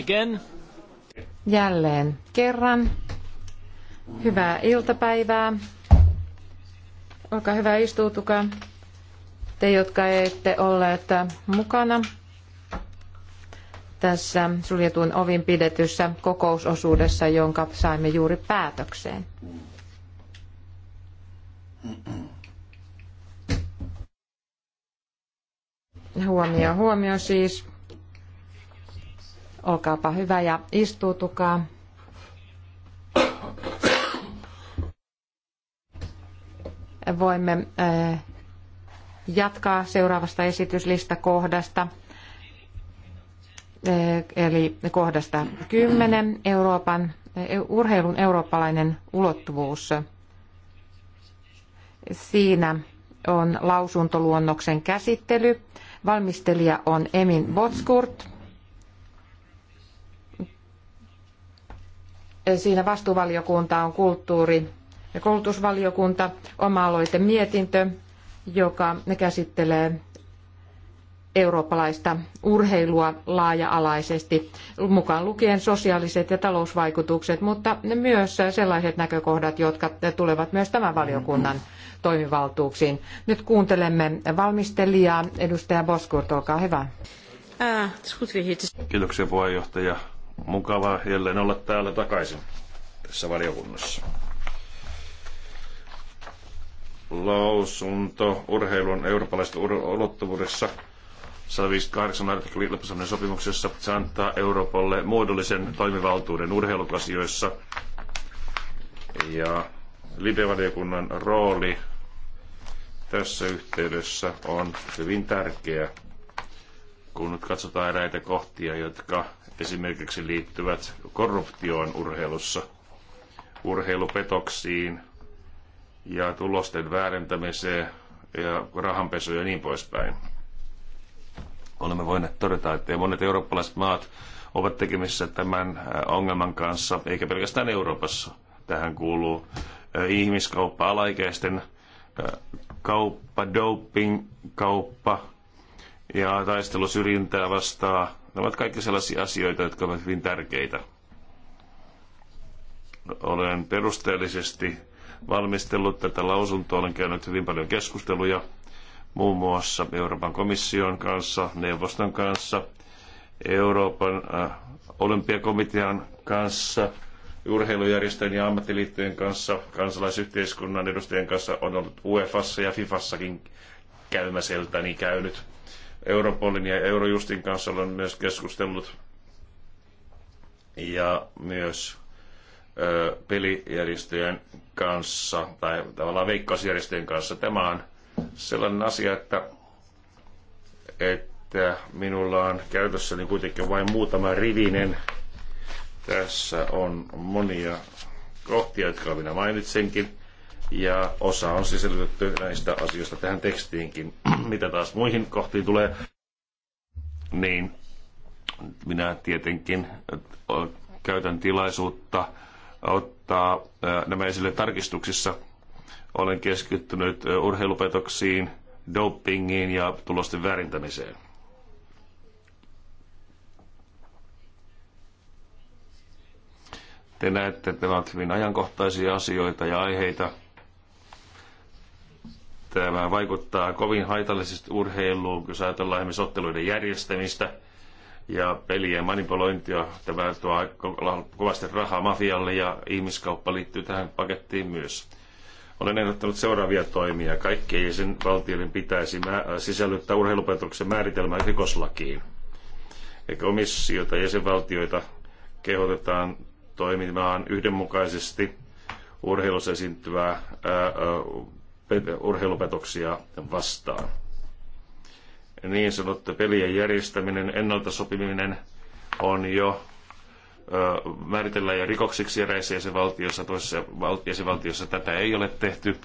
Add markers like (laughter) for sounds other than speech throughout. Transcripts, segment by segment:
Again. Jälleen kerran. Hyvää iltapäivää. Olkaa hyvä, istuutukaa. Te, jotka ette olleet mukana tässä suljetun ovin pidetyssä kokousosuudessa, jonka saimme juuri päätökseen. Huomio, huomio siis. Olkaapa hyvä ja istuutukaa. Voimme eh, jatkaa seuraavasta esityslistakohdasta, eh, eli kohdasta 10, Euroopan, eh, urheilun eurooppalainen ulottuvuus. Siinä on lausuntoluonnoksen käsittely. Valmistelija on Emin Botskurt. Siinä vastuuvaliokunta on kulttuuri- ja koulutusvaliokunta, oma-aloite mietintö, joka käsittelee eurooppalaista urheilua laaja-alaisesti, mukaan lukien sosiaaliset ja talousvaikutukset, mutta myös sellaiset näkökohdat, jotka tulevat myös tämän valiokunnan toimivaltuuksiin. Nyt kuuntelemme valmistelijaa, edustaja Boskurt, olkaa hyvä. Ah, Kiitoksia puheenjohtaja mukava jälleen olla täällä takaisin tässä valiokunnassa. Lausunto urheilun eurooppalaisesta ulottuvuudessa 158 artikli Lissabonin sopimuksessa se antaa Euroopalle muodollisen toimivaltuuden urheilukasioissa. Ja libevaliokunnan rooli tässä yhteydessä on hyvin tärkeä kun nyt katsotaan eräitä kohtia, jotka esimerkiksi liittyvät korruptioon urheilussa, urheilupetoksiin ja tulosten väärentämiseen ja rahanpesuun ja niin poispäin. Olemme voineet todeta, että monet eurooppalaiset maat ovat tekemisissä tämän ongelman kanssa, eikä pelkästään Euroopassa. Tähän kuuluu ihmiskauppa, alaikäisten kauppa, doping, kauppa, ja taistelu syrjintää vastaan. Ne ovat kaikki sellaisia asioita, jotka ovat hyvin tärkeitä. Olen perusteellisesti valmistellut tätä lausuntoa, olen käynyt hyvin paljon keskusteluja muun muassa Euroopan komission kanssa, neuvoston kanssa, Euroopan äh, olympiakomitean kanssa, urheilujärjestöjen ja ammattiliittojen kanssa, kansalaisyhteiskunnan edustajien kanssa, on ollut UEFassa ja FIFassakin käymäseltäni käynyt. Europolin ja Eurojustin kanssa olen myös keskustellut. Ja myös ö, pelijärjestöjen kanssa, tai tavallaan veikkausjärjestöjen kanssa. Tämä on sellainen asia, että, että minulla on käytössäni kuitenkin vain muutama rivinen. Tässä on monia kohtia, jotka minä mainitsenkin ja osa on sisällytetty näistä asioista tähän tekstiinkin. (clears throat) Mitä taas muihin kohtiin tulee, niin minä tietenkin käytän tilaisuutta ottaa nämä esille tarkistuksissa. Olen keskittynyt urheilupetoksiin, dopingiin ja tulosten väärintämiseen. Te näette, että nämä ovat hyvin ajankohtaisia asioita ja aiheita – tämä vaikuttaa kovin haitallisesti urheiluun, kun ajatellaan esimerkiksi otteluiden järjestämistä ja pelien manipulointia. Tämä tuo kovasti rahaa mafialle ja ihmiskauppa liittyy tähän pakettiin myös. Olen ehdottanut seuraavia toimia. Kaikkien valtioiden pitäisi sisällyttää urheilupetuksen määritelmää rikoslakiin. Komissiota ja jäsenvaltioita kehotetaan toimimaan yhdenmukaisesti urheilussa esiintyvää urheilupetoksia vastaan. Niin sanottu pelien järjestäminen, ennalta sopiminen on jo määritellään jo rikoksiksi eräissä jäsenvaltioissa, toisessa jäsenvaltiossa tätä ei ole tehty.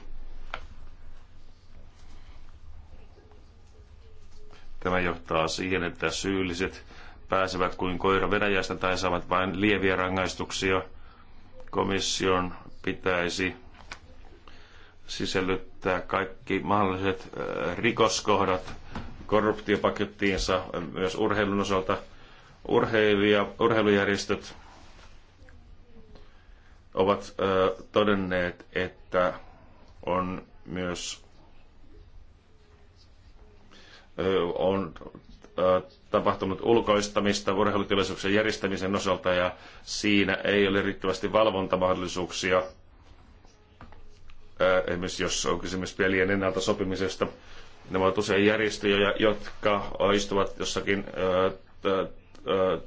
Tämä johtaa siihen, että syylliset pääsevät kuin koira venäjästä tai saavat vain lieviä rangaistuksia. Komission pitäisi sisällyttää kaikki mahdolliset rikoskohdat korruptiopakettiinsa myös urheilun osalta. Urheilija, urheilujärjestöt ovat todenneet, että on myös on tapahtunut ulkoistamista urheilutilaisuuksien järjestämisen osalta ja siinä ei ole riittävästi valvontamahdollisuuksia esimerkiksi jos on kysymys pelien ennalta sopimisesta, ne ovat usein järjestöjä, jotka istuvat jossakin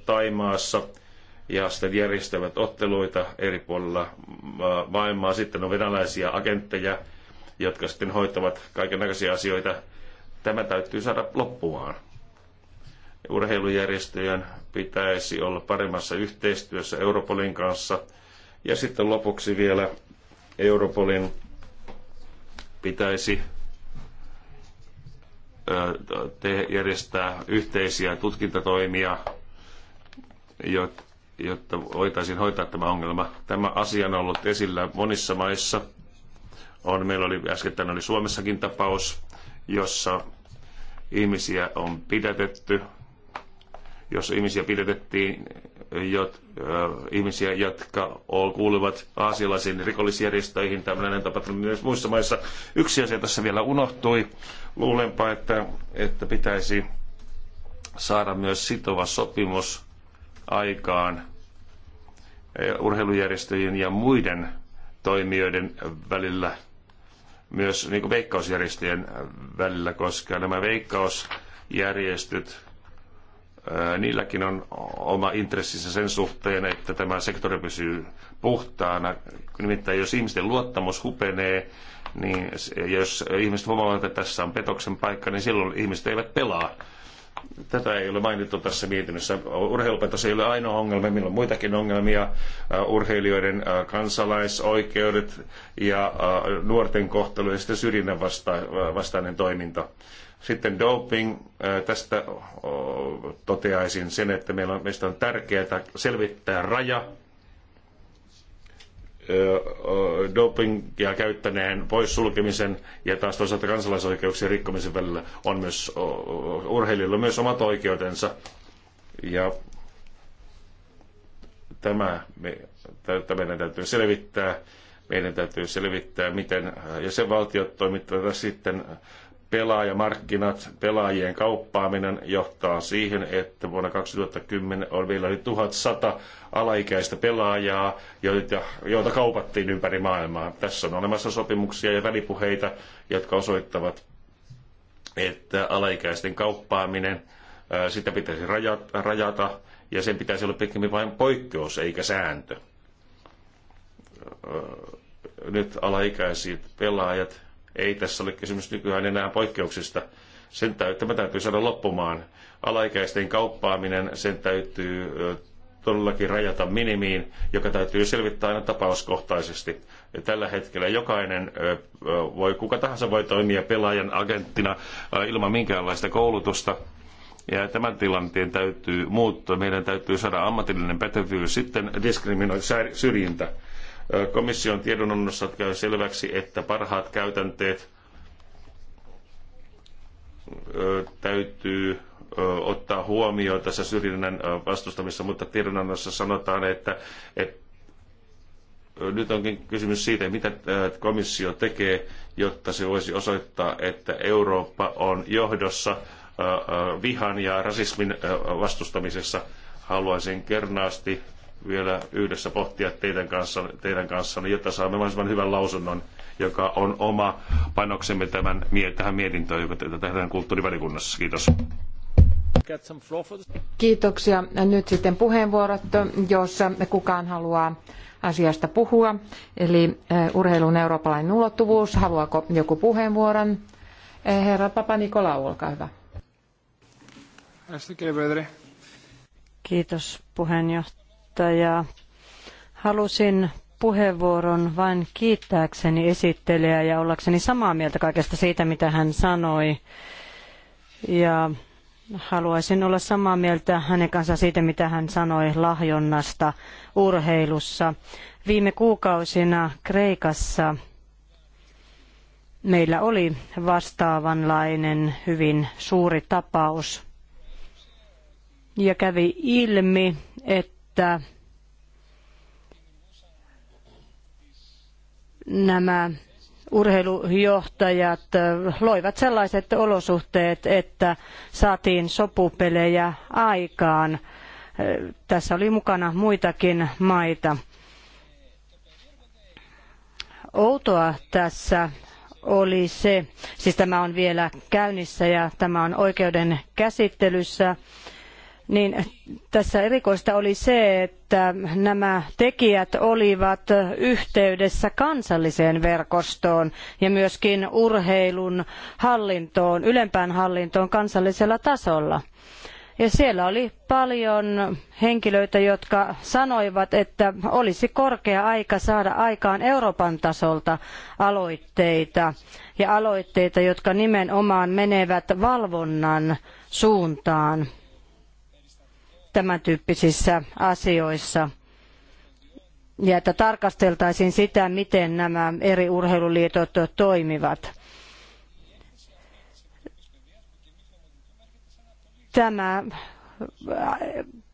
Taimaassa ja sitten järjestävät otteluita eri puolilla maailmaa. Sitten on venäläisiä agentteja, jotka sitten hoitavat kaikenlaisia asioita. Tämä täytyy saada loppumaan. Urheilujärjestöjen pitäisi olla paremmassa yhteistyössä Europolin kanssa. Ja sitten lopuksi vielä Europolin pitäisi te- järjestää yhteisiä tutkintatoimia, jotta voitaisiin hoitaa tämä ongelma. Tämä asia on ollut esillä monissa maissa. On, meillä oli äskettäin oli Suomessakin tapaus, jossa ihmisiä on pidätetty. Jos ihmisiä pidätettiin, jot, äh, ihmisiä, jotka kuuluvat aasialaisiin rikollisjärjestöihin. Tämmöinen on tapahtunut myös muissa maissa. Yksi asia tässä vielä unohtui. Luulenpa, että, että pitäisi saada myös sitova sopimus aikaan urheilujärjestöjen ja muiden toimijoiden välillä, myös niin kuin veikkausjärjestöjen välillä, koska nämä veikkausjärjestöt niilläkin on oma intressinsä sen suhteen, että tämä sektori pysyy puhtaana. Nimittäin jos ihmisten luottamus hupenee, niin jos ihmiset huomaavat, että tässä on petoksen paikka, niin silloin ihmiset eivät pelaa. Tätä ei ole mainittu tässä mietinnössä. Urheilupetos ei ole ainoa ongelma, meillä on muitakin ongelmia. Urheilijoiden kansalaisoikeudet ja nuorten kohtelu ja sitten syrjinnän vastainen toiminta. Sitten doping. Tästä toteaisin sen, että meillä on, meistä on tärkeää selvittää raja dopingia käyttäneen poissulkemisen ja taas toisaalta kansalaisoikeuksien rikkomisen välillä on myös urheilijoilla myös omat oikeutensa. Ja tämä, me, tämä meidän täytyy selvittää. Meidän täytyy selvittää, miten jäsenvaltiot toimittavat sitten pelaajamarkkinat, pelaajien kauppaaminen johtaa siihen, että vuonna 2010 on vielä yli 1100 alaikäistä pelaajaa, joita, joita kaupattiin ympäri maailmaa. Tässä on olemassa sopimuksia ja välipuheita, jotka osoittavat, että alaikäisten kauppaaminen, sitä pitäisi rajata ja sen pitäisi olla pikemmin vain poikkeus eikä sääntö. Nyt alaikäiset pelaajat ei tässä ole kysymys nykyään enää poikkeuksista. Sen täy- tämä täytyy saada loppumaan. Alaikäisten kauppaaminen, sen täytyy todellakin rajata minimiin, joka täytyy selvittää aina tapauskohtaisesti. Tällä hetkellä jokainen, voi, kuka tahansa voi toimia pelaajan agenttina ilman minkäänlaista koulutusta. Ja tämän tilanteen täytyy muuttua. Meidän täytyy saada ammatillinen pätevyys, sitten diskriminoida syrjintä. Komission tiedonannossa käy selväksi, että parhaat käytänteet täytyy ottaa huomioon tässä syrjinnän vastustamisessa, mutta tiedonannossa sanotaan, että, että nyt onkin kysymys siitä, mitä komissio tekee, jotta se voisi osoittaa, että Eurooppa on johdossa vihan ja rasismin vastustamisessa. Haluaisin kernaasti vielä yhdessä pohtia teidän kanssa, teidän kanssanne, jotta saamme mahdollisimman hyvän lausunnon, joka on oma panoksemme tämän, tähän mietintöön, joka tehdään kulttuurivalikunnassa. Kiitos. Kiitoksia. Nyt sitten puheenvuorot, jos kukaan haluaa asiasta puhua. Eli eh, urheilun eurooppalainen ulottuvuus. Haluaako joku puheenvuoron? Eh, herra Papa Nikolau, olkaa hyvä. Kiitos puheenjohtaja puheenjohtaja. Halusin puheenvuoron vain kiittääkseni esittelijää ja ollakseni samaa mieltä kaikesta siitä, mitä hän sanoi. Ja haluaisin olla samaa mieltä hänen kanssaan siitä, mitä hän sanoi lahjonnasta urheilussa. Viime kuukausina Kreikassa meillä oli vastaavanlainen hyvin suuri tapaus. Ja kävi ilmi, että että nämä urheilujohtajat loivat sellaiset olosuhteet, että saatiin sopupelejä aikaan. Tässä oli mukana muitakin maita. Outoa tässä oli se, siis tämä on vielä käynnissä ja tämä on oikeuden käsittelyssä, niin tässä erikoista oli se, että nämä tekijät olivat yhteydessä kansalliseen verkostoon ja myöskin urheilun hallintoon, ylempään hallintoon kansallisella tasolla. Ja siellä oli paljon henkilöitä, jotka sanoivat, että olisi korkea aika saada aikaan Euroopan tasolta aloitteita ja aloitteita, jotka nimenomaan menevät valvonnan suuntaan tämän tyyppisissä asioissa ja että tarkasteltaisiin sitä, miten nämä eri urheiluliitot toimivat. Tämä äh,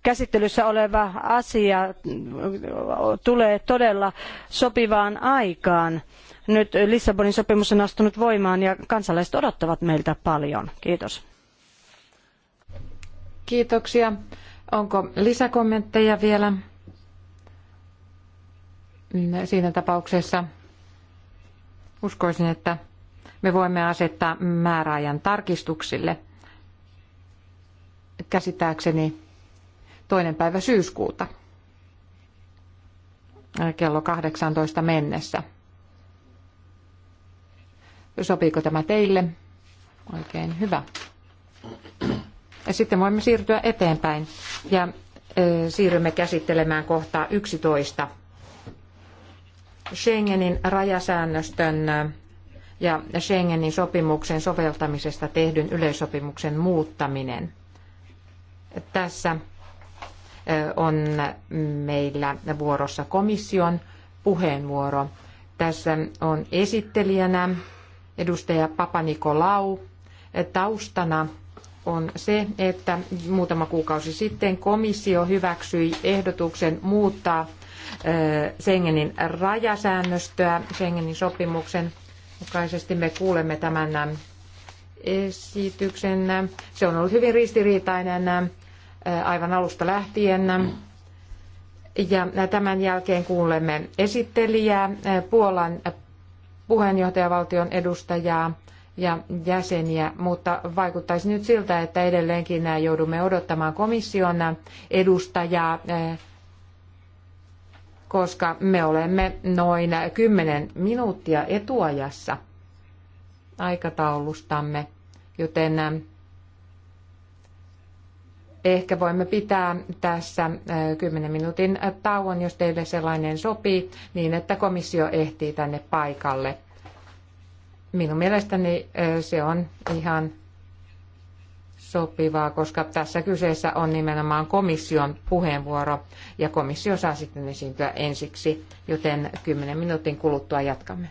käsittelyssä oleva asia äh, tulee todella sopivaan aikaan. Nyt Lissabonin sopimus on astunut voimaan ja kansalaiset odottavat meiltä paljon. Kiitos. Kiitoksia. Onko lisäkommentteja vielä? Mm, siinä tapauksessa uskoisin, että me voimme asettaa määräajan tarkistuksille käsittääkseni toinen päivä syyskuuta kello 18 mennessä. Sopiiko tämä teille? Oikein hyvä. Sitten voimme siirtyä eteenpäin ja siirrymme käsittelemään kohtaa 11. Schengenin rajasäännöstön ja Schengenin sopimuksen soveltamisesta tehdyn yleissopimuksen muuttaminen. Tässä on meillä vuorossa komission puheenvuoro. Tässä on esittelijänä edustaja Papa Nikolau. Taustana on se, että muutama kuukausi sitten komissio hyväksyi ehdotuksen muuttaa Schengenin rajasäännöstöä Schengenin sopimuksen mukaisesti. Me kuulemme tämän esityksen. Se on ollut hyvin ristiriitainen aivan alusta lähtien. Ja tämän jälkeen kuulemme esittelijää, Puolan puheenjohtajavaltion edustajaa ja jäseniä, mutta vaikuttaisi nyt siltä, että edelleenkin joudumme odottamaan komission edustajaa, eh, koska me olemme noin kymmenen minuuttia etuajassa aikataulustamme, joten eh, ehkä voimme pitää tässä 10 eh, minuutin tauon, jos teille sellainen sopii, niin että komissio ehtii tänne paikalle minun mielestäni se on ihan sopivaa, koska tässä kyseessä on nimenomaan komission puheenvuoro ja komissio saa sitten esiintyä ensiksi, joten 10 minuutin kuluttua jatkamme.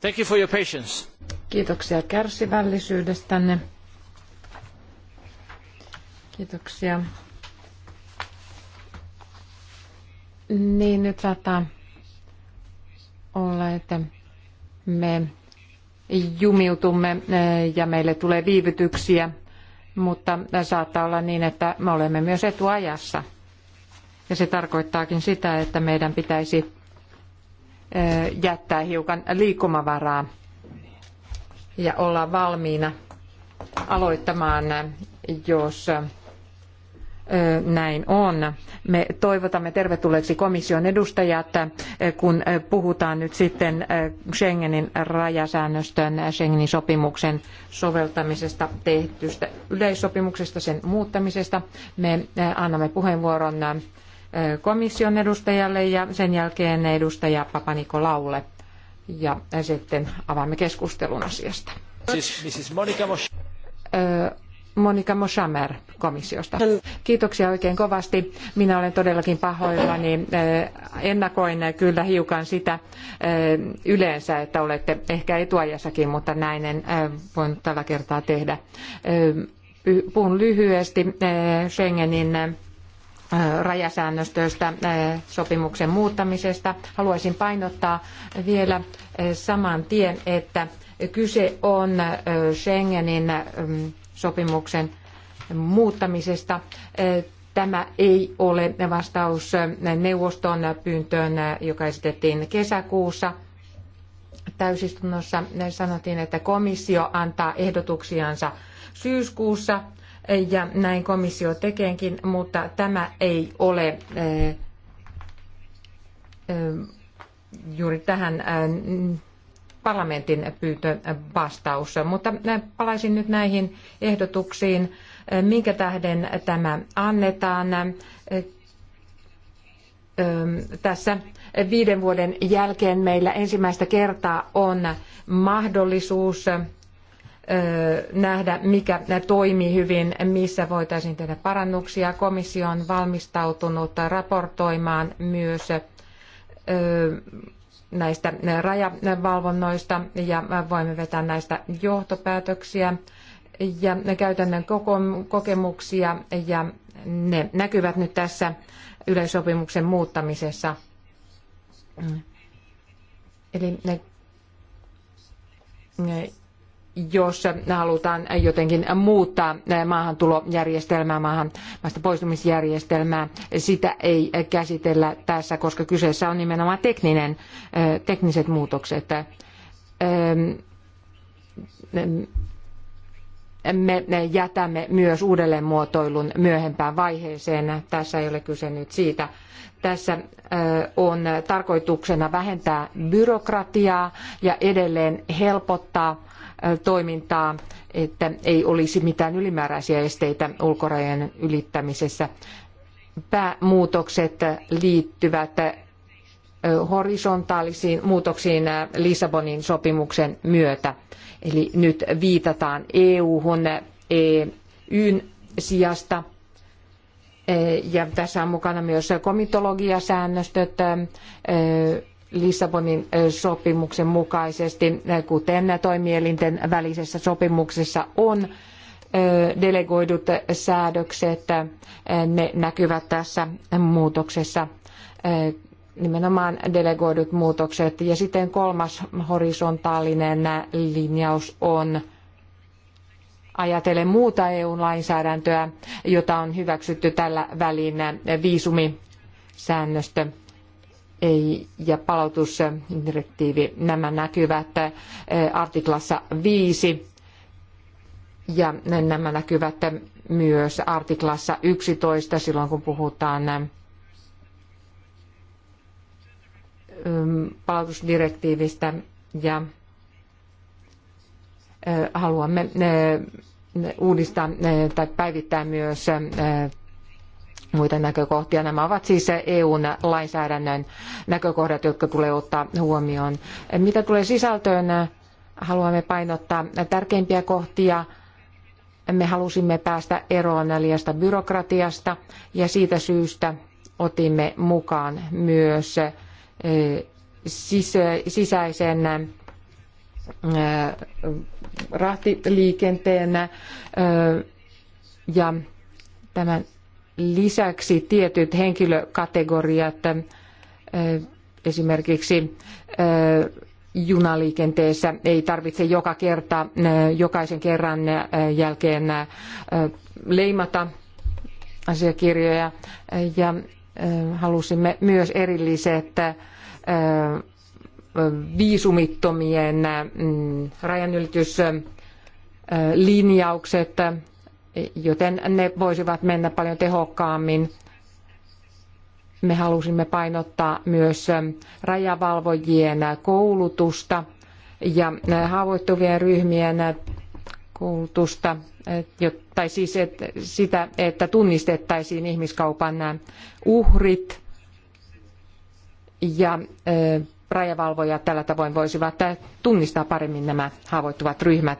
Thank you for your patience. Kiitoksia kärsivällisyydestänne. Kiitoksia. Niin nyt saattaa olla, että me jumiutumme eh, ja meille tulee viivytyksiä, mutta saattaa olla niin, että me olemme myös etuajassa. Ja se tarkoittaakin sitä, että meidän pitäisi Eh, jättää hiukan liikkumavaraa ja olla valmiina aloittamaan, jos eh, näin on. Me toivotamme tervetulleeksi komission edustajat, eh, kun puhutaan nyt sitten Schengenin rajasäännöstön, Schengenin sopimuksen soveltamisesta tehtystä yleissopimuksesta, sen muuttamisesta. Me annamme puheenvuoron komission edustajalle ja sen jälkeen edustaja Papanikolaulle. Ja sitten avaamme keskustelun asiasta. Monika Moshammer komissiosta. Kiitoksia oikein kovasti. Minä olen todellakin pahoillani. Ennakoin kyllä hiukan sitä yleensä, että olette ehkä etuajassakin, mutta näin en voinut tällä kertaa tehdä. Puhun lyhyesti Schengenin Äh, rajasäännöstöstä, äh, sopimuksen muuttamisesta. Haluaisin painottaa vielä äh, saman tien, että kyse on Schengenin sopimuksen muuttamisesta. Tämä ei ole vastaus neuvoston pyyntöön, joka esitettiin kesäkuussa täysistunnossa. Sanottiin, että komissio antaa ehdotuksiansa syyskuussa ja näin komissio tekeekin, mutta tämä ei ole eh, eh, juuri tähän eh, parlamentin pyytö vastaus. Mutta palaisin nyt näihin ehdotuksiin, minkä tähden tämä annetaan. Tässä viiden vuoden jälkeen meillä ensimmäistä kertaa on mahdollisuus nähdä, mikä toimii hyvin, missä voitaisiin tehdä parannuksia. Komissio on valmistautunut raportoimaan myös näistä rajavalvonnoista ja voimme vetää näistä johtopäätöksiä ja käytännön kokemuksia ja ne näkyvät nyt tässä yleissopimuksen muuttamisessa. Eli ne, ne jos halutaan jotenkin muuttaa maahantulojärjestelmää, maahan poistumisjärjestelmää. Sitä ei käsitellä tässä, koska kyseessä on nimenomaan tekninen, tekniset muutokset. Me jätämme myös uudelleenmuotoilun myöhempään vaiheeseen. Tässä ei ole kyse nyt siitä, tässä on tarkoituksena vähentää byrokratiaa ja edelleen helpottaa toimintaa, että ei olisi mitään ylimääräisiä esteitä ulkorajojen ylittämisessä. Päämuutokset liittyvät horisontaalisiin muutoksiin Lissabonin sopimuksen myötä. Eli nyt viitataan EU-hun EYn sijasta. Ja tässä on mukana myös komitologiasäännöstöt, Lissabonin sopimuksen mukaisesti, kuten toimielinten välisessä sopimuksessa on delegoidut säädökset, ne näkyvät tässä muutoksessa nimenomaan delegoidut muutokset. Ja sitten kolmas horisontaalinen linjaus on ajatellen muuta EU-lainsäädäntöä, jota on hyväksytty tällä välin viisumisäännöstö ja palautusdirektiivi. Nämä näkyvät eh, artiklassa 5 ja nämä näkyvät myös artiklassa 11 silloin, kun puhutaan eh, mm, palautusdirektiivistä ja eh, haluamme uudistaa tai päivittää myös muita näkökohtia. Nämä ovat siis EUn e lainsäädännön näkökohdat, jotka tulee ottaa huomioon. Mitä tulee sisältöön, haluamme painottaa tärkeimpiä kohtia. Me halusimme päästä eroon liiasta byrokratiasta ja siitä syystä otimme mukaan myös e, sisäisen e, rahtiliikenteen ja tämän lisäksi tietyt henkilökategoriat, esimerkiksi junaliikenteessä ei tarvitse joka kerta, jokaisen kerran jälkeen leimata asiakirjoja ja halusimme myös erilliset viisumittomien mm, rajanylityslinjaukset joten ne voisivat mennä paljon tehokkaammin. Me halusimme painottaa myös ähm, rajavalvojien koulutusta ja äh, haavoittuvien ryhmien äh, koulutusta, äh, tai siis sitä, että tunnistettaisiin ihmiskaupan uhrit ja rajavalvojat tällä tavoin voisivat tunnistaa paremmin nämä haavoittuvat ryhmät.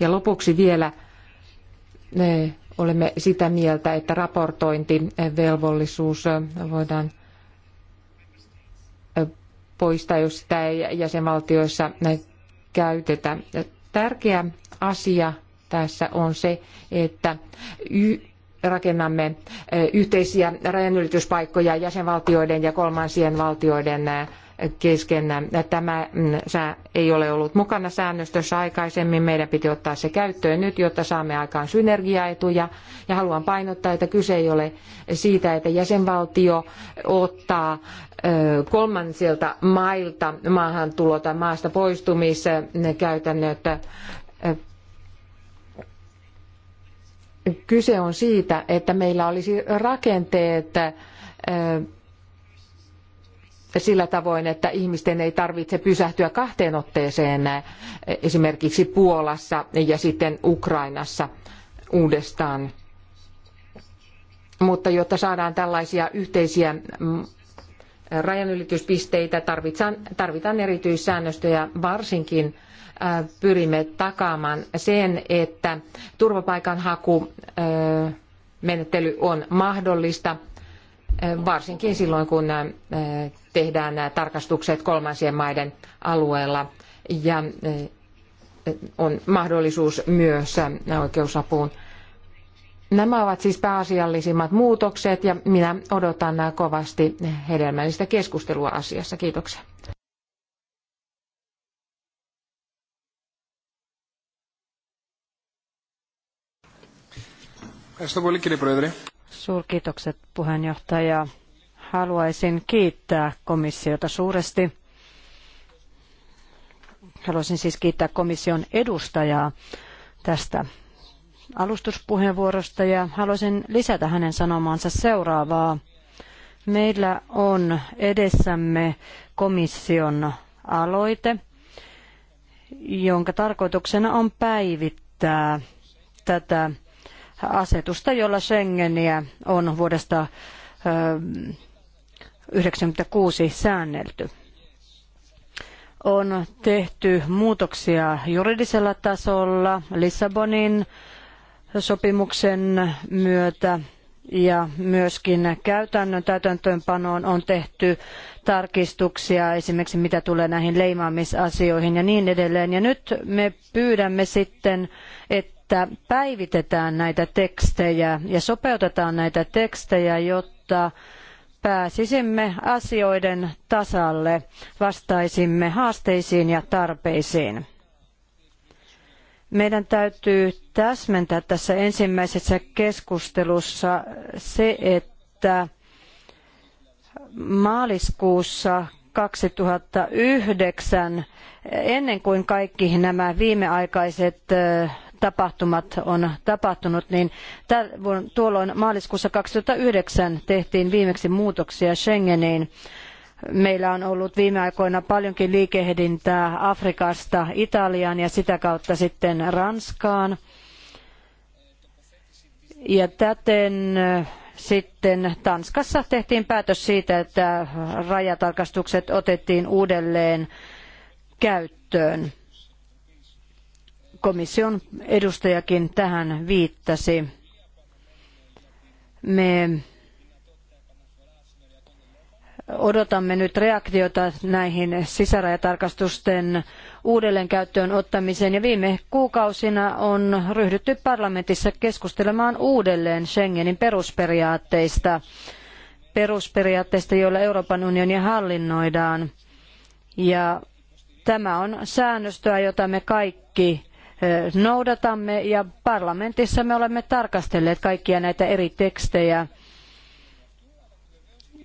Ja lopuksi vielä olemme sitä mieltä, että raportointivelvollisuus voidaan poistaa, jos sitä ei jäsenvaltioissa käytetä. Tärkeä asia tässä on se, että rakennamme yhteisiä rajanylityspaikkoja jäsenvaltioiden ja kolmansien valtioiden kesken. Tämä mm, ei ole ollut mukana säännöstössä aikaisemmin. Meidän piti ottaa se käyttöön nyt, jotta saamme aikaan synergiaetuja. Ja haluan painottaa, että kyse ei ole siitä, että jäsenvaltio ottaa kolmansilta mailta maahantulo- tai maasta poistumiskäytännöt kyse on siitä, että meillä olisi rakenteet sillä tavoin, että ihmisten ei tarvitse pysähtyä kahteen otteeseen eh, esimerkiksi Puolassa ja sitten Ukrainassa uudestaan. Mutta jotta saadaan tällaisia yhteisiä mm, rajanylityspisteitä, tarvitaan, tarvitaan erityissäännöstöjä varsinkin eh, pyrimme takaamaan sen, että turvapaikanhaku eh, menettely on mahdollista varsinkin silloin, kun tehdään tarkastukset kolmansien maiden alueella ja on mahdollisuus myös oikeusapuun. Nämä ovat siis pääasiallisimmat muutokset ja minä odotan kovasti hedelmällistä keskustelua asiassa. Kiitoksia. Ευχαριστώ πολύ κύριε Suurkiitokset puheenjohtaja. Haluaisin kiittää komissiota suuresti. Haluaisin siis kiittää komission edustajaa tästä alustuspuheenvuorosta ja haluaisin lisätä hänen sanomaansa seuraavaa. Meillä on edessämme komission aloite, jonka tarkoituksena on päivittää tätä asetusta, jolla Schengeniä on vuodesta 1996 säännelty. On tehty muutoksia juridisella tasolla Lissabonin sopimuksen myötä ja myöskin käytännön täytäntöönpanoon on tehty tarkistuksia esimerkiksi mitä tulee näihin leimaamisasioihin ja niin edelleen. Ja nyt me pyydämme sitten, että että päivitetään näitä tekstejä ja sopeutetaan näitä tekstejä, jotta pääsisimme asioiden tasalle, vastaisimme haasteisiin ja tarpeisiin. Meidän täytyy täsmentää tässä ensimmäisessä keskustelussa se, että maaliskuussa 2009, ennen kuin kaikki nämä viimeaikaiset tapahtumat on tapahtunut, niin tuolloin maaliskuussa 2009 tehtiin viimeksi muutoksia Schengeniin. Meillä on ollut viime aikoina paljonkin liikehdintää Afrikasta Italiaan ja sitä kautta sitten Ranskaan. Ja täten äh, sitten Tanskassa tehtiin päätös siitä, että rajatarkastukset otettiin uudelleen käyttöön komission edustajakin tähän viittasi. Me odotamme nyt reaktiota näihin sisärajatarkastusten uudelleenkäyttöön ottamiseen ja viime kuukausina on ryhdytty parlamentissa keskustelemaan uudelleen Schengenin perusperiaatteista, perusperiaatteista, joilla Euroopan unionia hallinnoidaan. Ja tämä on säännöstöä, jota me kaikki noudatamme ja parlamentissa me olemme tarkastelleet kaikkia näitä eri tekstejä.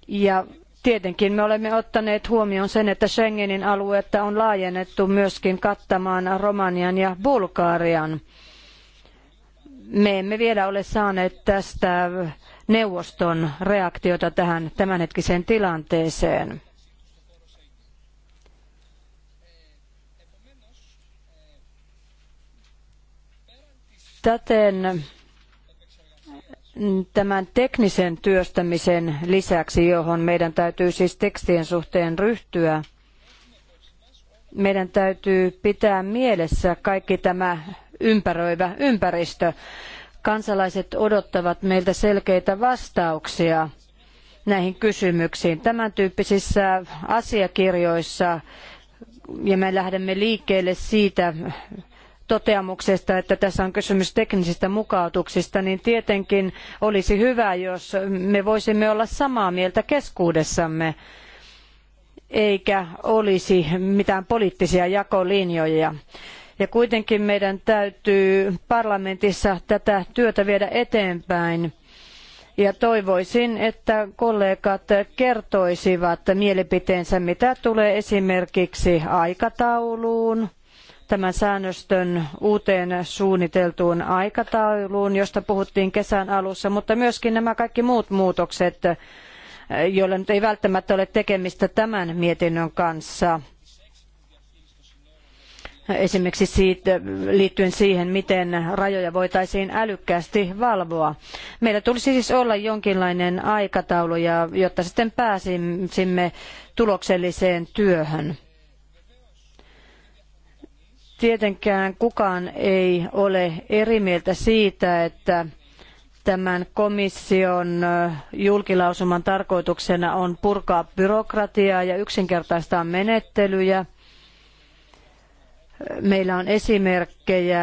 Ja tietenkin me olemme ottaneet huomioon sen, että Schengenin aluetta on laajennettu myöskin kattamaan Romanian ja Bulgarian. Me emme vielä ole saaneet tästä neuvoston reaktiota tähän tämänhetkiseen tilanteeseen. Täten tämän teknisen työstämisen lisäksi, johon meidän täytyy siis tekstien suhteen ryhtyä, meidän täytyy pitää mielessä kaikki tämä ympäröivä ympäristö. Kansalaiset odottavat meiltä selkeitä vastauksia näihin kysymyksiin. Tämän tyyppisissä asiakirjoissa ja me lähdemme liikkeelle siitä, toteamuksesta, että tässä on kysymys teknisistä mukautuksista, niin tietenkin olisi hyvä, jos me voisimme olla samaa mieltä keskuudessamme, eikä olisi mitään poliittisia jakolinjoja. Ja kuitenkin meidän täytyy parlamentissa tätä työtä viedä eteenpäin. Ja toivoisin, että kollegat kertoisivat mielipiteensä, mitä tulee esimerkiksi aikatauluun, tämän säännöstön uuteen suunniteltuun aikatauluun, josta puhuttiin kesän alussa, mutta myöskin nämä kaikki muut muutokset, joilla nyt ei välttämättä ole tekemistä tämän mietinnön kanssa esimerkiksi siitä, liittyen siihen, miten rajoja voitaisiin älykkäästi valvoa. Meillä tulisi siis olla jonkinlainen aikataulu, ja, jotta sitten pääsisimme tulokselliseen työhön. Tietenkään kukaan ei ole eri mieltä siitä, että tämän komission julkilausuman tarkoituksena on purkaa byrokratiaa ja yksinkertaistaa menettelyjä. Meillä on esimerkkejä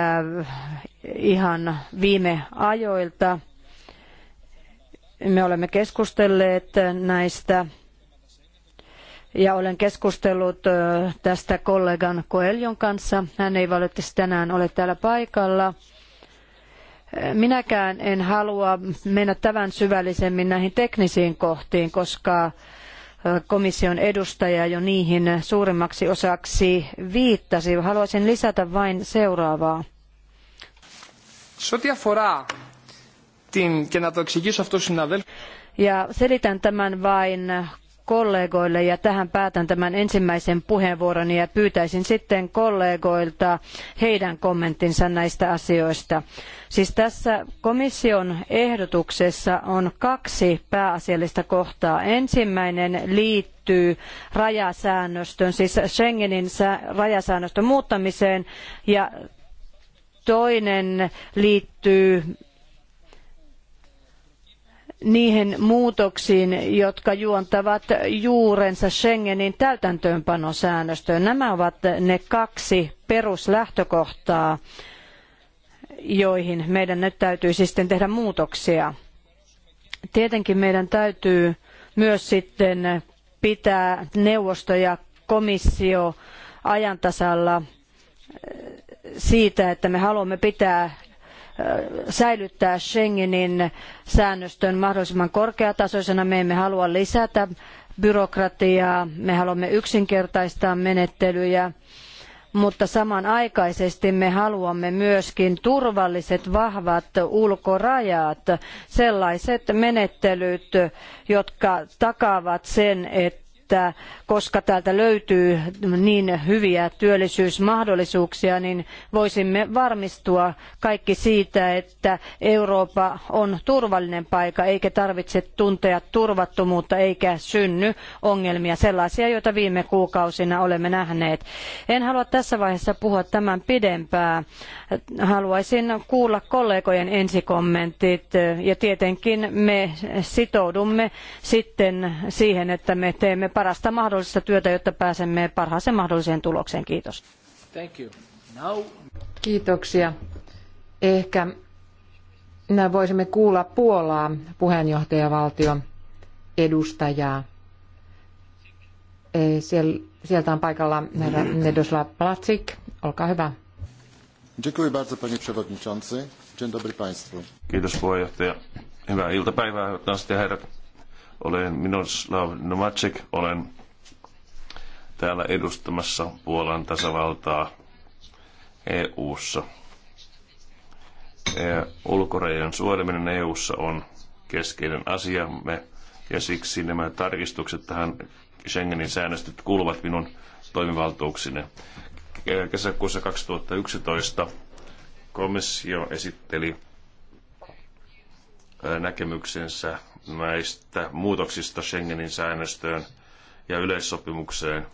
ihan viime ajoilta. Me olemme keskustelleet näistä ja olen keskustellut tästä kollegan Koeljon kanssa. Hän ei valitettavasti tänään ole täällä paikalla. Minäkään en halua mennä tämän syvällisemmin näihin teknisiin kohtiin, koska komission edustaja jo niihin suurimmaksi osaksi viittasi. Haluaisin lisätä vain seuraavaa. Ja selitän tämän vain kollegoille ja tähän päätän tämän ensimmäisen puheenvuoroni ja pyytäisin sitten kollegoilta heidän kommenttinsa näistä asioista. Siis tässä komission ehdotuksessa on kaksi pääasiallista kohtaa. Ensimmäinen liittyy rajasäännöstön, siis Schengenin rajasäännöstön muuttamiseen ja toinen liittyy niihin muutoksiin, jotka juontavat juurensa Schengenin täytäntöönpanosäännöstöön. Nämä ovat ne kaksi peruslähtökohtaa, joihin meidän nyt täytyisi sitten tehdä muutoksia. Tietenkin meidän täytyy myös sitten pitää neuvosto ja komissio ajantasalla eh, siitä, että me haluamme pitää säilyttää Schengenin säännöstön mahdollisimman korkeatasoisena. Me emme halua lisätä byrokratiaa, me haluamme yksinkertaistaa menettelyjä mutta samanaikaisesti me haluamme myöskin turvalliset, vahvat ulkorajat, sellaiset menettelyt, jotka takaavat sen, että että koska täältä löytyy niin hyviä työllisyysmahdollisuuksia, niin voisimme varmistua kaikki siitä, että Eurooppa on turvallinen paikka, eikä tarvitse tuntea turvattomuutta eikä synny ongelmia, sellaisia, joita viime kuukausina olemme nähneet. En halua tässä vaiheessa puhua tämän pidempään. Haluaisin kuulla kollegojen ensikommentit ja tietenkin me sitoudumme sitten siihen, että me teemme parasta mahdollista työtä, jotta pääsemme parhaaseen mahdolliseen tulokseen. Kiitos. Now... Kiitoksia. Ehkä voisimme kuulla Puolaa puheenjohtajavaltion edustajaa. Sieltä on paikalla Nedoslav Placik. Olkaa hyvä. Dziękuję bardzo, Kiitos puheenjohtaja. Hyvää iltapäivää, hyvät naiset ja herrat. Olen Minoslav Nomacek, olen täällä edustamassa Puolan tasavaltaa EU-ssa. E, ulkorajojen suojeleminen EU-ssa on keskeinen asiamme ja siksi nämä tarkistukset tähän Schengenin säännöstöt kuuluvat minun toimivaltuuksine. Kesäkuussa 2011 komissio esitteli näkemyksensä näistä muutoksista Schengenin säännöstöön ja yleissopimukseen.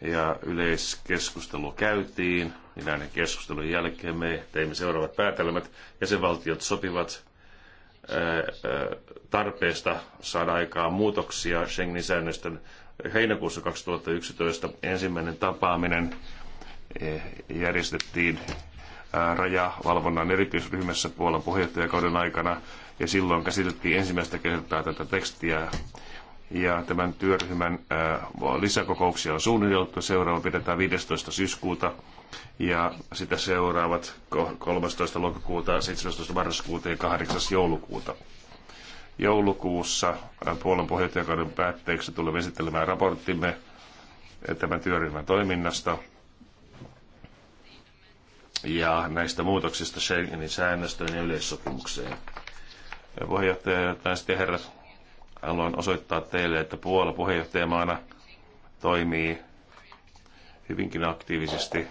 Ja yleiskeskustelu käytiin, ja niin näiden keskustelun jälkeen me teimme seuraavat päätelmät. Jäsenvaltiot sopivat tarpeesta saada aikaa muutoksia Schengenin säännöstön heinäkuussa 2011 ensimmäinen tapaaminen järjestettiin rajavalvonnan erityisryhmässä Puolan puheenjohtajakauden aikana, ja silloin käsiteltiin ensimmäistä kertaa tätä tekstiä. Ja tämän työryhmän lisäkokouksia on suunniteltu. Seuraava pidetään 15. syyskuuta ja sitä seuraavat 13. lokakuuta, 17. marraskuuta ja 8. joulukuuta. Joulukuussa Puolan puheenjohtajakauden päätteeksi tulemme esittelemään raporttimme tämän työryhmän toiminnasta – ja näistä muutoksista Schengenin säännöstöön ja yleissopimukseen. Puheenjohtaja, naiset ja herrat, haluan osoittaa teille, että Puola puheenjohtajamaana toimii hyvinkin aktiivisesti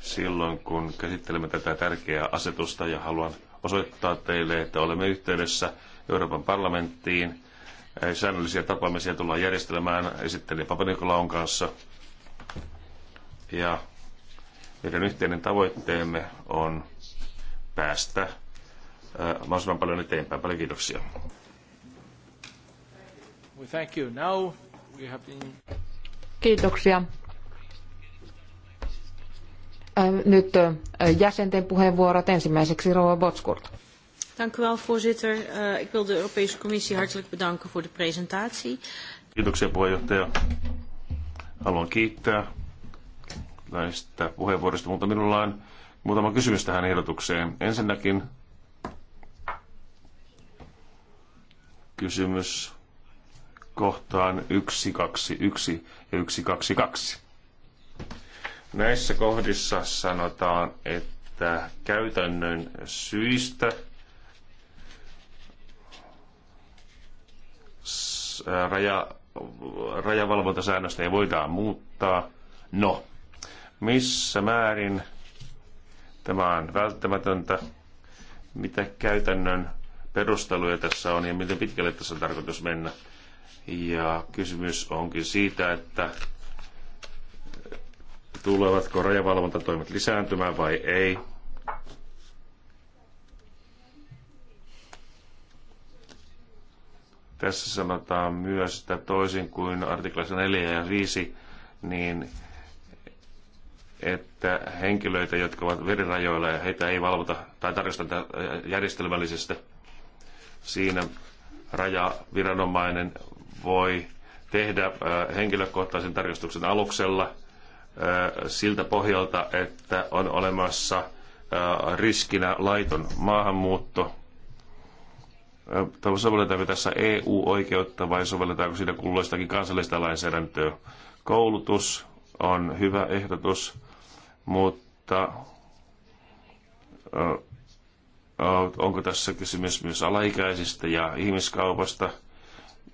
silloin, kun käsittelemme tätä tärkeää asetusta ja haluan osoittaa teille, että olemme yhteydessä Euroopan parlamenttiin. Säännöllisiä tapaamisia tullaan järjestelemään esittelijä Papanikolaun kanssa. Ja meidän yhteinen tavoitteemme on päästä äh, mahdollisimman paljon eteenpäin. Paljon kiitoksia. Kiitoksia. Äh, nyt äh, jäsenten puheenvuorot ensimmäiseksi Rova Botskurt. Dank u wel, voorzitter. Uh, ik wil de Europese Commissie hartelijk bedanken voor de presentatie. Kiitoksia, puheenjohtaja. Haluan kiittää näistä puheenvuoroista, mutta minulla on muutama kysymys tähän ehdotukseen. Ensinnäkin kysymys kohtaan 121 ja 122. Näissä kohdissa sanotaan, että käytännön syistä raja, rajavalvontasäännöstä ei voidaan muuttaa. No, missä määrin tämä on välttämätöntä, mitä käytännön perusteluja tässä on ja miten pitkälle tässä on tarkoitus mennä. Ja kysymys onkin siitä, että tulevatko rajavalvontatoimet lisääntymään vai ei. Tässä sanotaan myös, että toisin kuin artiklassa 4 ja 5, niin että henkilöitä, jotka ovat verirajoilla ja heitä ei valvota tai tarkasteta järjestelmällisesti, siinä rajaviranomainen voi tehdä henkilökohtaisen tarkastuksen aluksella siltä pohjalta, että on olemassa riskinä laiton maahanmuutto. Sovelletaanko tässä EU-oikeutta vai sovelletaanko siitä kulloistakin kansallista lainsäädäntöä? Koulutus on hyvä ehdotus mutta onko tässä kysymys myös alaikäisistä ja ihmiskaupasta?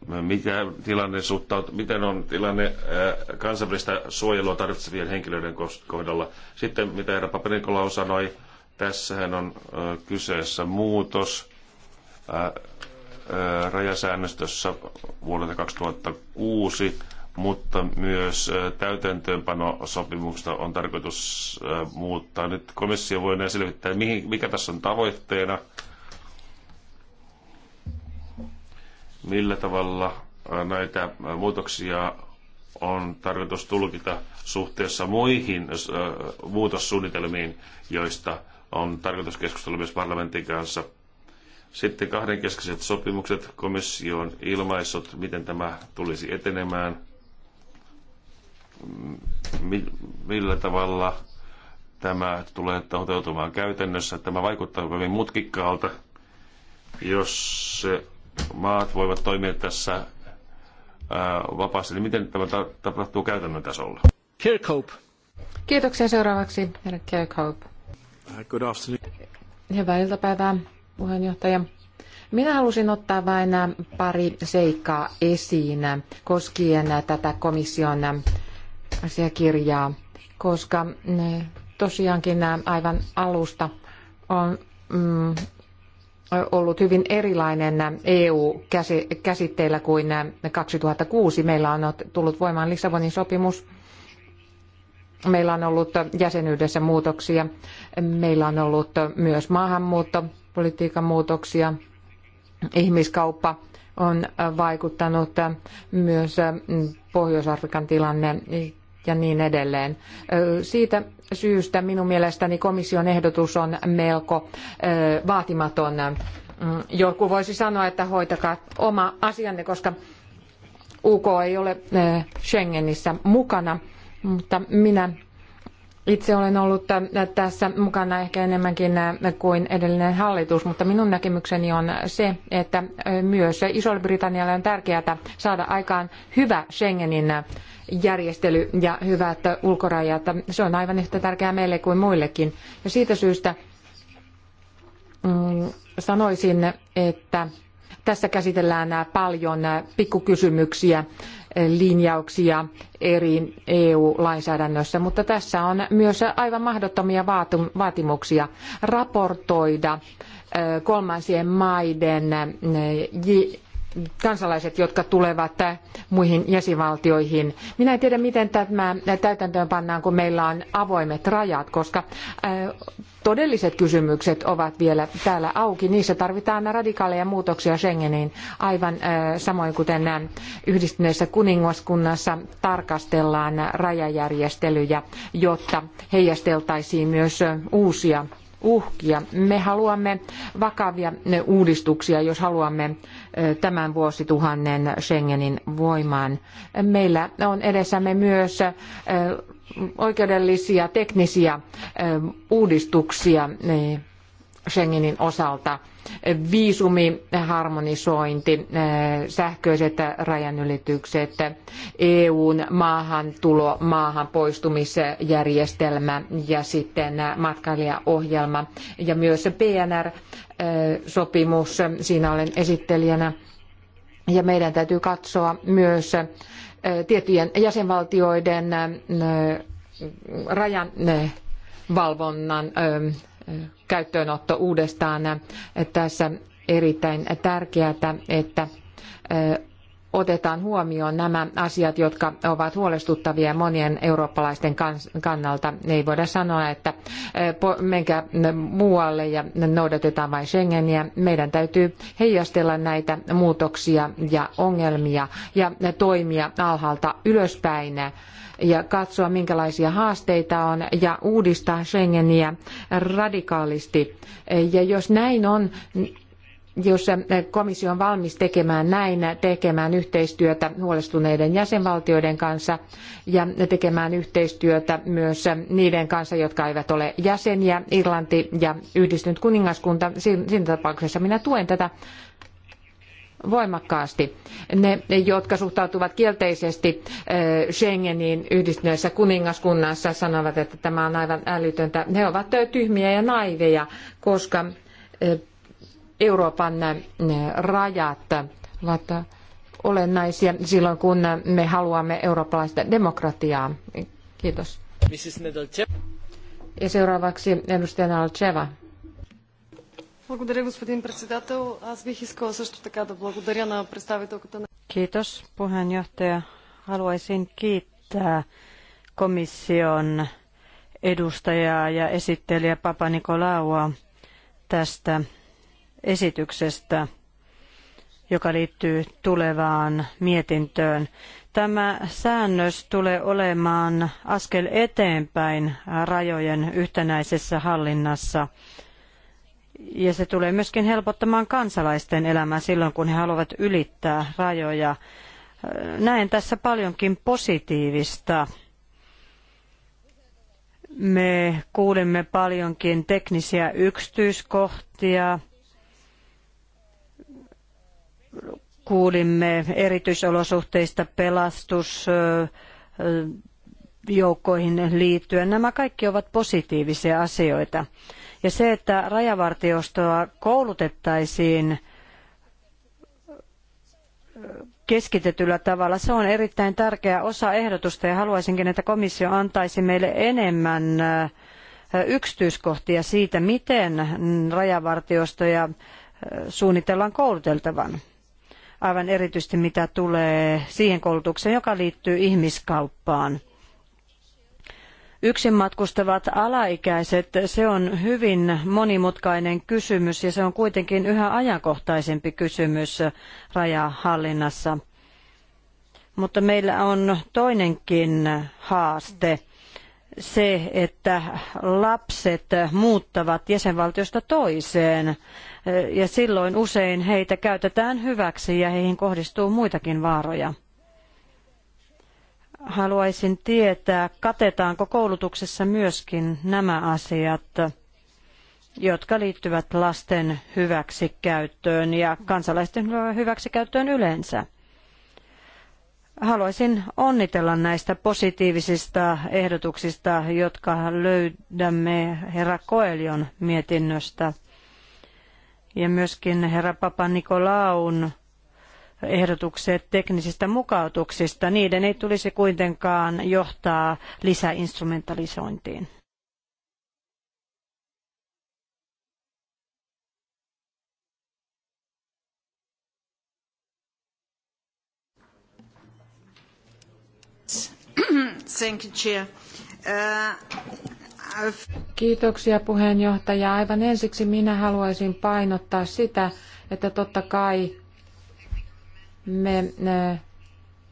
Mikä tilanne suhtautu, miten on tilanne kansainvälistä suojelua tarvitsevien henkilöiden kohdalla? Sitten mitä herra Papenikolau sanoi, tässähän on kyseessä muutos rajasäännöstössä vuodelta 2006 mutta myös äh, täytäntöönpanosopimusta on tarkoitus äh, muuttaa. Nyt komissio voi näin selvittää, mikä tässä on tavoitteena, millä tavalla äh, näitä muutoksia on tarkoitus tulkita suhteessa muihin muutossuunnitelmiin, joista on tarkoitus keskustella myös parlamentin kanssa. Sitten kahdenkeskiset sopimukset, komissio on miten tämä tulisi etenemään – millä tavalla tämä tulee toteutumaan käytännössä. Tämä vaikuttaa hyvin mutkikkaalta, jos maat voivat toimia tässä vapaasti. Niin miten tämä tapahtuu käytännön tasolla? Kirkhope. Kiitoksia seuraavaksi, herra Kirkhope. Uh, good afternoon. Hyvää iltapäivää, puheenjohtaja. Minä halusin ottaa vain pari seikkaa esiin koskien tätä komission asiakirjaa, koska tosiaankin nämä aivan alusta on mm, ollut hyvin erilainen EU-käsitteillä kuin 2006. Meillä on tullut voimaan Lissabonin sopimus. Meillä on ollut jäsenyydessä muutoksia. Meillä on ollut myös maahanmuuttopolitiikan muutoksia. Ihmiskauppa on vaikuttanut myös Pohjois-Afrikan tilanne ja niin edelleen. Siitä syystä minun mielestäni komission ehdotus on melko vaatimaton. Mm, joku voisi sanoa, että hoitakaa oma asianne, koska UK ei ole Schengenissä mukana, mutta minä itse olen ollut tässä mukana ehkä enemmänkin kuin edellinen hallitus, mutta minun näkemykseni on se, että myös Iso-Britannialle on tärkeää saada aikaan hyvä Schengenin järjestely ja hyvät ulkorajat. Se on aivan yhtä tärkeää meille kuin muillekin. Ja siitä syystä mm, sanoisin, että tässä käsitellään paljon pikkukysymyksiä, linjauksia eri EU-lainsäädännössä, mutta tässä on myös aivan mahdottomia vaatimuksia raportoida kolmansien maiden kansalaiset, jotka tulevat muihin jäsenvaltioihin. Minä en tiedä, miten tämä täytäntöön pannaan, kun meillä on avoimet rajat, koska todelliset kysymykset ovat vielä täällä auki. Niissä tarvitaan radikaaleja muutoksia Schengeniin, aivan samoin kuten yhdistyneessä kuningaskunnassa tarkastellaan rajajärjestelyjä, jotta heijasteltaisiin myös uusia uhkia. Me haluamme vakavia uudistuksia, jos haluamme tämän vuosituhannen Schengenin voimaan. Meillä on edessämme myös oikeudellisia, teknisiä uudistuksia Schengenin osalta. Viisumiharmonisointi, eh, sähköiset rajanylitykset, EUn maahantulo, maahan poistumisjärjestelmä ja sitten matkailijaohjelma ja myös PNR-sopimus. Eh, Siinä olen esittelijänä. Ja meidän täytyy katsoa myös eh, tiettyjen jäsenvaltioiden rajan valvonnan käyttöönotto uudestaan. Tässä erittäin tärkeää, että otetaan huomioon nämä asiat, jotka ovat huolestuttavia monien eurooppalaisten kannalta. Ei voida sanoa, että menkää muualle ja noudatetaan vain Schengeniä. Meidän täytyy heijastella näitä muutoksia ja ongelmia ja toimia alhaalta ylöspäin ja katsoa, minkälaisia haasteita on ja uudistaa Schengeniä radikaalisti. Ja jos näin on, jos komissio on valmis tekemään näin, tekemään yhteistyötä huolestuneiden jäsenvaltioiden kanssa ja tekemään yhteistyötä myös niiden kanssa, jotka eivät ole jäseniä, Irlanti ja yhdistynyt kuningaskunta. Siinä tapauksessa minä tuen tätä voimakkaasti. Ne, jotka suhtautuvat kielteisesti eh, Schengeniin yhdistyneessä kuningaskunnassa, sanovat, että tämä on aivan älytöntä. Ne ovat eh, tyhmiä ja naiveja, koska eh, Euroopan rajat ovat olennaisia silloin, kun me haluamme eurooppalaista demokratiaa. Kiitos. Ja seuraavaksi edustaja Благодаря, господин председател. Аз бих искала също така да благодаря на представителката на... Kiitos, puheenjohtaja. Haluaisin kiittää komission edustajaa ja esittelijä Papa Nikolaua tästä esityksestä, joka liittyy tulevaan mietintöön. Tämä säännös tulee olemaan askel eteenpäin rajojen yhtenäisessä hallinnassa – ja se tulee myöskin helpottamaan kansalaisten elämää silloin, kun he haluavat ylittää rajoja. Näen tässä paljonkin positiivista. Me kuulimme paljonkin teknisiä yksityiskohtia. Kuulimme erityisolosuhteista pelastusjoukkoihin liittyen. Nämä kaikki ovat positiivisia asioita. Ja se, että rajavartiostoa koulutettaisiin keskitetyllä tavalla, se on erittäin tärkeä osa ehdotusta ja haluaisinkin, että komissio antaisi meille enemmän yksityiskohtia siitä, miten rajavartiostoja suunnitellaan kouluteltavan. Aivan erityisesti mitä tulee siihen koulutukseen, joka liittyy ihmiskauppaan yksin matkustavat alaikäiset, se on hyvin monimutkainen kysymys ja se on kuitenkin yhä ajankohtaisempi kysymys rajahallinnassa. Mutta meillä on toinenkin haaste se, että lapset muuttavat jäsenvaltiosta toiseen ja silloin usein heitä käytetään hyväksi ja heihin kohdistuu muitakin vaaroja haluaisin tietää, katetaanko koulutuksessa myöskin nämä asiat, jotka liittyvät lasten hyväksikäyttöön ja kansalaisten hyväksikäyttöön yleensä. Haluaisin onnitella näistä positiivisista ehdotuksista, jotka löydämme herra Koelion mietinnöstä ja myöskin herra Papa Nikolaun ehdotukset teknisistä mukautuksista, niiden ei tulisi kuitenkaan johtaa lisäinstrumentalisointiin. Uh, Kiitoksia puheenjohtaja. Aivan ensiksi minä haluaisin painottaa sitä, että totta kai me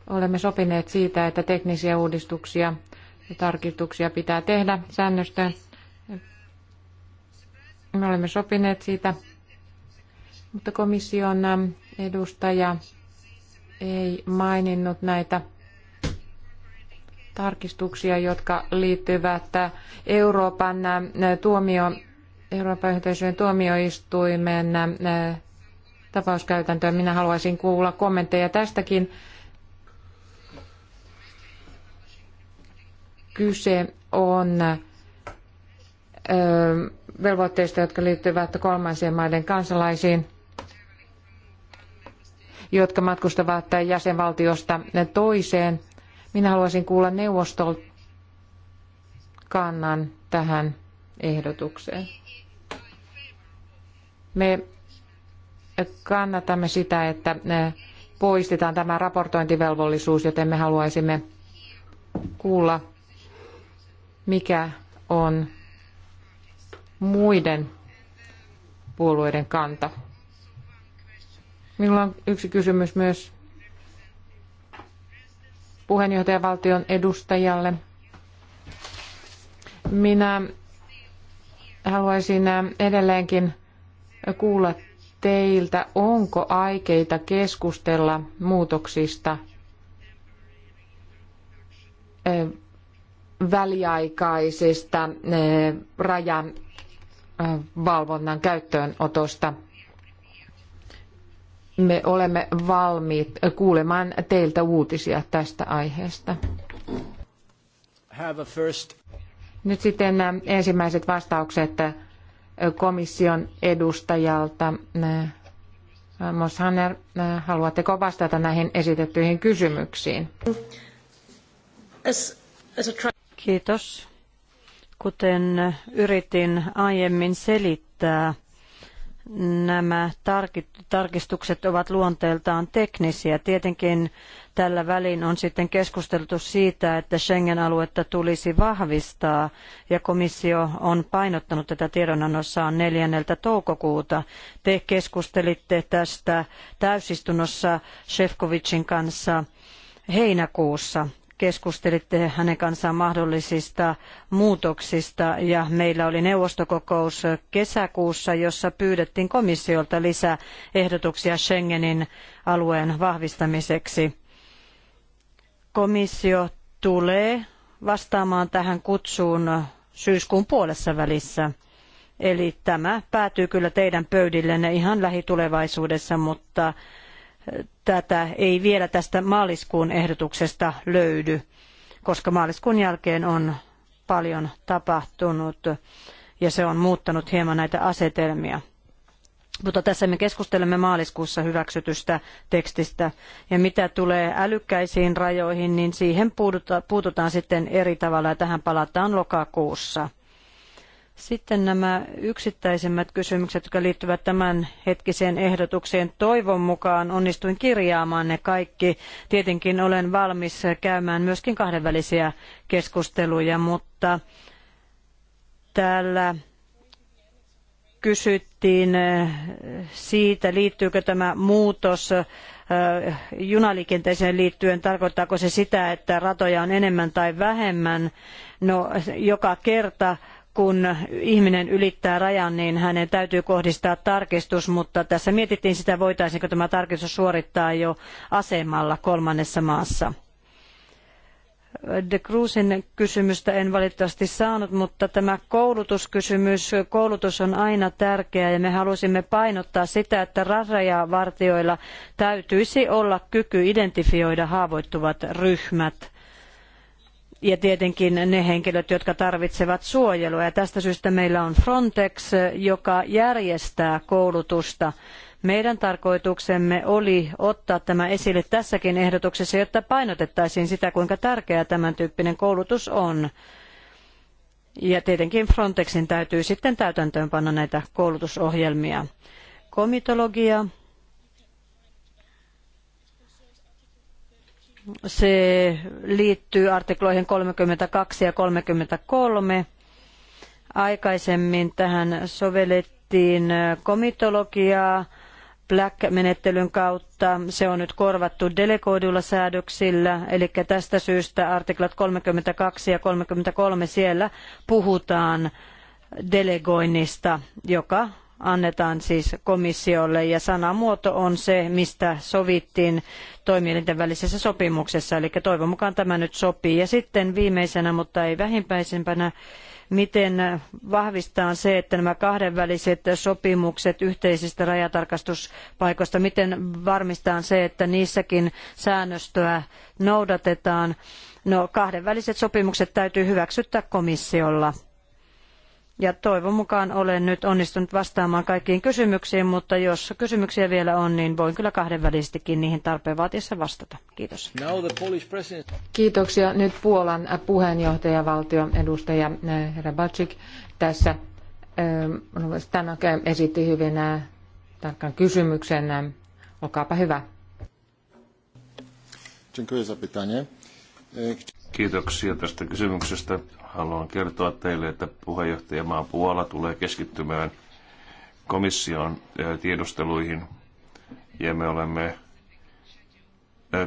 olemme sopineet siitä, että teknisiä uudistuksia ja tarkistuksia pitää tehdä säännöstöön. Me olemme sopineet siitä, mutta komission edustaja ei maininnut näitä tarkistuksia, jotka liittyvät Euroopan tuomio, Euroopan yhteisöjen tuomioistuimen tapauskäytäntöä. Minä haluaisin kuulla kommentteja tästäkin. Kyse on velvoitteista, jotka liittyvät kolmansien maiden kansalaisiin, jotka matkustavat jäsenvaltiosta toiseen. Minä haluaisin kuulla neuvoston kannan tähän ehdotukseen. Me kannatamme sitä, että eh, poistetaan tämä raportointivelvollisuus, joten me haluaisimme kuulla, mikä on muiden puolueiden kanta. Minulla on yksi kysymys myös puheenjohtajavaltion edustajalle. Minä haluaisin eh, edelleenkin kuulla teiltä, onko aikeita keskustella muutoksista eh, väliaikaisesta eh, rajan eh, valvonnan käyttöönotosta. Me olemme valmiit kuulemaan teiltä uutisia tästä aiheesta. Nyt sitten ensimmäiset vastaukset komission edustajalta. Mos Hanner, haluatteko vastata näihin esitettyihin kysymyksiin? Kiitos. Kuten yritin aiemmin selittää, nämä tarkistukset ovat luonteeltaan teknisiä. Tietenkin tällä välin on sitten keskusteltu siitä, että Schengen-aluetta tulisi vahvistaa ja komissio on painottanut tätä tiedonannossaan 4. toukokuuta. Te keskustelitte tästä täysistunnossa Shefkovicin kanssa heinäkuussa keskustelitte hänen kanssaan mahdollisista muutoksista ja meillä oli neuvostokokous kesäkuussa, jossa pyydettiin komissiolta lisää ehdotuksia Schengenin alueen vahvistamiseksi. Komissio tulee vastaamaan tähän kutsuun syyskuun puolessa välissä. Eli tämä päätyy kyllä teidän pöydillenne ihan lähitulevaisuudessa, mutta tätä ei vielä tästä maaliskuun ehdotuksesta löydy, koska maaliskuun jälkeen on paljon tapahtunut ja se on muuttanut hieman näitä asetelmia. Mutta tässä me keskustelemme maaliskuussa hyväksytystä tekstistä. Ja mitä tulee älykkäisiin rajoihin, niin siihen puututaan sitten eri tavalla ja tähän palataan lokakuussa. Sitten nämä yksittäisemmät kysymykset, jotka liittyvät tämän hetkiseen ehdotukseen. Toivon mukaan onnistuin kirjaamaan ne kaikki. Tietenkin olen valmis käymään myöskin kahdenvälisiä keskusteluja, mutta täällä kysyttiin eh, siitä, liittyykö tämä muutos eh, junaliikenteeseen liittyen, tarkoittaako se sitä, että ratoja on enemmän tai vähemmän. No, joka kerta kun ihminen ylittää rajan, niin hänen täytyy kohdistaa tarkistus, mutta tässä mietittiin sitä, voitaisiinko tämä tarkistus suorittaa jo asemalla kolmannessa maassa. De Cruzin kysymystä en valitettavasti saanut, mutta tämä koulutuskysymys, koulutus on aina tärkeä ja me halusimme painottaa sitä, että rajavartioilla täytyisi olla kyky identifioida haavoittuvat ryhmät ja tietenkin ne henkilöt, jotka tarvitsevat suojelua. Ja tästä syystä meillä on Frontex, joka järjestää koulutusta meidän tarkoituksemme oli ottaa tämä esille tässäkin ehdotuksessa, jotta painotettaisiin sitä, kuinka tärkeää tämän tyyppinen koulutus on. Ja tietenkin Frontexin täytyy sitten täytäntöönpanna näitä koulutusohjelmia. Komitologia Se liittyy artikloihin 32 ja 33. Aikaisemmin tähän sovellettiin komitologiaa Black-menettelyn kautta. Se on nyt korvattu delegoiduilla säädöksillä, eli tästä syystä artiklat 32 ja 33 siellä puhutaan delegoinnista, joka annetaan siis komissiolle ja sanamuoto on se, mistä sovittiin toimielinten välisessä sopimuksessa, eli toivon mukaan tämä nyt sopii. Ja sitten viimeisenä, mutta ei vähimpäisempänä, miten vahvistaa se, että nämä kahdenväliset sopimukset yhteisistä rajatarkastuspaikoista, miten varmistaa se, että niissäkin säännöstöä noudatetaan. No, kahdenväliset sopimukset täytyy hyväksyttää komissiolla ja toivon mukaan olen nyt onnistunut vastaamaan kaikkiin kysymyksiin, mutta jos kysymyksiä vielä on, niin voin kyllä kahdenvälisestikin niihin tarpeen vaatiessa vastata. Kiitos. Kiitoksia. Nyt Puolan puheenjohtajavaltio edustaja eh, herra Bacik tässä. Eh, Stanok esitti hyvin eh, tarkan kysymyksen. Olkaapa hyvä. Dziękuję za pytanie. E, Kiitoksia tästä kysymyksestä. Haluan kertoa teille, että puheenjohtajamaa Puola tulee keskittymään komission tiedusteluihin ja me olemme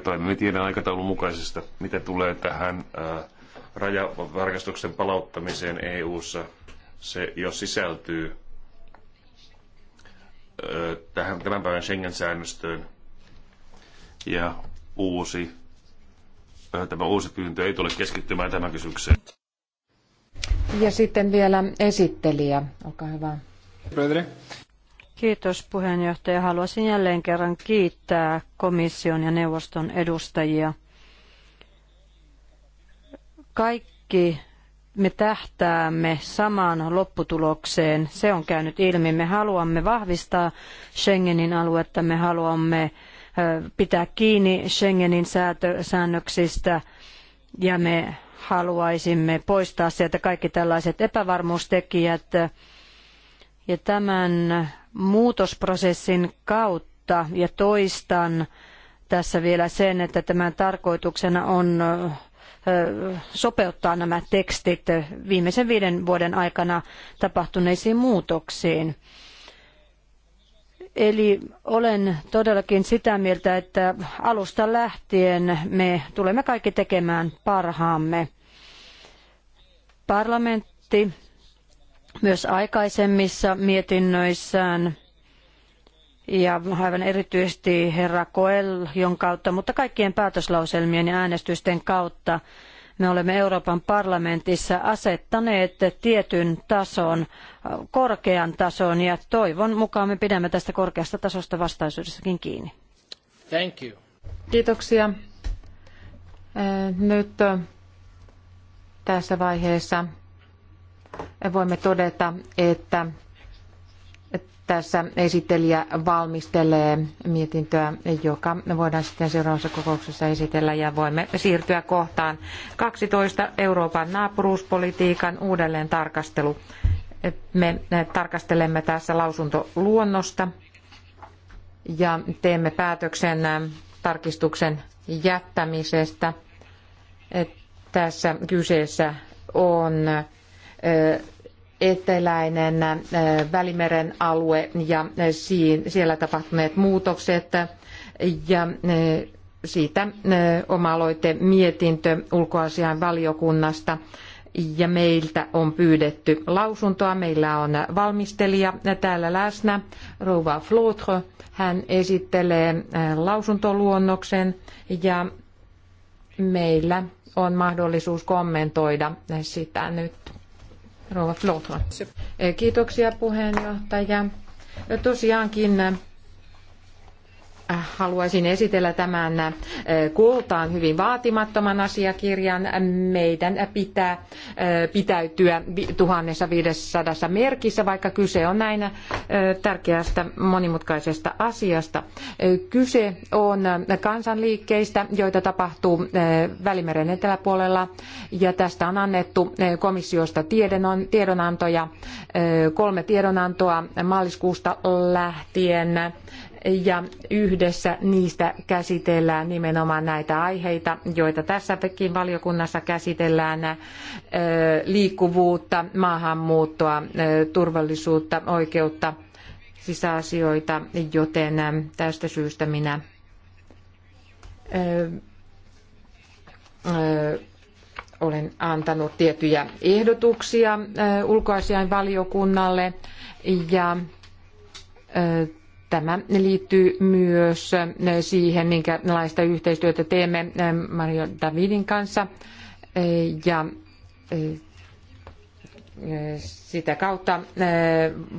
toimimme tiedän aikataulun mukaisesta, mitä tulee tähän rajavarkastuksen palauttamiseen EU-ssa. Se jo sisältyy tähän tämän päivän Schengen-säännöstöön ja uusi Äh, tämä uusi pyyntö ei tule keskittymään tämän kysymykseen. Ja sitten vielä esittelijä, olkaa hyvä. Kiitos puheenjohtaja. Haluaisin jälleen kerran kiittää komission ja neuvoston edustajia. Kaikki me tähtäämme samaan lopputulokseen. Se on käynyt ilmi. Me haluamme vahvistaa Schengenin aluetta, me haluamme pitää kiinni Schengenin säännöksistä ja me haluaisimme poistaa sieltä kaikki tällaiset epävarmuustekijät. Ja tämän muutosprosessin kautta, ja toistan tässä vielä sen, että tämän tarkoituksena on sopeuttaa nämä tekstit viimeisen viiden vuoden aikana tapahtuneisiin muutoksiin. Eli olen todellakin sitä mieltä, että alusta lähtien me tulemme kaikki tekemään parhaamme. Parlamentti myös aikaisemmissa mietinnöissään ja aivan erityisesti herra Koel, jonka kautta, mutta kaikkien päätöslauselmien ja äänestysten kautta me olemme Euroopan parlamentissa asettaneet tietyn tason, korkean tason ja toivon mukaan me pidämme tästä korkeasta tasosta vastaisuudessakin kiinni. Thank you. Kiitoksia. Nyt tässä vaiheessa voimme todeta, että tässä esittelijä valmistelee mietintöä, joka voidaan sitten seuraavassa kokouksessa esitellä ja voimme siirtyä kohtaan 12 Euroopan naapuruuspolitiikan uudelleen tarkastelu. Me tarkastelemme tässä lausuntoluonnosta ja teemme päätöksen tarkistuksen jättämisestä. Tässä kyseessä on eteläinen eh, Välimeren alue ja eh, siellä tapahtuneet muutokset ja eh, siitä oma-aloite mietintö ulkoasian valiokunnasta ja meiltä on pyydetty lausuntoa. Meillä on valmistelija täällä läsnä, Rouva Flotre. Hän esittelee lausuntoluonnoksen ja meillä on mahdollisuus kommentoida sitä nyt. Rouva Flotron. Kiitoksia puheenjohtaja. Tosiaankin haluaisin esitellä tämän äh, kultaan hyvin vaatimattoman asiakirjan. Meidän pitää äh, pitäytyä 1500 merkissä, vaikka kyse on näin äh, tärkeästä monimutkaisesta asiasta. Kyse on kansanliikkeistä, joita tapahtuu Välimeren eteläpuolella, ja tästä on annettu komissiosta tiedonantoja, kolme tiedonantoa maaliskuusta lähtien ja yhdessä niistä käsitellään nimenomaan näitä aiheita, joita tässäkin valiokunnassa käsitellään, liikkuvuutta, maahanmuuttoa, turvallisuutta, oikeutta, sisäasioita, joten tästä syystä minä olen antanut tiettyjä ehdotuksia ulkoasiainvaliokunnalle ja Tämä liittyy myös siihen, minkälaista yhteistyötä teemme ähm, Mario Davidin kanssa äh, ja äh, sitä kautta äh,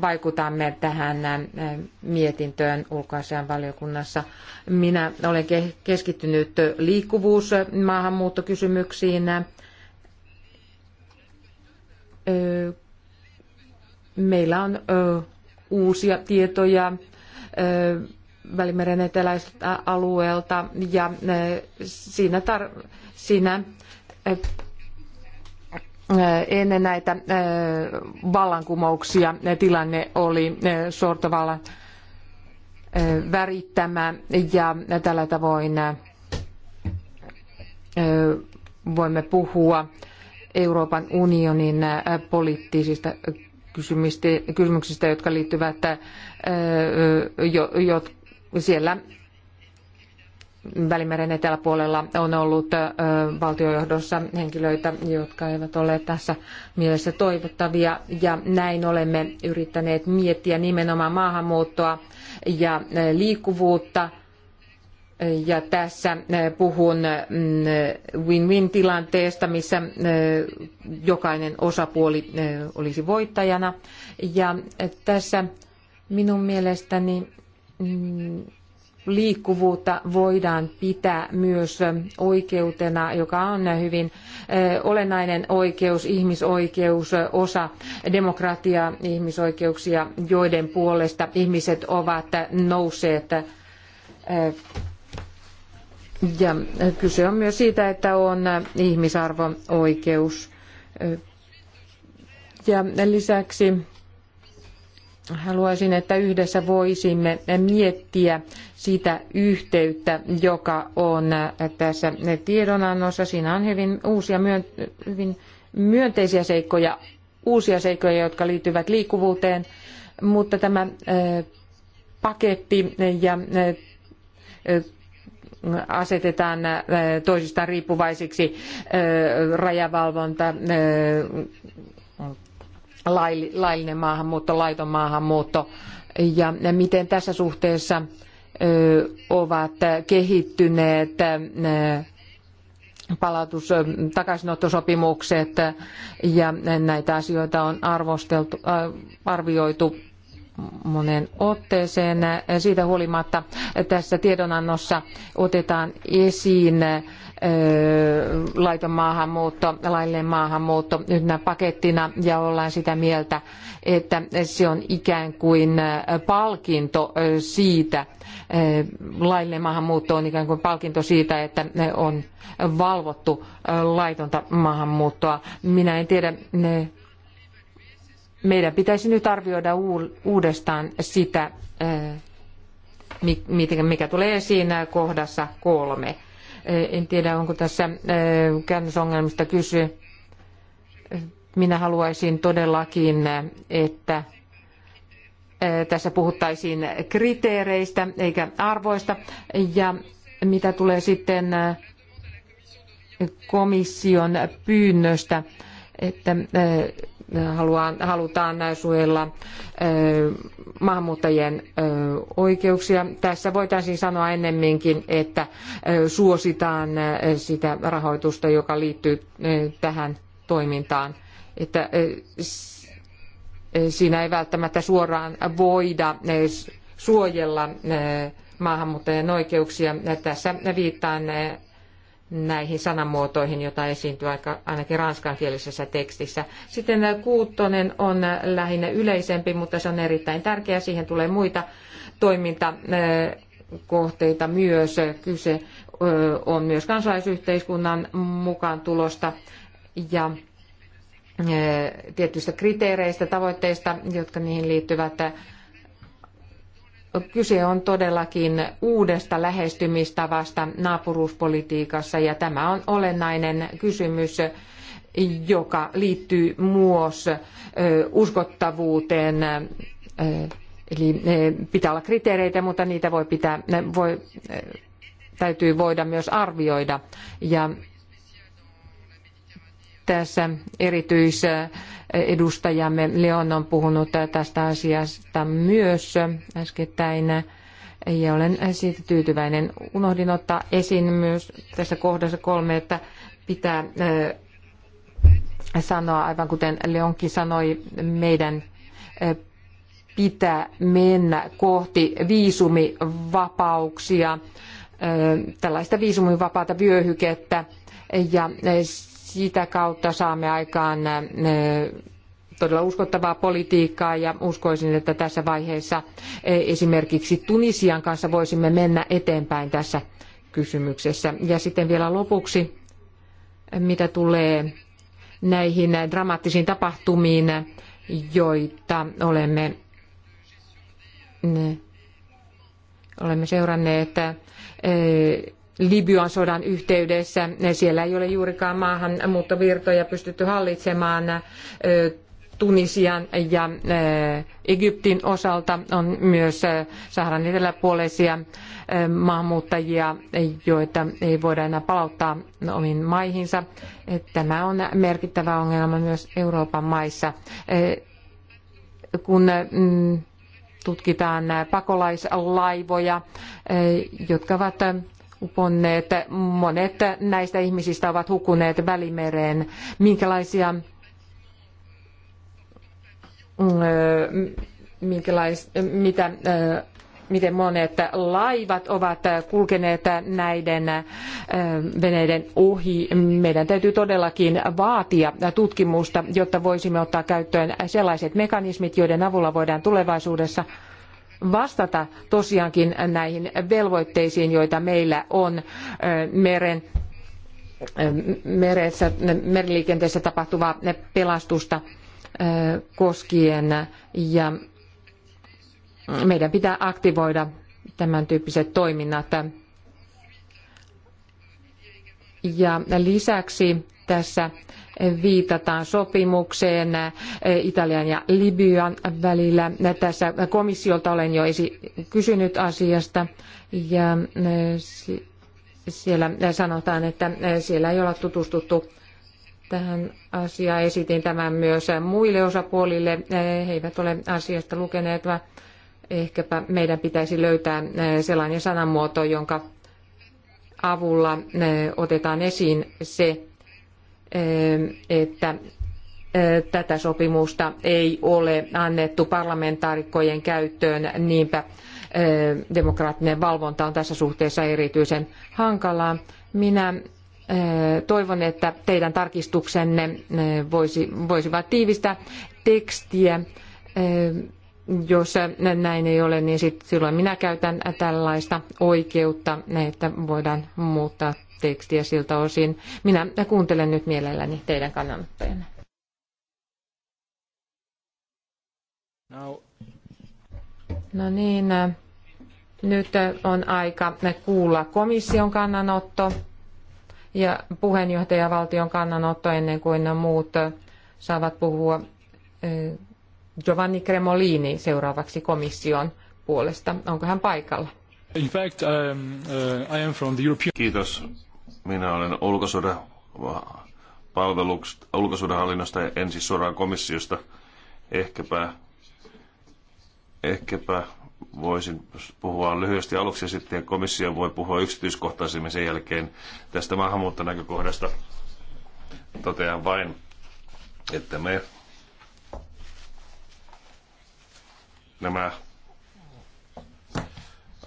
vaikutamme tähän mietintöön ulkoasian valiokunnassa. Minä olen keskittynyt liikkuvuus maahanmuuttokysymyksiin. Meillä on uusia tietoja Välimeren eteläiseltä alueelta ja siinä, tar- siinä ennen näitä vallankumouksia tilanne oli sortovallan värittämä ja tällä tavoin voimme puhua Euroopan unionin poliittisista kysymyksistä, jotka liittyvät, äh, jo, siellä Välimeren eteläpuolella on ollut äh, valtiojohdossa henkilöitä, jotka eivät ole tässä mielessä toivottavia. Ja näin olemme yrittäneet miettiä nimenomaan maahanmuuttoa ja äh, liikkuvuutta – ja tässä eh, puhun mm, win-win-tilanteesta, missä eh, jokainen osapuoli eh, olisi voittajana. Ja tässä minun mielestäni mm, liikkuvuutta voidaan pitää myös oikeutena, joka on hyvin olennainen oikeus, ihmisoikeus, osa demokratiaa, ihmisoikeuksia, joiden puolesta ihmiset ovat nousseet ja kyse on myös siitä, että on ihmisarvon oikeus. Ja lisäksi haluaisin, että yhdessä voisimme miettiä sitä yhteyttä, joka on tässä tiedonannossa. Siinä on hyvin uusia hyvin myönteisiä seikkoja, uusia seikkoja, jotka liittyvät liikkuvuuteen, mutta tämä paketti ja asetetaan äh, toisistaan riippuvaisiksi äh, rajavalvonta, äh, laillinen maahanmuutto, laiton maahanmuutto ja miten tässä suhteessa ovat kehittyneet palautus- takaisinottosopimukset ja näitä asioita on arvosteltu, arvioitu monen otteeseen. Siitä huolimatta tässä tiedonannossa otetaan esiin laiton maahanmuutto, laillinen maahanmuutto yhtenä pakettina ja ollaan sitä mieltä, että se on ikään kuin palkinto siitä, laillinen maahanmuutto on ikään kuin palkinto siitä, että on valvottu laitonta maahanmuuttoa. Minä en tiedä, meidän pitäisi nyt arvioida uudestaan sitä, eh, mikä tulee esiin kohdassa kolme. Eh, en tiedä, onko tässä eh, käännösongelmista kysy. Minä haluaisin todellakin, että tässä puhuttaisiin kriteereistä eikä arvoista. Ja mitä tulee sitten komission pyynnöstä, että halutaan suojella maahanmuuttajien oikeuksia. Tässä voitaisiin sanoa ennemminkin, että suositaan sitä rahoitusta, joka liittyy tähän toimintaan. Että siinä ei välttämättä suoraan voida suojella maahanmuuttajien oikeuksia. Tässä viittaan näihin sanamuotoihin, joita esiintyy aika, ainakin ranskankielisessä tekstissä. Sitten kuuttonen on lähinnä yleisempi, mutta se on erittäin tärkeä. Siihen tulee muita toimintakohteita myös. Kyse on myös kansalaisyhteiskunnan mukaan tulosta ja tietyistä kriteereistä, tavoitteista, jotka niihin liittyvät Kyse on todellakin uudesta lähestymistavasta naapuruuspolitiikassa ja tämä on olennainen kysymys, joka liittyy myös uskottavuuteen. Eli pitää olla kriteereitä, mutta niitä voi pitää, voi, täytyy voida myös arvioida. Ja tässä erityisedustajamme Leon on puhunut tästä asiasta myös äskettäin ja olen siitä tyytyväinen. Unohdin ottaa esiin myös tässä kohdassa kolme, että pitää eh, sanoa, aivan kuten Leonkin sanoi, meidän eh, pitää mennä kohti viisumivapauksia, eh, tällaista viisumivapaata vyöhykettä ja sitä kautta saamme aikaan äh, todella uskottavaa politiikkaa ja uskoisin, että tässä vaiheessa äh, esimerkiksi Tunisian kanssa voisimme mennä eteenpäin tässä kysymyksessä. Ja sitten vielä lopuksi, äh, mitä tulee näihin dramaattisiin tapahtumiin, joita olemme, olemme seuranneet, Libyan sodan yhteydessä. Siellä ei ole juurikaan maahanmuuttovirtoja pystytty hallitsemaan. Tunisian ja Egyptin osalta on myös Saharan eteläpuolisia maahanmuuttajia, joita ei voida enää palauttaa omiin maihinsa. Tämä on merkittävä ongelma myös Euroopan maissa. Kun mm, tutkitaan pakolaislaivoja, jotka ovat uponneet. Monet näistä ihmisistä ovat hukuneet välimereen. Minkälaisia minkälais, mitä, miten monet laivat ovat kulkeneet näiden veneiden ohi. Meidän täytyy todellakin vaatia tutkimusta, jotta voisimme ottaa käyttöön sellaiset mekanismit, joiden avulla voidaan tulevaisuudessa vastata tosiaankin näihin velvoitteisiin, joita meillä on meren meressä, meriliikenteessä tapahtuvaa pelastusta koskien ja meidän pitää aktivoida tämän tyyppiset toiminnat. Ja lisäksi tässä viitataan sopimukseen eh, Italian ja Libyan välillä. Tässä komissiolta olen jo kysynyt asiasta ja eh, siellä sanotaan, että eh, siellä ei olla tutustuttu tähän asiaan. Esitin tämän myös muille osapuolille. He eivät ole asiasta lukeneet, vaan ehkäpä meidän pitäisi löytää sellainen sanamuoto, jonka avulla otetaan esiin se, Ehm, että eh, tätä sopimusta ei ole annettu parlamentaarikkojen käyttöön, niinpä eh, demokraattinen valvonta on tässä suhteessa erityisen hankalaa. Minä eh, toivon, että teidän tarkistuksenne voisi, voisivat tiivistää tekstiä. Jos näin ei ole, niin silloin minä käytän tällaista oikeutta, että voidaan muuttaa tekstiä siltä osin. Minä kuuntelen nyt mielelläni teidän kannanottojanne. No niin, nyt on aika kuulla komission kannanotto ja puheenjohtajavaltion kannanotto ennen kuin muut saavat puhua. Giovanni Cremolini seuraavaksi komission puolesta. Onko hän paikalla? Fact, um, uh, European... Kiitos. Minä olen ulkosuuden palveluksesta, ulkosuudenhallinnosta ja ensi siis suoraan komissiosta. Ehkäpä, ehkäpä voisin puhua lyhyesti aluksi ja sitten komissio voi puhua yksityiskohtaisemmin sen jälkeen tästä maahanmuuttonäkökohdasta. Totean vain, että me nämä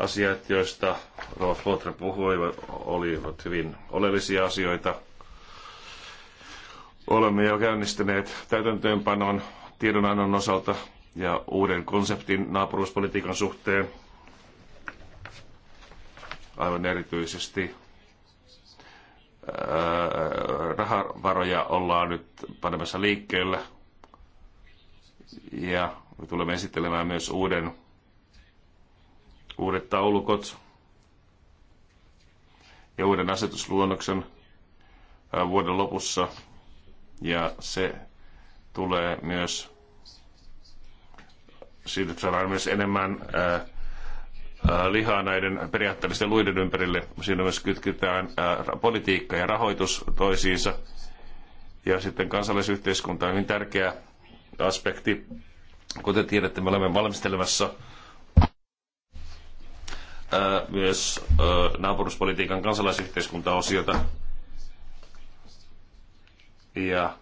Asiat, joista Rolf Lotre puhui, olivat hyvin oleellisia asioita. Olemme jo käynnistäneet täytäntöönpanon tiedonannon osalta ja uuden konseptin naapuruuspolitiikan suhteen. Aivan erityisesti rahavaroja ollaan nyt panemassa liikkeelle. Ja me tulemme esittelemään myös uuden uudet taulukot ja uuden asetusluonnoksen vuoden lopussa. Ja se tulee myös, siitä saadaan myös enemmän ää, lihaa näiden periaatteellisten luiden ympärille. Siinä myös kytketään politiikka ja rahoitus toisiinsa. Ja sitten kansallisyhteiskunta on hyvin tärkeä aspekti. Kuten tiedätte, me olemme valmistelemassa myös naapuruspolitiikan kansalaisyhteiskuntaosiota. Ja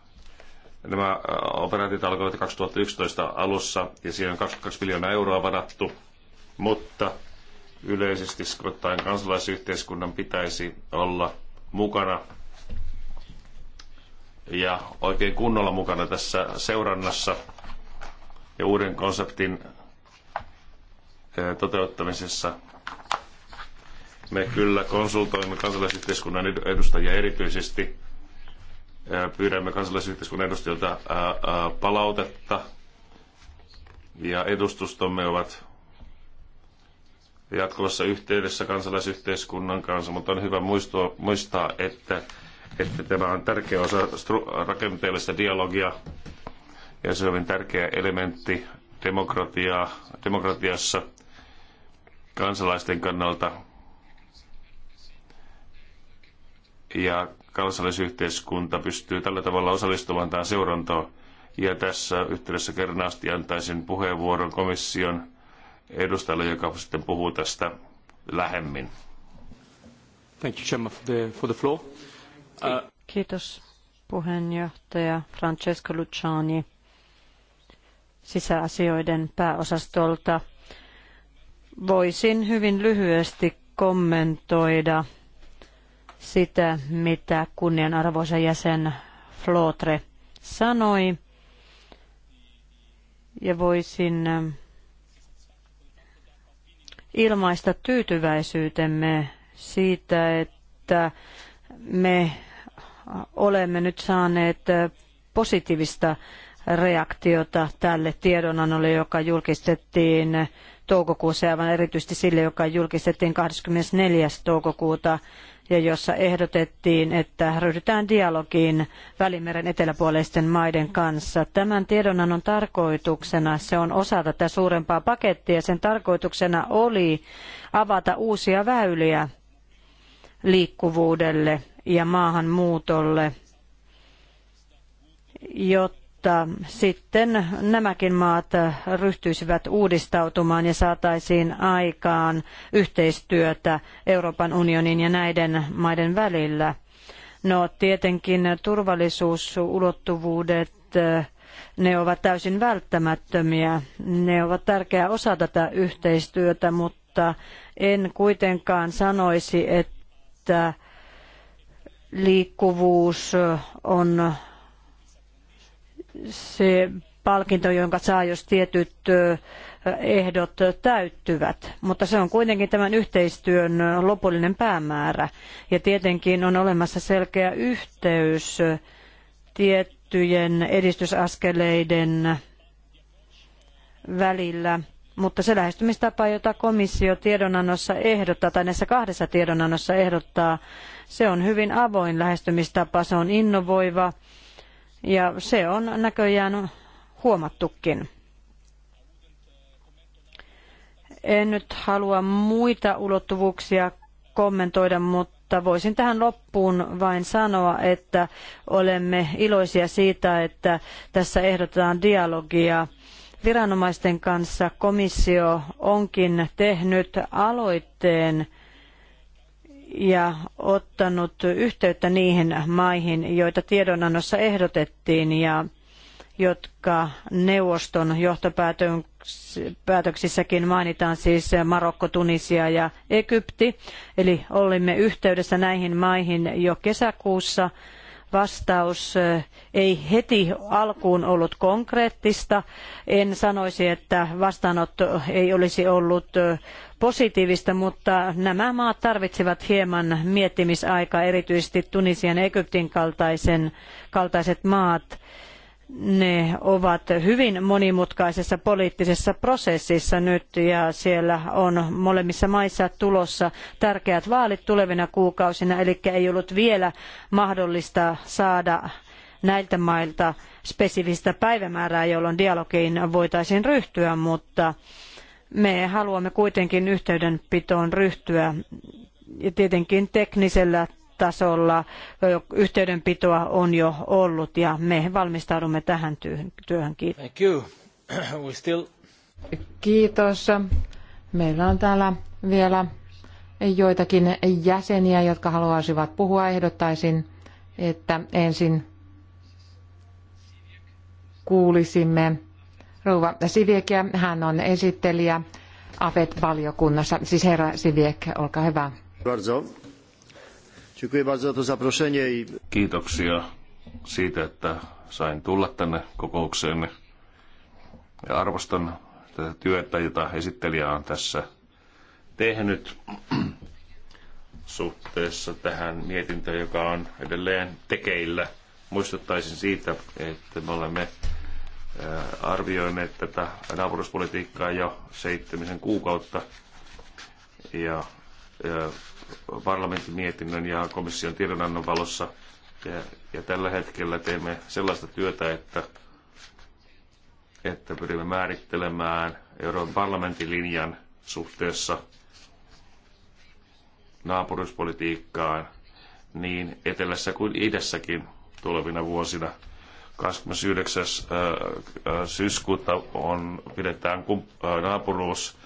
nämä operaatiot alkoivat 2011 alussa ja siihen on 22 miljoonaa euroa varattu, mutta yleisesti skottain kansalaisyhteiskunnan pitäisi olla mukana ja oikein kunnolla mukana tässä seurannassa ja uuden konseptin toteuttamisessa me kyllä konsultoimme kansalaisyhteiskunnan edustajia erityisesti. Pyydämme kansalaisyhteiskunnan edustajilta palautetta ja edustustomme ovat jatkuvassa yhteydessä kansalaisyhteiskunnan kanssa, mutta on hyvä muistua, muistaa, että, että tämä on tärkeä osa rakenteellista dialogia ja se on hyvin tärkeä elementti demokratiaa, demokratiassa kansalaisten kannalta ja kansalaisyhteiskunta pystyy tällä tavalla osallistumaan tähän seurantoon Ja tässä yhteydessä asti antaisin puheenvuoron komission edustajalle, joka sitten puhuu tästä lähemmin. Thank you, Chairman, for the, for the floor. Uh... Kiitos puheenjohtaja Francesco Luciani sisäasioiden pääosastolta. Voisin hyvin lyhyesti kommentoida sitä, mitä kunnianarvoisa jäsen Flotre sanoi. Ja voisin ähm, ilmaista tyytyväisyytemme siitä, että me olemme nyt saaneet äh, positiivista reaktiota tälle tiedonannolle, joka julkistettiin toukokuussa ja aivan erityisesti sille, joka julkistettiin 24. toukokuuta ja jossa ehdotettiin, että ryhdytään dialogiin Välimeren eteläpuoleisten maiden kanssa. Tämän tiedonannon tarkoituksena, se on osa tätä suurempaa pakettia, sen tarkoituksena oli avata uusia väyliä liikkuvuudelle ja maahanmuutolle, jotta jotta sitten nämäkin maat ryhtyisivät uudistautumaan ja saataisiin aikaan yhteistyötä Euroopan unionin ja näiden maiden välillä. No tietenkin turvallisuusulottuvuudet, ne ovat täysin välttämättömiä. Ne ovat tärkeä osa tätä yhteistyötä, mutta en kuitenkaan sanoisi, että liikkuvuus on se palkinto, jonka saa, jos tietyt ehdot täyttyvät. Mutta se on kuitenkin tämän yhteistyön lopullinen päämäärä. Ja tietenkin on olemassa selkeä yhteys tiettyjen edistysaskeleiden välillä. Mutta se lähestymistapa, jota komissio tiedonannossa ehdottaa, tai näissä kahdessa tiedonannossa ehdottaa, se on hyvin avoin lähestymistapa, se on innovoiva ja se on näköjään huomattukin. En nyt halua muita ulottuvuuksia kommentoida, mutta voisin tähän loppuun vain sanoa, että olemme iloisia siitä, että tässä ehdotetaan dialogia viranomaisten kanssa. Komissio onkin tehnyt aloitteen ja ottanut yhteyttä niihin maihin, joita tiedonannossa ehdotettiin ja jotka neuvoston johtopäätöksissäkin mainitaan siis Marokko, Tunisia ja Egypti. Eli olimme yhteydessä näihin maihin jo kesäkuussa vastaus ei heti alkuun ollut konkreettista. En sanoisi, että vastaanotto ei olisi ollut positiivista, mutta nämä maat tarvitsevat hieman miettimisaikaa, erityisesti Tunisian ja Egyptin kaltaisen, kaltaiset maat ne ovat hyvin monimutkaisessa poliittisessa prosessissa nyt ja siellä on molemmissa maissa tulossa tärkeät vaalit tulevina kuukausina, eli ei ollut vielä mahdollista saada näiltä mailta spesifistä päivämäärää, jolloin dialogiin voitaisiin ryhtyä, mutta me haluamme kuitenkin yhteydenpitoon ryhtyä ja tietenkin teknisellä tasolla yhteydenpitoa on jo ollut ja me valmistaudumme tähän työhön. Kiitos. Thank you. (clears throat) We still... Kiitos. Meillä on täällä vielä joitakin jäseniä, jotka haluaisivat puhua. Ehdottaisin, että ensin kuulisimme rouva Siviekiä. Hän on esittelijä AFET-valiokunnassa. Siis herra Siviek, olkaa hyvä. Bardzo. Kiitoksia siitä, että sain tulla tänne kokoukseenne. Ja arvostan tätä työtä, jota esittelijä on tässä tehnyt suhteessa tähän mietintöön, joka on edelleen tekeillä. Muistuttaisin siitä, että me olemme arvioineet tätä naapuruspolitiikkaa jo seitsemisen kuukautta ja parlamentin mietinnön ja komission tiedonannon valossa. Ja, ja tällä hetkellä teemme sellaista työtä, että, että pyrimme määrittelemään Euroopan parlamentin linjan suhteessa naapuruspolitiikkaan niin etelässä kuin idässäkin tulevina vuosina. 29. syyskuuta on, pidetään naapuruus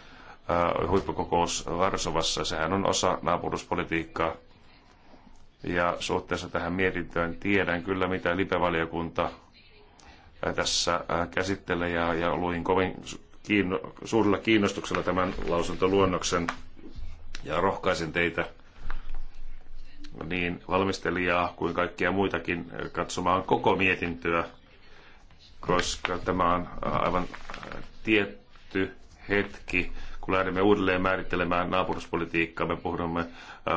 Äh, huippukokous Varsovassa. Sehän on osa naapuruspolitiikkaa. Ja suhteessa tähän mietintöön tiedän kyllä, mitä lipevaliokunta äh, tässä äh, käsittelee ja, ja luin kovin kiinno, suurella kiinnostuksella tämän lausuntoluonnoksen ja rohkaisen teitä niin valmistelijaa kuin kaikkia muitakin katsomaan koko mietintöä, koska tämä on aivan tietty hetki kun lähdemme uudelleen määrittelemään naapuruspolitiikkaa, me puhumme äh,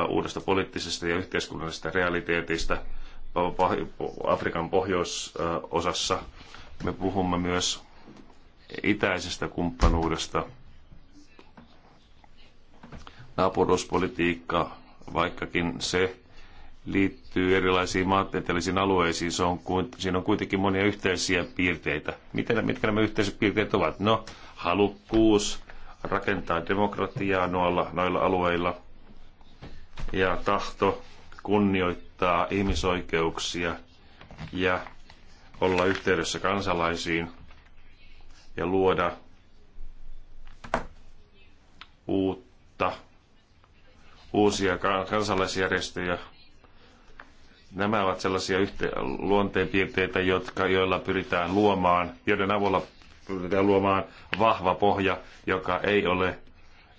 uudesta poliittisesta ja yhteiskunnallisesta realiteetista äh, Afrikan pohjoisosassa. Me puhumme myös itäisestä kumppanuudesta. Naapuruspolitiikka, vaikkakin se liittyy erilaisiin maantieteellisiin alueisiin, se on, siinä on kuitenkin monia yhteisiä piirteitä. Mitä, mitkä nämä yhteiset piirteet ovat? No, halukkuus rakentaa demokratiaa noilla, noilla alueilla ja tahto kunnioittaa ihmisoikeuksia ja olla yhteydessä kansalaisiin ja luoda uutta, uusia kansalaisjärjestöjä. Nämä ovat sellaisia yhte- luonteenpiirteitä, jotka, joilla pyritään luomaan, joiden avulla pyritään luomaan vahva pohja, joka ei ole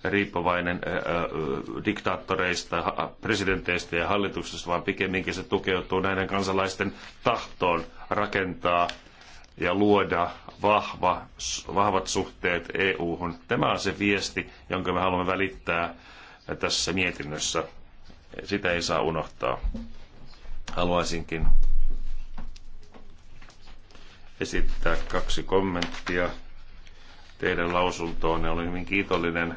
riippuvainen diktaattoreista, presidenteistä ja hallituksesta, vaan pikemminkin se tukeutuu näiden kansalaisten tahtoon rakentaa ja luoda vahva, vahvat suhteet EU-hun. Tämä on se viesti, jonka me haluamme välittää tässä mietinnössä. Sitä ei saa unohtaa. Haluaisinkin esittää kaksi kommenttia teidän lausuntoon. Olen hyvin kiitollinen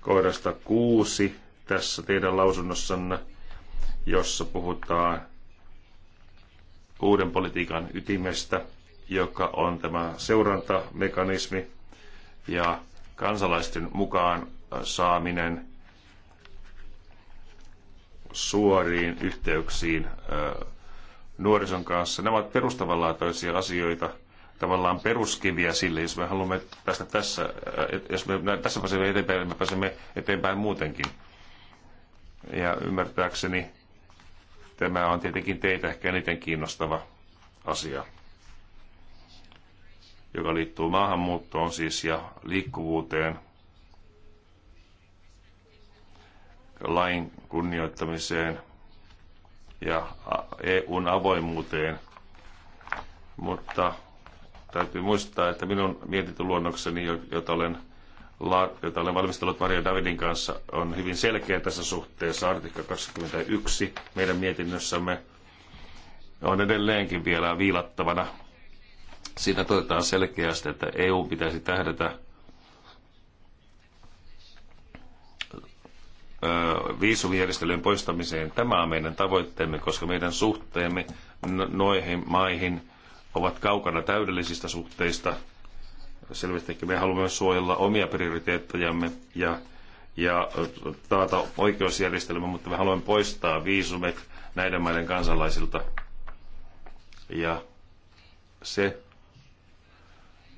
kohdasta kuusi tässä teidän lausunnossanne, jossa puhutaan uuden politiikan ytimestä, joka on tämä seurantamekanismi ja kansalaisten mukaan saaminen suoriin yhteyksiin nuorison kanssa. Nämä ovat perustavanlaatuisia asioita, tavallaan peruskiviä sille, jos me haluamme päästä tässä, äh, jos me tässä pääsemme eteenpäin, niin me pääsemme eteenpäin muutenkin. Ja ymmärtääkseni tämä on tietenkin teitä ehkä eniten kiinnostava asia, joka liittyy maahanmuuttoon siis ja liikkuvuuteen, lain kunnioittamiseen – ja EUn avoimuuteen. Mutta täytyy muistaa, että minun mietintöluonnokseni, jota olen, jota olen valmistellut Maria Davidin kanssa, on hyvin selkeä tässä suhteessa. Artikka 21 meidän mietinnössämme on edelleenkin vielä viilattavana. Siinä todetaan selkeästi, että EU pitäisi tähdätä viisumijärjestelyjen poistamiseen. Tämä on meidän tavoitteemme, koska meidän suhteemme noihin maihin ovat kaukana täydellisistä suhteista. Selvästikin me haluamme suojella omia prioriteettejamme ja, ja taata oikeusjärjestelmä, mutta me haluamme poistaa viisumet näiden maiden kansalaisilta. Ja se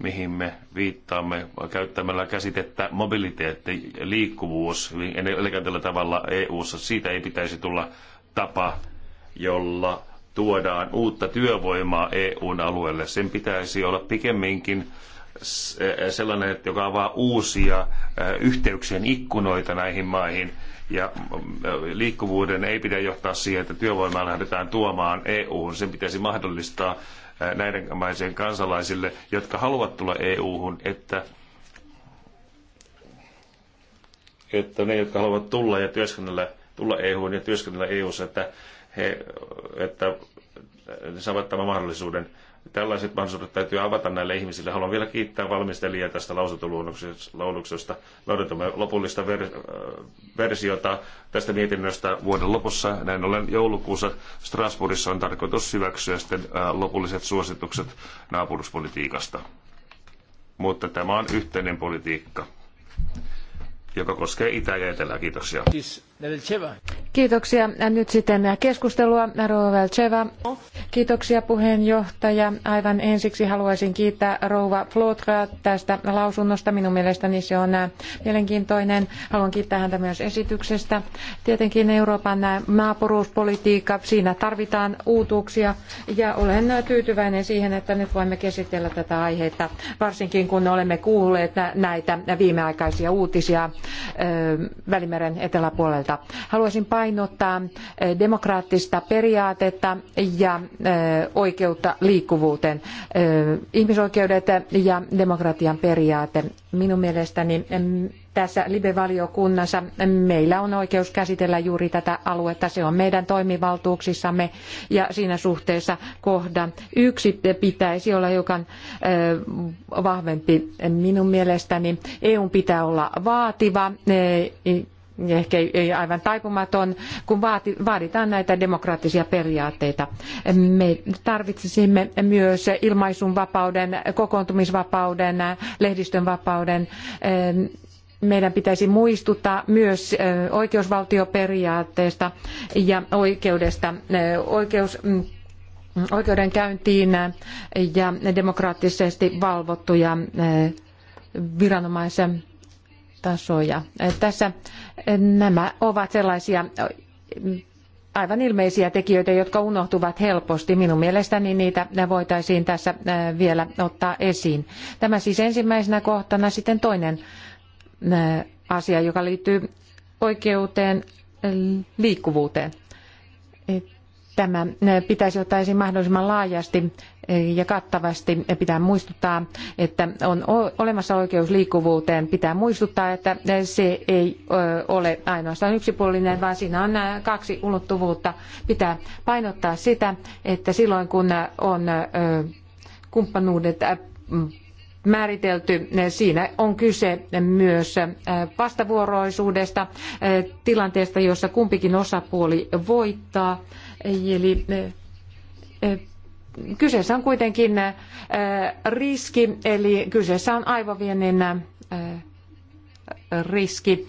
mihin me viittaamme käyttämällä käsitettä mobiliteetti, liikkuvuus, elegantilla tavalla EU-ssa. Siitä ei pitäisi tulla tapa, jolla tuodaan uutta työvoimaa EUn alueelle. Sen pitäisi olla pikemminkin eh, sellainen, että joka avaa uusia eh, yhteyksien ikkunoita näihin maihin. Ja eh, liikkuvuuden ei pidä johtaa siihen, että työvoimaa lähdetään tuomaan EUun. Sen pitäisi mahdollistaa näiden maisen kansalaisille, jotka haluavat tulla EU-hun, että, että ne, jotka haluavat tulla ja työskennellä, tulla EU-hun ja työskennellä EU-ssa, että he että saavat tämän mahdollisuuden. Tällaiset mahdollisuudet täytyy avata näille ihmisille. Haluan vielä kiittää valmistelijaa tästä lausuntoluonnoksesta. Laudatamme lopullista ver- äh, versiota tästä mietinnöstä vuoden lopussa. Näin ollen joulukuussa Strasbourgissa on tarkoitus hyväksyä sitten äh, lopulliset suositukset naapuruspolitiikasta. Mutta tämä on yhteinen politiikka, joka koskee Itä- ja Etelää. Kiitoksia. Siis Kiitoksia. Nyt sitten keskustelua. Rouva Cheva. Kiitoksia puheenjohtaja. Aivan ensiksi haluaisin kiittää Rouva Flotra tästä lausunnosta. Minun mielestäni se on äh, mielenkiintoinen. Haluan kiittää häntä myös esityksestä. Tietenkin Euroopan äh, naapuruuspolitiikka, siinä tarvitaan uutuuksia ja olen äh, tyytyväinen siihen, että nyt voimme käsitellä tätä aihetta, varsinkin kun olemme kuulleet näitä viimeaikaisia uutisia Välimeren eteläpuolelta puolelta. Haluaisin painottaa eh, demokraattista periaatetta ja eh, oikeutta liikkuvuuteen. Eh, ihmisoikeudet ja demokratian periaate. Minun mielestäni tässä Libe-valiokunnassa meillä on oikeus käsitellä juuri tätä aluetta. Se on meidän toimivaltuuksissamme ja siinä suhteessa kohdan yksi pitäisi olla hiukan vahvempi. Minun mielestäni EUn pitää olla vaativa ehkä ei aivan taipumaton, kun vaaditaan näitä demokraattisia periaatteita. Me tarvitsisimme myös ilmaisunvapauden, kokoontumisvapauden, lehdistönvapauden. Meidän pitäisi muistuttaa myös oikeusvaltioperiaatteesta ja oikeudesta oikeus, mm, oikeudenkäyntiin ja demokraattisesti valvottuja viranomaisen tasoja. Tässä Nämä ovat sellaisia aivan ilmeisiä tekijöitä, jotka unohtuvat helposti. Minun mielestäni niitä voitaisiin tässä vielä ottaa esiin. Tämä siis ensimmäisenä kohtana sitten toinen asia, joka liittyy oikeuteen liikkuvuuteen. Tämä pitäisi ottaa esiin mahdollisimman laajasti ja kattavasti. Pitää muistuttaa, että on olemassa oikeus liikkuvuuteen. Pitää muistuttaa, että se ei ole ainoastaan yksipuolinen, vaan siinä on kaksi ulottuvuutta. Pitää painottaa sitä, että silloin kun on kumppanuudet määritelty. Siinä on kyse myös vastavuoroisuudesta, tilanteesta, jossa kumpikin osapuoli voittaa. Eli kyseessä on kuitenkin äh, riski, eli kyseessä on aivoviennin äh, riski.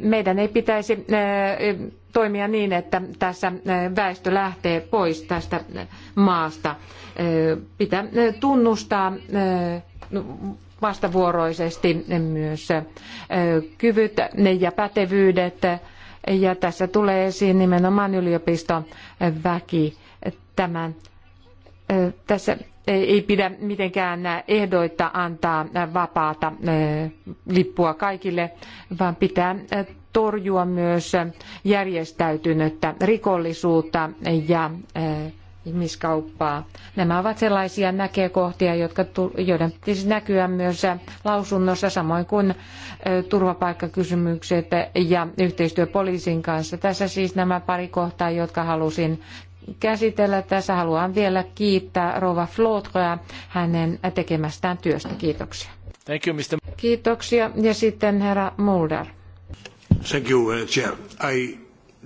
Meidän ei pitäisi äh, toimia niin, että tässä väestö lähtee pois tästä maasta. Pitää tunnustaa vastavuoroisesti myös kyvyt ja pätevyydet. Ja tässä tulee esiin nimenomaan yliopistoväki tämän tässä ei pidä mitenkään ehdoitta antaa vapaata lippua kaikille, vaan pitää torjua myös järjestäytynyttä rikollisuutta ja ihmiskauppaa. Nämä ovat sellaisia näkökohtia, jotka, joiden pitäisi näkyä myös lausunnossa, samoin kuin turvapaikkakysymykset ja yhteistyö poliisin kanssa. Tässä siis nämä pari kohtaa, jotka halusin käsitellä tässä. Haluan vielä kiittää Rova Flotroa hänen tekemästään työstä. Kiitoksia. Thank you, Mr. Kiitoksia. Ja sitten herra Mulder. Thank you, uh, Chair. I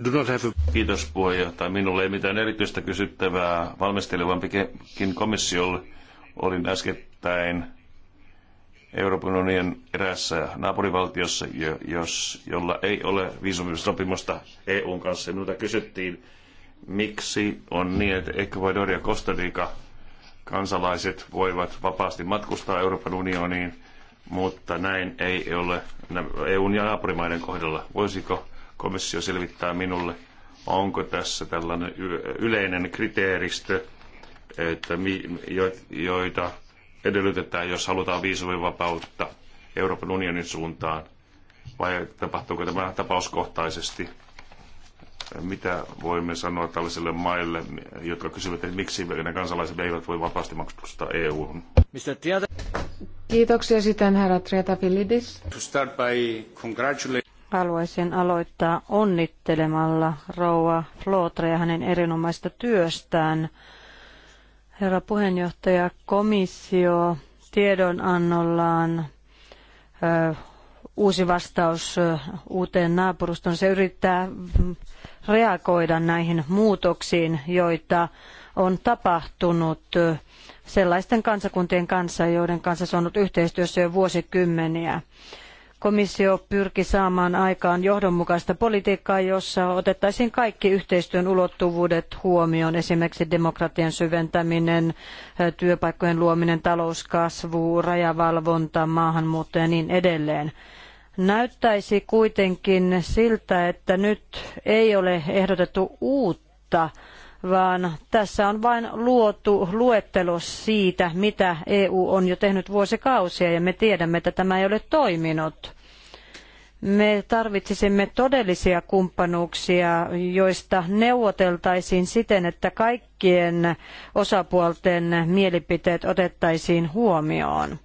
do not have a... Kiitos puheenjohtaja. Minulle ei mitään erityistä kysyttävää valmistelevan komissiolle. Olin äskettäin Euroopan unionin eräässä naapurivaltiossa, jos, jolla ei ole viisumisopimusta EUn kanssa. Minulta kysyttiin, miksi on niin, että Ecuador ja Costa Rica kansalaiset voivat vapaasti matkustaa Euroopan unioniin, mutta näin ei ole EUn ja naapurimaiden kohdalla. Voisiko komissio selvittää minulle, onko tässä tällainen yleinen kriteeristö, että joita edellytetään, jos halutaan viisumivapautta Euroopan unionin suuntaan, vai tapahtuuko tämä tapauskohtaisesti? mitä voimme sanoa tällaisille maille, jotka kysyvät, että miksi meidän kansalaiset eivät voi vapaasti maksusta eu Kiitoksia sitten herra Triatafilidis. Haluaisin aloittaa onnittelemalla rouva Flotra ja hänen erinomaista työstään. Herra puheenjohtaja, komissio tiedonannollaan uusi vastaus uuteen naapuruston. Se yrittää reagoida näihin muutoksiin, joita on tapahtunut sellaisten kansakuntien kanssa, joiden kanssa se on ollut yhteistyössä jo vuosikymmeniä. Komissio pyrki saamaan aikaan johdonmukaista politiikkaa, jossa otettaisiin kaikki yhteistyön ulottuvuudet huomioon, esimerkiksi demokratian syventäminen, työpaikkojen luominen, talouskasvu, rajavalvonta, maahanmuutto ja niin edelleen. Näyttäisi kuitenkin siltä, että nyt ei ole ehdotettu uutta, vaan tässä on vain luotu luettelo siitä, mitä EU on jo tehnyt vuosikausia, ja me tiedämme, että tämä ei ole toiminut. Me tarvitsisimme todellisia kumppanuuksia, joista neuvoteltaisiin siten, että kaikkien osapuolten mielipiteet otettaisiin huomioon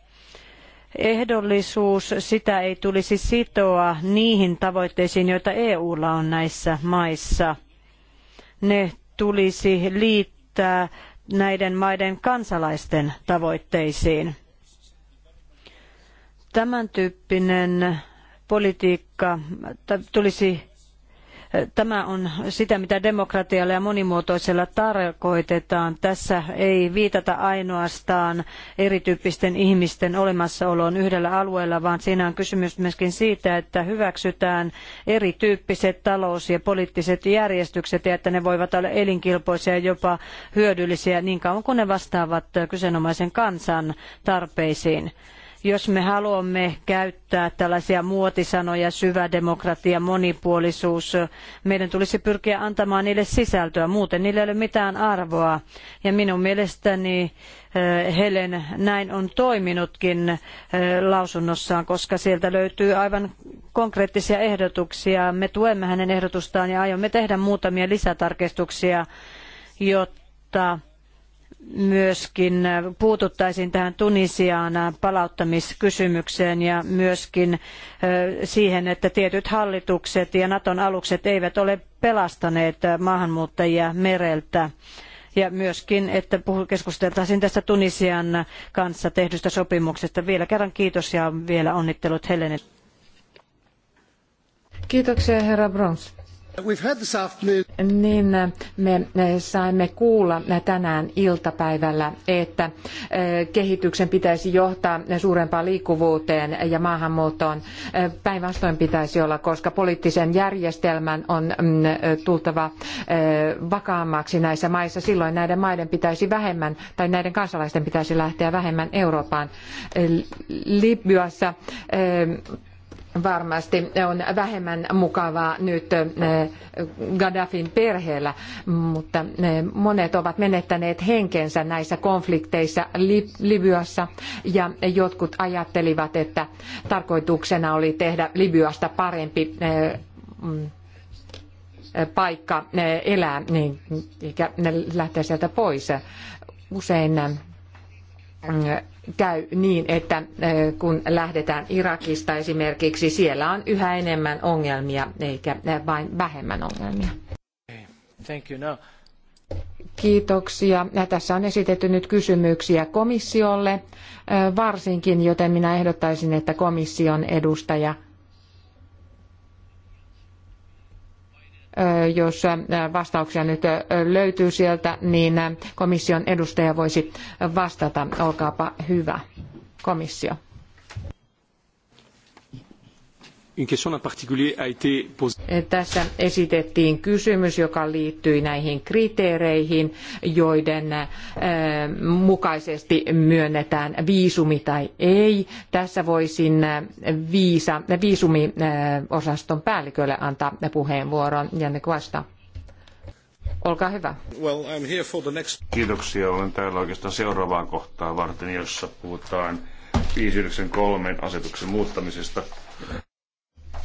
ehdollisuus, sitä ei tulisi sitoa niihin tavoitteisiin, joita EUlla on näissä maissa. Ne tulisi liittää näiden maiden kansalaisten tavoitteisiin. Tämän tyyppinen politiikka tulisi Tämä on sitä, mitä demokratialla ja monimuotoisella tarkoitetaan. Tässä ei viitata ainoastaan erityyppisten ihmisten olemassaoloon yhdellä alueella, vaan siinä on kysymys myöskin siitä, että hyväksytään erityyppiset talous- ja poliittiset järjestykset ja että ne voivat olla elinkilpoisia ja jopa hyödyllisiä niin kauan kuin ne vastaavat kyseenomaisen kansan tarpeisiin. Jos me haluamme käyttää tällaisia muotisanoja, syvä demokratia, monipuolisuus, meidän tulisi pyrkiä antamaan niille sisältöä, muuten niillä ei ole mitään arvoa. Ja minun mielestäni eh, Helen näin on toiminutkin eh, lausunnossaan, koska sieltä löytyy aivan konkreettisia ehdotuksia. Me tuemme hänen ehdotustaan ja aiomme tehdä muutamia lisätarkistuksia, jotta myöskin puututtaisiin tähän Tunisiaan palauttamiskysymykseen ja myöskin siihen, että tietyt hallitukset ja Naton alukset eivät ole pelastaneet maahanmuuttajia mereltä. Ja myöskin, että keskusteltaisiin tästä Tunisian kanssa tehdystä sopimuksesta. Vielä kerran kiitos ja vielä onnittelut Helene. Kiitoksia herra Brons. Niin me saimme kuulla tänään iltapäivällä, että kehityksen pitäisi johtaa suurempaan liikkuvuuteen ja maahanmuuttoon. Päinvastoin pitäisi olla, koska poliittisen järjestelmän on mm, tultava vakaammaksi näissä maissa. Silloin näiden maiden pitäisi vähemmän, tai näiden kansalaisten pitäisi lähteä vähemmän Eurooppaan. Libyassa varmasti on vähemmän mukavaa nyt eh, Gaddafin perheellä, mutta eh, monet ovat menettäneet henkensä näissä konflikteissa Libyassa ja jotkut ajattelivat, että tarkoituksena oli tehdä Libyasta parempi eh, mm, paikka elää, niin, eikä lähteä sieltä pois. Usein mm, käy niin, että eh, kun lähdetään Irakista esimerkiksi, siellä on yhä enemmän ongelmia eikä eh, vain vähemmän ongelmia. Thank you. No. Kiitoksia. Tässä on esitetty nyt kysymyksiä komissiolle eh, varsinkin, joten minä ehdottaisin, että komission edustaja – jos vastauksia nyt löytyy sieltä, niin komission edustaja voisi vastata. Olkaapa hyvä, komissio. Eh, tässä esitettiin kysymys, joka liittyi näihin kriteereihin, joiden eh, mukaisesti myönnetään viisumi tai ei. Tässä voisin eh, viisa, viisumiosaston päällikölle antaa puheenvuoron. Janne Kvasta. Olkaa hyvä. Well, I'm here for the next... Kiitoksia. Olen täällä oikeastaan seuraavaan kohtaan varten, jossa puhutaan 593 asetuksen muuttamisesta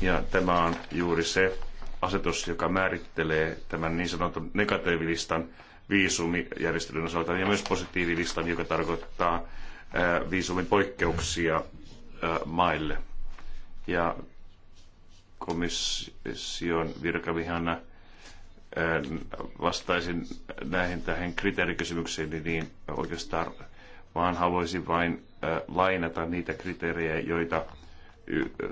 ja tämä on juuri se asetus, joka määrittelee tämän niin sanotun negatiivilistan viisumijärjestelyn osalta ja myös positiivilistan, joka tarkoittaa viisumin poikkeuksia maille. Ja komission virkavihana vastaisin näihin tähän kriteerikysymykseen, niin, niin oikeastaan vaan haluaisin vain lainata niitä kriteerejä, joita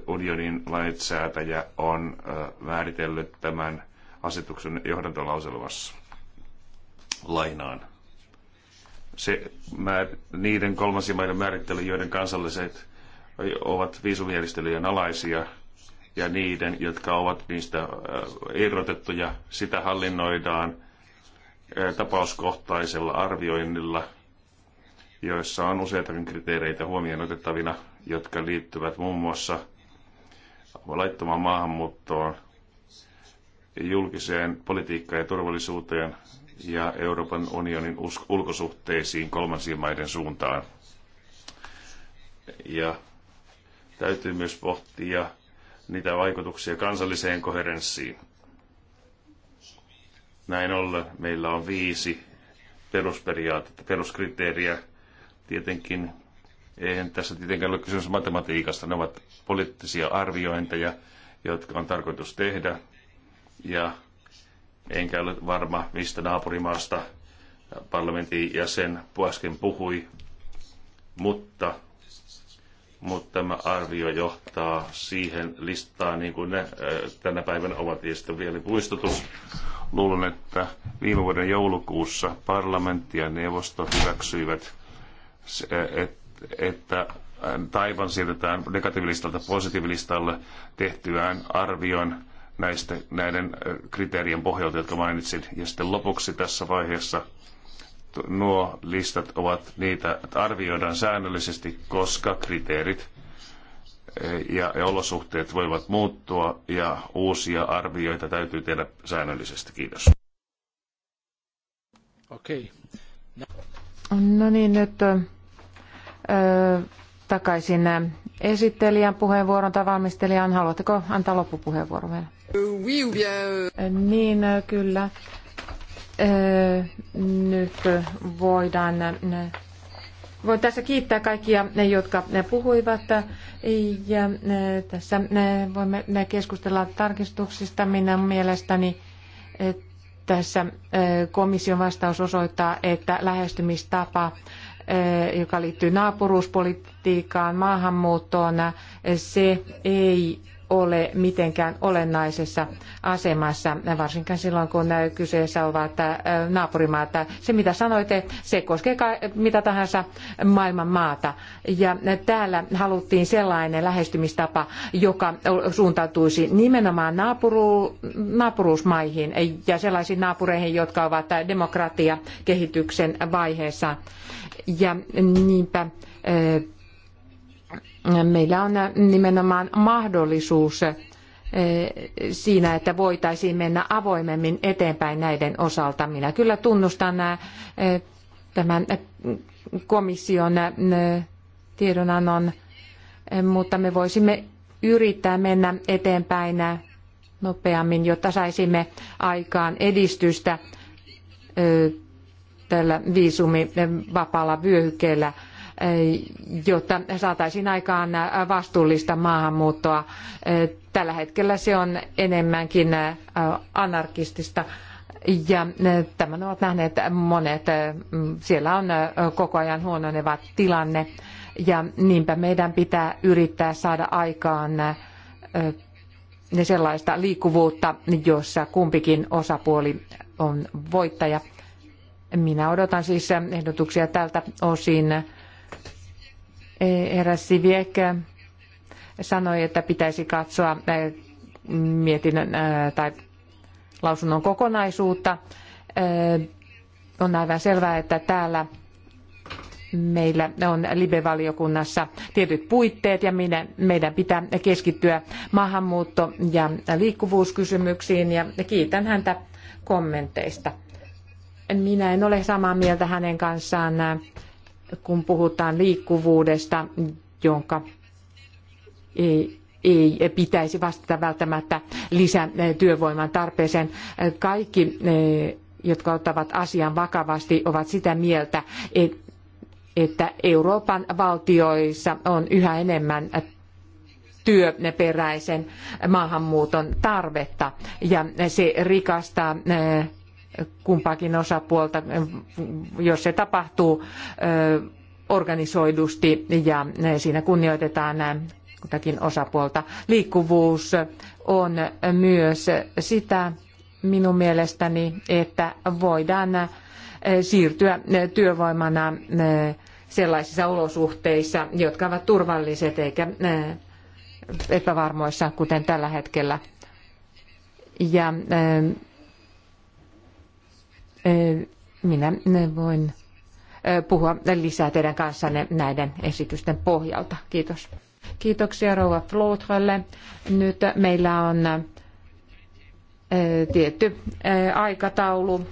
unionin lainsäätäjä on määritellyt tämän asetuksen johdantolauselmassa lainaan. Se, niiden kolmansien maiden määrittely, joiden kansalliset ovat viisumijärjestelyjen alaisia ja niiden, jotka ovat niistä irrotettuja, sitä hallinnoidaan tapauskohtaisella arvioinnilla, joissa on useitakin kriteereitä huomioon otettavina – jotka liittyvät muun muassa laittomaan maahanmuuttoon, julkiseen politiikkaan ja turvallisuuteen ja Euroopan unionin ulkosuhteisiin kolmansien maiden suuntaan. Ja täytyy myös pohtia niitä vaikutuksia kansalliseen koherenssiin. Näin ollen meillä on viisi perusperiaatetta, peruskriteeriä. Tietenkin Eihän tässä tietenkään ole kysymys matematiikasta, ne ovat poliittisia arviointeja, jotka on tarkoitus tehdä. Ja enkä ole varma, mistä naapurimaasta parlamentin jäsen äsken puhui, mutta, mutta tämä arvio johtaa siihen listaan, niin kuin ne äh, tänä päivänä ovat, ja sitten vielä puistutus. Luulen, että viime vuoden joulukuussa parlamentti ja neuvosto hyväksyivät, että että äh, Taivan siirretään negatiivilistalta positiivilistalle tehtyään arvion näistä, näiden äh, kriteerien pohjalta, jotka mainitsin. Ja sitten lopuksi tässä vaiheessa nuo listat ovat niitä, että arvioidaan säännöllisesti, koska kriteerit äh, ja, ja olosuhteet voivat muuttua ja uusia arvioita täytyy tehdä säännöllisesti. Kiitos. Okei. Okay. No niin, nyt takaisin esittelijän puheenvuoron tai valmistelijan. Haluatteko antaa loppupuheenvuoron vielä? Euh, niin, kyllä. Nyt voidaan voin tässä kiittää kaikkia ne, jotka ne puhuivat. Ja tässä voimme keskustella tarkistuksista. Minä mielestäni tässä komission vastaus osoittaa, että lähestymistapa Eh, joka liittyy naapuruuspolitiikkaan, maahanmuuttoon, se ei ole mitenkään olennaisessa asemassa, varsinkaan silloin kun kyseessä ovat äh, naapurimaat. Se mitä sanoitte, se koskee mitä tahansa maailman maata. Ja täällä haluttiin sellainen lähestymistapa, joka suuntautuisi nimenomaan naapuru, naapuruusmaihin ja sellaisiin naapureihin, jotka ovat demokratiakehityksen vaiheessa. Ja niinpä äh, meillä on nimenomaan mahdollisuus eh, siinä, että voitaisiin mennä avoimemmin eteenpäin näiden osalta. Minä kyllä tunnustan eh, tämän komission eh, tiedonannon, mutta me voisimme yrittää mennä eteenpäin nopeammin, jotta saisimme aikaan edistystä tällä viisumivapaalla vyöhykkeellä jotta saataisiin aikaan vastuullista maahanmuuttoa. Tällä hetkellä se on enemmänkin anarkistista ja tämän ovat nähneet monet. Siellä on koko ajan huononeva tilanne ja niinpä meidän pitää yrittää saada aikaan eh, sellaista liikkuvuutta, jossa kumpikin osapuoli on voittaja. Minä odotan siis ehdotuksia tältä osin Eräs Siviek sanoi, että pitäisi katsoa eh, mietinnön eh, tai lausunnon kokonaisuutta. Eh, on aivan selvää, että täällä meillä on Libe-valiokunnassa tietyt puitteet ja meidän pitää keskittyä maahanmuutto- ja liikkuvuuskysymyksiin ja kiitän häntä kommenteista. Minä en ole samaa mieltä hänen kanssaan kun puhutaan liikkuvuudesta, jonka ei, ei pitäisi vastata välttämättä lisätyövoiman eh, tarpeeseen. Kaikki, eh, jotka ottavat asian vakavasti, ovat sitä mieltä, että Euroopan valtioissa on yhä enemmän työperäisen maahanmuuton tarvetta ja se rikastaa eh, kumpaakin osapuolta, jos se tapahtuu organisoidusti ja siinä kunnioitetaan kutakin osapuolta. Liikkuvuus on myös sitä minun mielestäni, että voidaan siirtyä työvoimana sellaisissa olosuhteissa, jotka ovat turvalliset eikä epävarmoissa, kuten tällä hetkellä. Ja minä voin puhua lisää teidän kanssanne näiden esitysten pohjalta. Kiitos. Kiitoksia Rouva Flotrelle. Nyt meillä on tietty aikataulu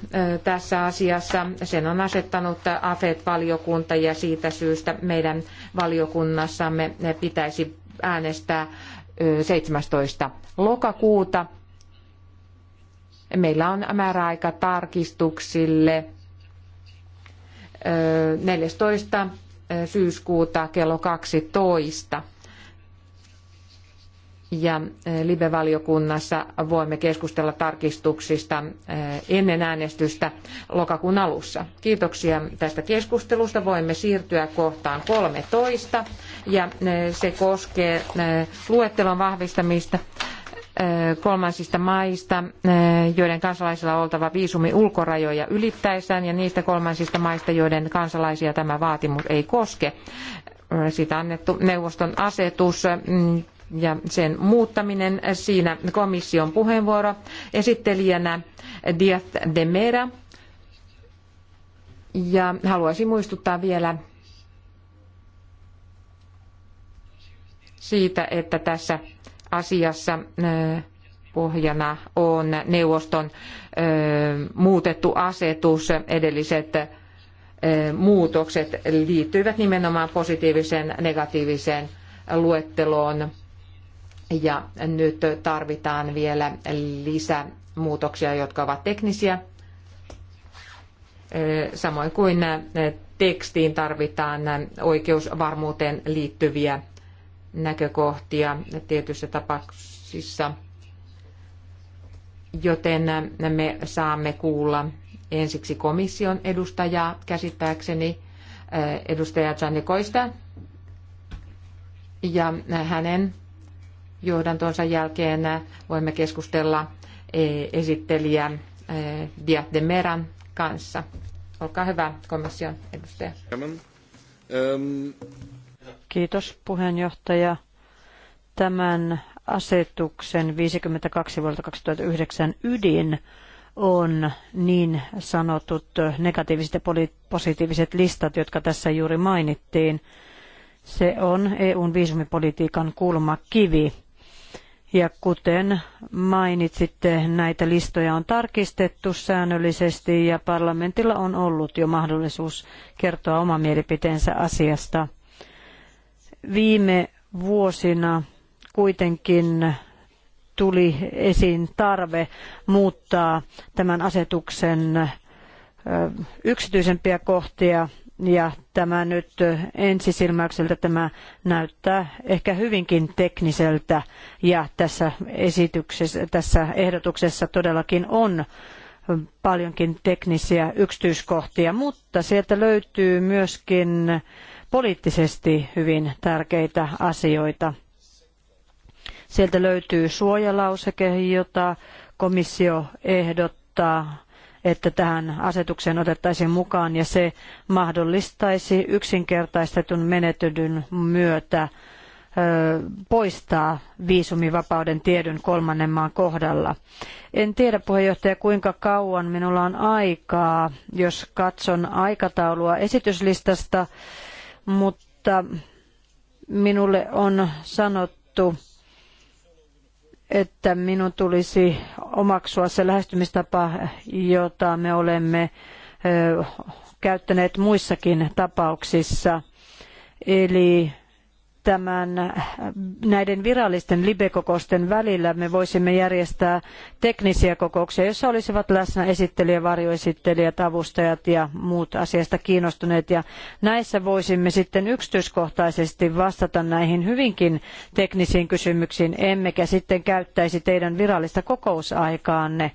tässä asiassa. Sen on asettanut AFET-valiokunta ja siitä syystä meidän valiokunnassamme pitäisi äänestää 17. lokakuuta Meillä on määräaika tarkistuksille 14. syyskuuta kello 12. Ja Libe-valiokunnassa voimme keskustella tarkistuksista ennen äänestystä lokakuun alussa. Kiitoksia tästä keskustelusta. Voimme siirtyä kohtaan 13 ja se koskee luettelon vahvistamista kolmansista maista, joiden kansalaisilla on oltava viisumi ulkorajoja ylittäessään ja niistä kolmansista maista, joiden kansalaisia tämä vaatimus ei koske. Siitä annettu neuvoston asetus ja sen muuttaminen. Siinä komission puheenvuoro esittelijänä Diaz de Mera. Ja haluaisin muistuttaa vielä siitä, että tässä asiassa pohjana on neuvoston muutettu asetus. Edelliset muutokset liittyivät nimenomaan positiiviseen negatiiviseen luetteloon. Ja nyt tarvitaan vielä lisämuutoksia, jotka ovat teknisiä. Samoin kuin tekstiin tarvitaan oikeusvarmuuteen liittyviä näkökohtia tietyissä tapauksissa, joten me saamme kuulla ensiksi komission edustajaa käsittääkseni, eh, edustaja Janikoista, ja hänen johdantonsa jälkeen voimme keskustella eh, esittelijä eh, Diat de Meran kanssa. Olkaa hyvä komission edustaja. Um, Kiitos puheenjohtaja. Tämän asetuksen 52 vuodelta 2009 ydin on niin sanotut negatiiviset ja positiiviset listat, jotka tässä juuri mainittiin. Se on EUn viisumipolitiikan kulmakivi. Ja kuten mainitsitte, näitä listoja on tarkistettu säännöllisesti ja parlamentilla on ollut jo mahdollisuus kertoa oma mielipiteensä asiasta. Viime vuosina kuitenkin tuli esiin tarve muuttaa tämän asetuksen yksityisempiä kohtia ja tämä nyt ensisilmäykseltä tämä näyttää ehkä hyvinkin tekniseltä ja tässä esityksessä, tässä ehdotuksessa todellakin on paljonkin teknisiä yksityiskohtia, mutta sieltä löytyy myöskin poliittisesti hyvin tärkeitä asioita. Sieltä löytyy suojalauseke, jota komissio ehdottaa, että tähän asetukseen otettaisiin mukaan ja se mahdollistaisi yksinkertaistetun menetydyn myötä poistaa viisumivapauden tiedon kolmannen maan kohdalla. En tiedä puheenjohtaja kuinka kauan minulla on aikaa, jos katson aikataulua esityslistasta mutta minulle on sanottu, että minun tulisi omaksua se lähestymistapa, jota me olemme käyttäneet muissakin tapauksissa. Eli tämän, näiden virallisten libekokosten välillä me voisimme järjestää teknisiä kokouksia, joissa olisivat läsnä esittelijä, varjoesittelijät, avustajat ja muut asiasta kiinnostuneet. Ja näissä voisimme sitten yksityiskohtaisesti vastata näihin hyvinkin teknisiin kysymyksiin, emmekä sitten käyttäisi teidän virallista kokousaikaanne.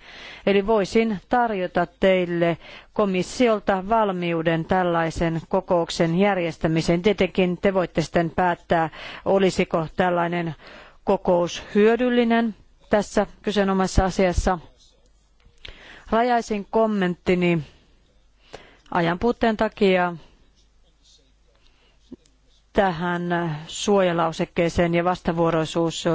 Eli voisin tarjota teille komissiolta valmiuden tällaisen kokouksen järjestämiseen. Tietenkin te voitte sitten päättää, olisiko tällainen kokous hyödyllinen tässä kyseenomaisessa asiassa. Rajaisin kommenttini ajanpuutteen takia tähän suojalausekkeeseen ja vastavuoroisuus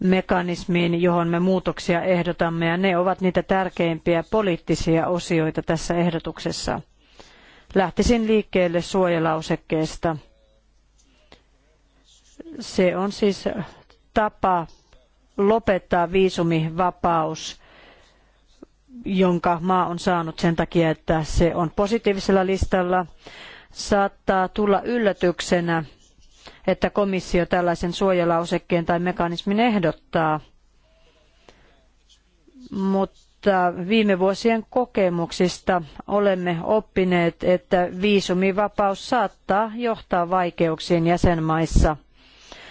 mekanismiin, johon me muutoksia ehdotamme, ja ne ovat niitä tärkeimpiä poliittisia osioita tässä ehdotuksessa. Lähtisin liikkeelle suojelausekkeesta. Se on siis tapa lopettaa viisumivapaus, jonka maa on saanut sen takia, että se on positiivisella listalla. Saattaa tulla yllätyksenä että komissio tällaisen suojalausekkeen tai mekanismin ehdottaa. Mutta viime vuosien kokemuksista olemme oppineet, että viisumivapaus saattaa johtaa vaikeuksiin jäsenmaissa.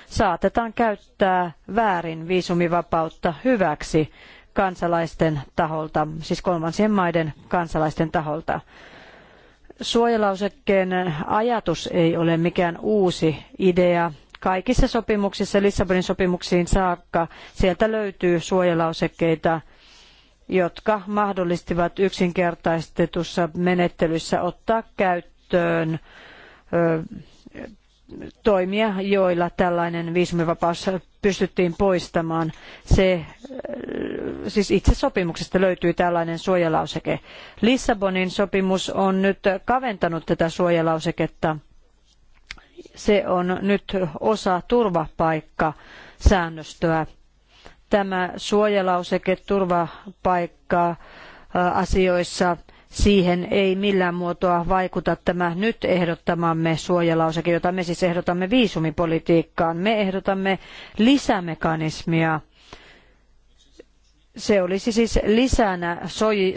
Saatetaan käyttää väärin viisumivapautta hyväksi kansalaisten taholta, siis kolmansien maiden kansalaisten taholta. Suojalausekkeen ajatus ei ole mikään uusi idea. Kaikissa sopimuksissa, Lissabonin sopimuksiin saakka, sieltä löytyy suojalausekkeita, jotka mahdollistivat yksinkertaistetussa menettelyssä ottaa käyttöön toimia, joilla tällainen viisumivapaus pystyttiin poistamaan. Se, äh, siis itse sopimuksesta löytyy tällainen suojalauseke. Lissabonin sopimus on nyt kaventanut tätä suojalauseketta. Se on nyt osa turvapaikkasäännöstöä. Tämä suojalauseke turvapaikka asioissa siihen ei millään muotoa vaikuta tämä nyt ehdottamamme suojalauseke, jota me siis ehdotamme viisumipolitiikkaan. Me ehdotamme lisämekanismia se olisi siis lisänä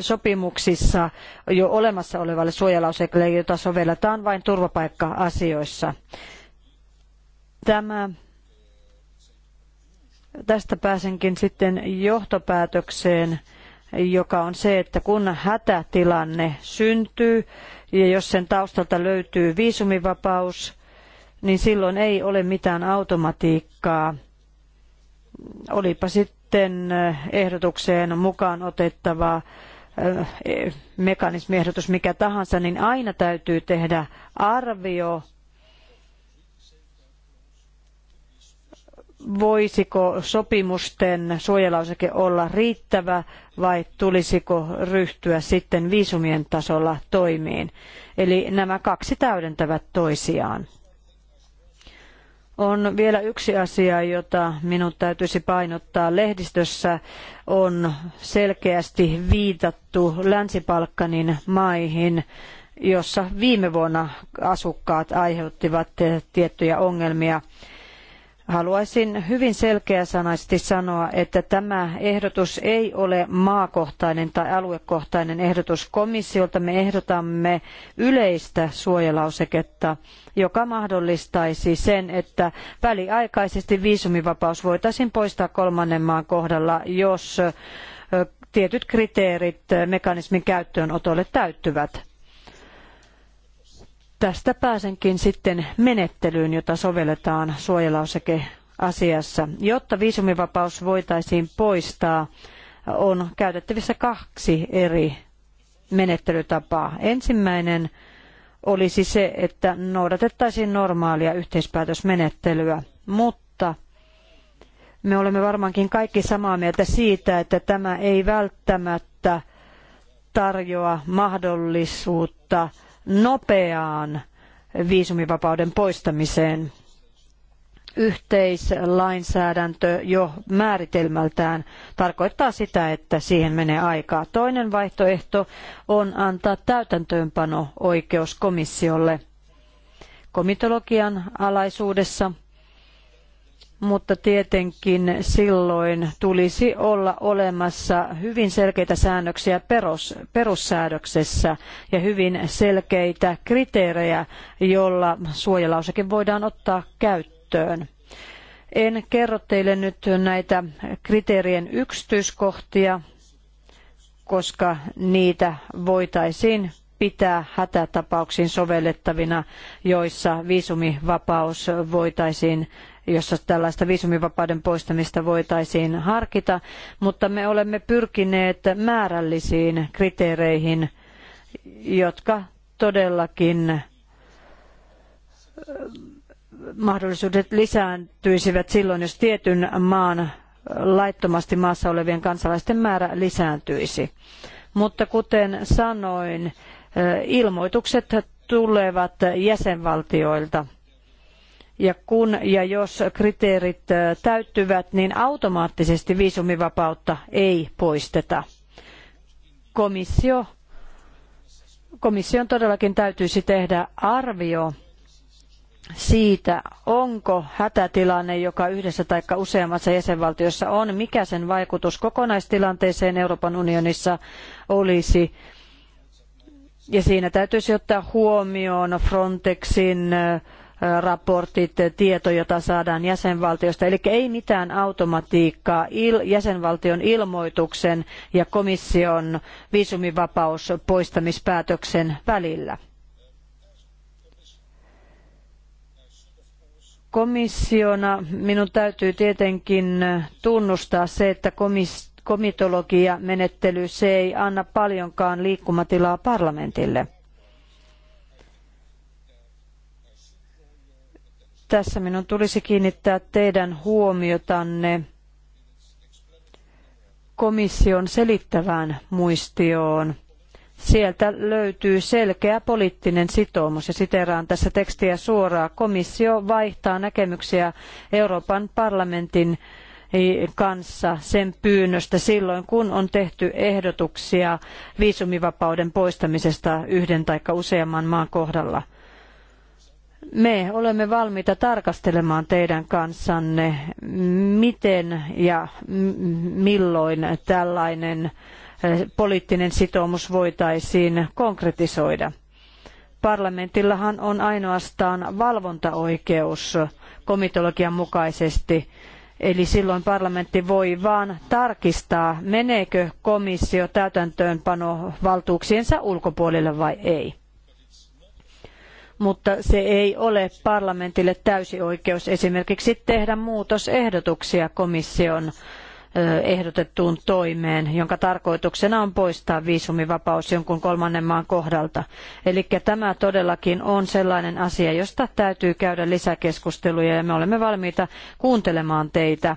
sopimuksissa jo olemassa olevalle suojalausekkeelle, jota sovelletaan vain turvapaikka-asioissa. Tämä, tästä pääsenkin sitten johtopäätökseen, joka on se, että kun hätätilanne syntyy ja jos sen taustalta löytyy viisumivapaus, niin silloin ei ole mitään automatiikkaa. Olipa sitten eh, ehdotukseen mukaan otettava eh, eh, mekanismiehdotus mikä tahansa, niin aina täytyy tehdä arvio voisiko sopimusten suojelauseke olla riittävä vai tulisiko ryhtyä sitten viisumien tasolla toimiin. Eli nämä kaksi täydentävät toisiaan. On vielä yksi asia, jota minun täytyisi painottaa. Lehdistössä on selkeästi viitattu Länsi-Balkanin maihin, jossa viime vuonna asukkaat aiheuttivat tiettyjä ongelmia Haluaisin hyvin selkeäsanaisesti sanoa, että tämä ehdotus ei ole maakohtainen tai aluekohtainen ehdotus komissiolta. Me ehdotamme yleistä suojelauseketta, joka mahdollistaisi sen, että väliaikaisesti viisumivapaus voitaisiin poistaa kolmannen maan kohdalla, jos tietyt kriteerit mekanismin käyttöönotolle täyttyvät Tästä pääsenkin sitten menettelyyn, jota sovelletaan suojelauseke asiassa. Jotta viisumivapaus voitaisiin poistaa, on käytettävissä kaksi eri menettelytapaa. Ensimmäinen olisi se, että noudatettaisiin normaalia yhteispäätösmenettelyä, mutta me olemme varmaankin kaikki samaa mieltä siitä, että tämä ei välttämättä tarjoa mahdollisuutta nopeaan viisumivapauden poistamiseen. Yhteislainsäädäntö jo määritelmältään tarkoittaa sitä, että siihen menee aikaa. Toinen vaihtoehto on antaa täytäntöönpano oikeus komissiolle komitologian alaisuudessa – mutta tietenkin silloin tulisi olla olemassa hyvin selkeitä säännöksiä perus, perussäädöksessä ja hyvin selkeitä kriteerejä, joilla suojalausekin voidaan ottaa käyttöön. En kerro teille nyt näitä kriteerien yksityiskohtia, koska niitä voitaisiin pitää hätätapauksiin sovellettavina, joissa viisumivapaus voitaisiin jossa tällaista viisumivapauden poistamista voitaisiin harkita, mutta me olemme pyrkineet määrällisiin kriteereihin, jotka todellakin mahdollisuudet lisääntyisivät silloin, jos tietyn maan laittomasti maassa olevien kansalaisten määrä lisääntyisi. Mutta kuten sanoin, ilmoitukset tulevat jäsenvaltioilta ja kun ja jos kriteerit täyttyvät, niin automaattisesti viisumivapautta ei poisteta. Komissio, komission todellakin täytyisi tehdä arvio siitä, onko hätätilanne, joka yhdessä tai useammassa jäsenvaltiossa on, mikä sen vaikutus kokonaistilanteeseen Euroopan unionissa olisi. Ja siinä täytyisi ottaa huomioon Frontexin äh, raportit, tieto, jota saadaan jäsenvaltiosta. Eli ei mitään automatiikkaa jäsenvaltion ilmoituksen ja komission viisumivapaus poistamispäätöksen välillä. Komissiona minun täytyy tietenkin tunnustaa se, että komitologia komitologiamenettely se ei anna paljonkaan liikkumatilaa parlamentille Tässä minun tulisi kiinnittää teidän huomiotanne komission selittävään muistioon. Sieltä löytyy selkeä poliittinen sitoumus ja siteraan tässä tekstiä suoraan. Komissio vaihtaa näkemyksiä Euroopan parlamentin kanssa sen pyynnöstä silloin, kun on tehty ehdotuksia viisumivapauden poistamisesta yhden tai useamman maan kohdalla. Me olemme valmiita tarkastelemaan teidän kanssanne, miten ja milloin tällainen eh, poliittinen sitoumus voitaisiin konkretisoida. Parlamentillahan on ainoastaan valvontaoikeus komitologian mukaisesti, eli silloin parlamentti voi vain tarkistaa, meneekö komissio täytäntöönpano valtuuksiensa ulkopuolelle vai ei mutta se ei ole parlamentille täysi oikeus esimerkiksi tehdä muutosehdotuksia komission ehdotettuun toimeen, jonka tarkoituksena on poistaa viisumivapaus jonkun kolmannen maan kohdalta. Eli tämä todellakin on sellainen asia, josta täytyy käydä lisäkeskusteluja ja me olemme valmiita kuuntelemaan teitä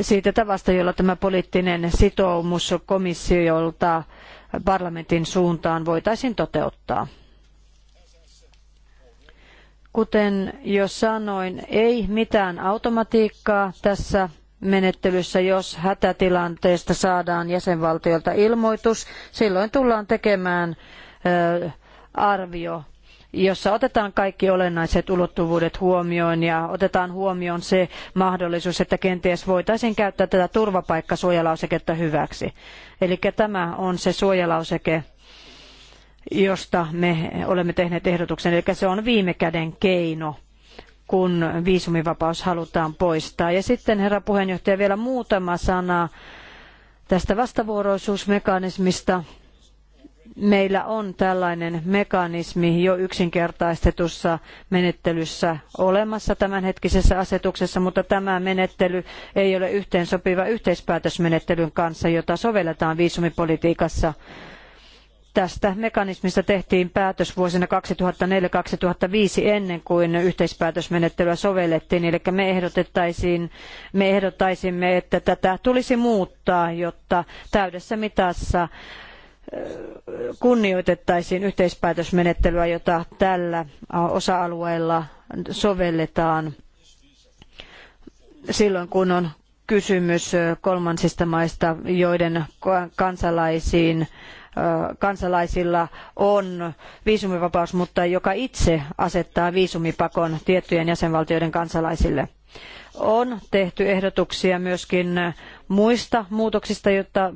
siitä tavasta, jolla tämä poliittinen sitoumus komissiolta parlamentin suuntaan voitaisiin toteuttaa. Kuten jo sanoin, ei mitään automatiikkaa tässä menettelyssä, jos hätätilanteesta saadaan jäsenvaltiolta ilmoitus. Silloin tullaan tekemään arvio jossa otetaan kaikki olennaiset ulottuvuudet huomioon ja otetaan huomioon se mahdollisuus, että kenties voitaisiin käyttää tätä turvapaikkasuojalauseketta hyväksi. Eli tämä on se suojalauseke, josta me olemme tehneet ehdotuksen. Eli se on viime käden keino kun viisumivapaus halutaan poistaa. Ja sitten herra puheenjohtaja vielä muutama sana tästä vastavuoroisuusmekanismista. Meillä on tällainen mekanismi jo yksinkertaistetussa menettelyssä olemassa tämänhetkisessä asetuksessa, mutta tämä menettely ei ole yhteensopiva yhteispäätösmenettelyn kanssa, jota sovelletaan viisumipolitiikassa. Tästä mekanismista tehtiin päätös vuosina 2004-2005 ennen kuin yhteispäätösmenettelyä sovellettiin, eli me, ehdotettaisiin, me ehdottaisimme, että tätä tulisi muuttaa, jotta täydessä mitassa kunnioitettaisiin yhteispäätösmenettelyä, jota tällä osa-alueella sovelletaan silloin, kun on kysymys kolmansista maista, joiden kansalaisiin kansalaisilla on viisumivapaus, mutta joka itse asettaa viisumipakon tiettyjen jäsenvaltioiden kansalaisille. On tehty ehdotuksia myöskin muista muutoksista, jotta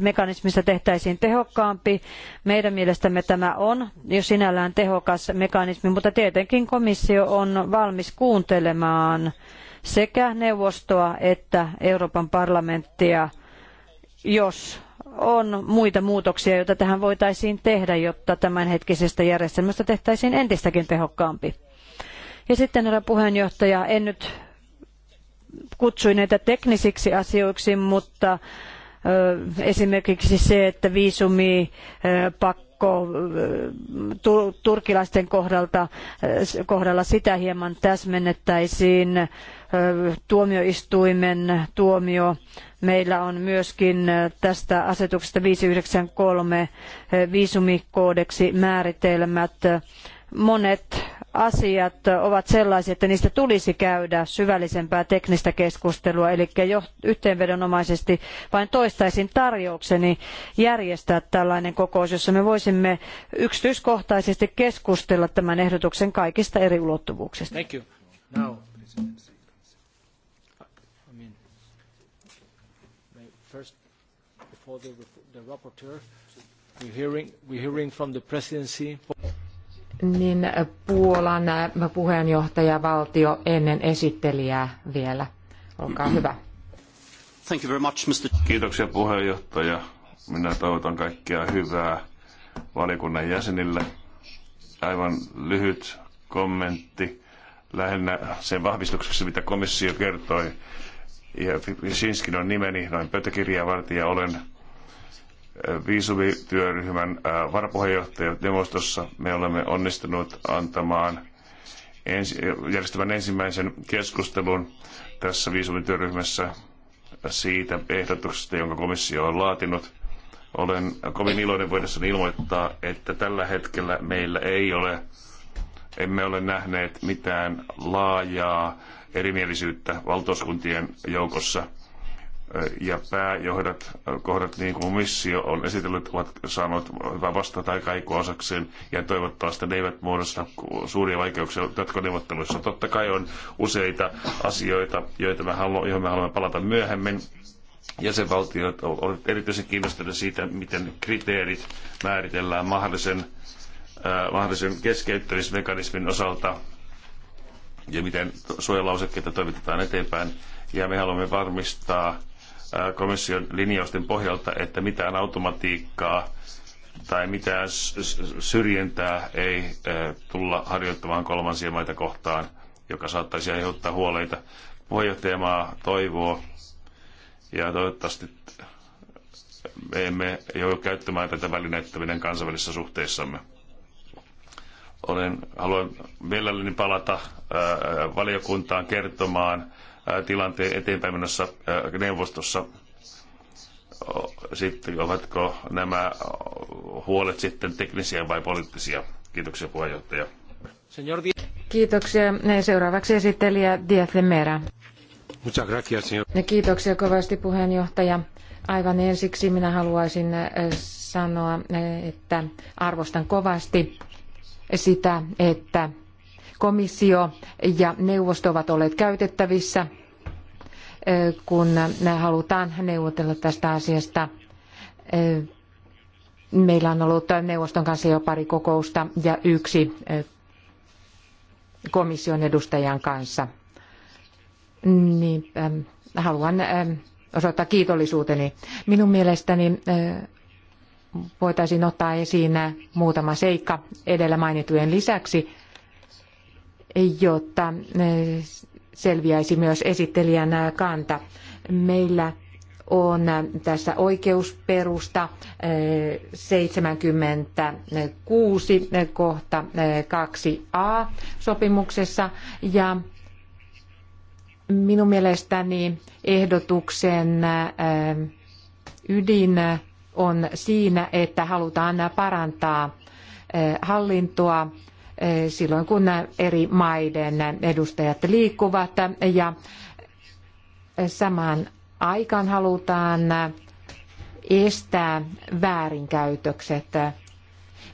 mekanismista tehtäisiin tehokkaampi. Meidän mielestämme tämä on jo sinällään tehokas mekanismi, mutta tietenkin komissio on valmis kuuntelemaan sekä neuvostoa että Euroopan parlamenttia, jos on muita muutoksia, joita tähän voitaisiin tehdä, jotta tämänhetkisestä järjestelmästä tehtäisiin entistäkin tehokkaampi. Ja sitten, herra puheenjohtaja, en nyt kutsui näitä teknisiksi asioiksi, mutta esimerkiksi se, että viisumipakko pakko turkilaisten kohdalta, kohdalla sitä hieman täsmennettäisiin tuomioistuimen tuomio. Meillä on myöskin tästä asetuksesta 593 viisumikoodeksi määritelmät. Monet asiat ovat sellaisia, että niistä tulisi käydä syvällisempää teknistä keskustelua. Eli jo yhteenvedonomaisesti vain toistaisin tarjoukseni järjestää tällainen kokous, jossa me voisimme yksityiskohtaisesti keskustella tämän ehdotuksen kaikista eri ulottuvuuksista. the, the rapporteur. We're hearing, we're hearing from the presidency niin Puolan puheenjohtajavaltio ennen esittelijää vielä. Olkaa hyvä. Thank you very much, Mr. Kiitoksia puheenjohtaja. Minä toivotan kaikkea hyvää valiokunnan jäsenille. Aivan lyhyt kommentti lähinnä sen vahvistukseksi, mitä komissio kertoi. Ja Sinskin on nimeni, noin pöytäkirjaa varten ja olen viisumityöryhmän varapuheenjohtajat neuvostossa. Me olemme onnistuneet antamaan ensi, järjestämään ensimmäisen keskustelun tässä viisumityöryhmässä siitä ehdotuksesta, jonka komissio on laatinut. Olen kovin iloinen voidessani ilmoittaa, että tällä hetkellä meillä ei ole, emme ole nähneet mitään laajaa erimielisyyttä valtuuskuntien joukossa – ja pääjohdat, kohdat niin kuin missio on esitellyt, ovat saaneet hyvää vastata aika osakseen ja toivottavasti ne eivät muodosta suuria vaikeuksia jatkoneuvotteluissa. Totta kai on useita asioita, joita me joihin me haluamme palata myöhemmin. Jäsenvaltiot ovat erityisen kiinnostuneita siitä, miten kriteerit määritellään mahdollisen, äh, mahdollisen keskeyttämismekanismin osalta ja miten suojalausekkeita toimitetaan eteenpäin. Ja me haluamme varmistaa komission linjausten pohjalta, että mitään automatiikkaa tai mitään syrjintää ei tulla harjoittamaan kolmansia maita kohtaan, joka saattaisi aiheuttaa huoleita. Puheenjohtajamaa toivoo ja toivottavasti me emme joudu käyttämään tätä välinettä meidän kansainvälisissä suhteissamme. Olen, haluan mielelläni palata ää, valiokuntaan kertomaan tilanteen eteenpäin menossa neuvostossa. Sitten ovatko nämä huolet sitten teknisiä vai poliittisia? Kiitoksia puheenjohtaja. Kiitoksia. Seuraavaksi esittelijä Diaz de Kiitoksia kovasti puheenjohtaja. Aivan ensiksi minä haluaisin sanoa, että arvostan kovasti sitä, että komissio ja neuvosto ovat olleet käytettävissä kun halutaan neuvotella tästä asiasta. Meillä on ollut neuvoston kanssa jo pari kokousta ja yksi komission edustajan kanssa. Niin, haluan osoittaa kiitollisuuteni. Minun mielestäni voitaisiin ottaa esiin muutama seikka edellä mainittujen lisäksi, jotta selviäisi myös esittelijän kanta. Meillä on tässä oikeusperusta 76 eh, kohta 2a eh, sopimuksessa ja minun mielestäni ehdotuksen eh, ydin on siinä, että halutaan parantaa hallintoa Eh, silloin, kun eri maiden edustajat liikkuvat ja samaan aikaan halutaan estää väärinkäytökset.